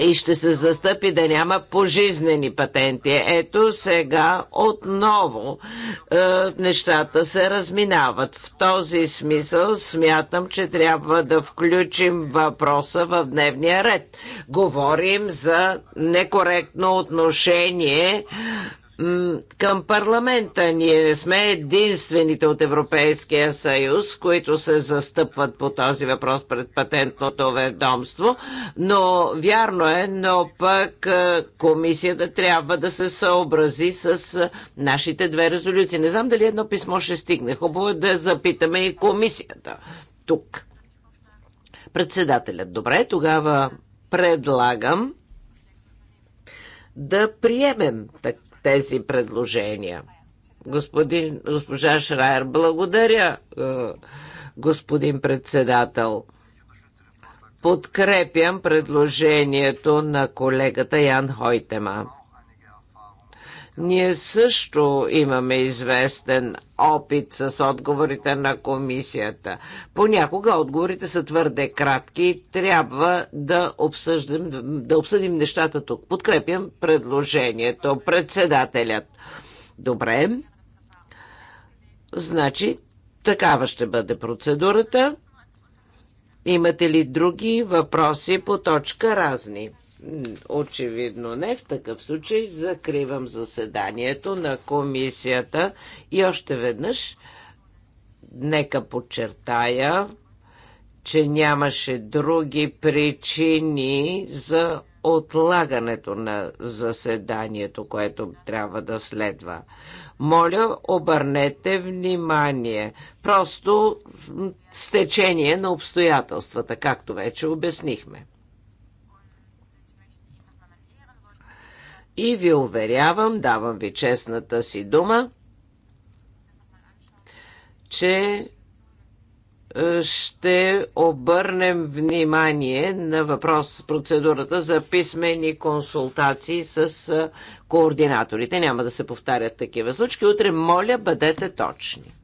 и ще се застъпи да няма пожизнени патенти. Ето сега отново е, нещата се разминават. В този смисъл смятам, че трябва да включим въпроса в дневния ред. Говорим за некоректно отношение към парламента. Ние не сме единствените от Европейския съюз, които се застъпват по този въпрос пред патентното ведомство, но вярно е, но пък е, комисията трябва да се съобрази с е, нашите две резолюции. Не знам дали едно писмо ще стигне. Хубаво е да запитаме и комисията тук. Председателят. Добре, тогава предлагам да приемем така тези предложения. Господин, госпожа Шрайер, благодаря, е, господин председател. Подкрепям предложението на колегата Ян Хойтема ние също имаме известен опит с отговорите на комисията. Понякога отговорите са твърде кратки и трябва да обсъждам, да обсъдим нещата тук. Подкрепям предложението. Председателят. Добре. Значи, такава ще бъде процедурата. Имате ли други въпроси по точка разни? Очевидно не. В такъв случай закривам заседанието на комисията и още веднъж нека подчертая, че нямаше други причини за отлагането на заседанието, което трябва да следва. Моля, обърнете внимание. Просто с течение на обстоятелствата, както вече обяснихме. И ви уверявам, давам ви честната си дума, че е, ще обърнем внимание на въпрос с процедурата за писмени консултации с е, координаторите. Няма да се повтарят такива случки. Утре, моля, бъдете точни.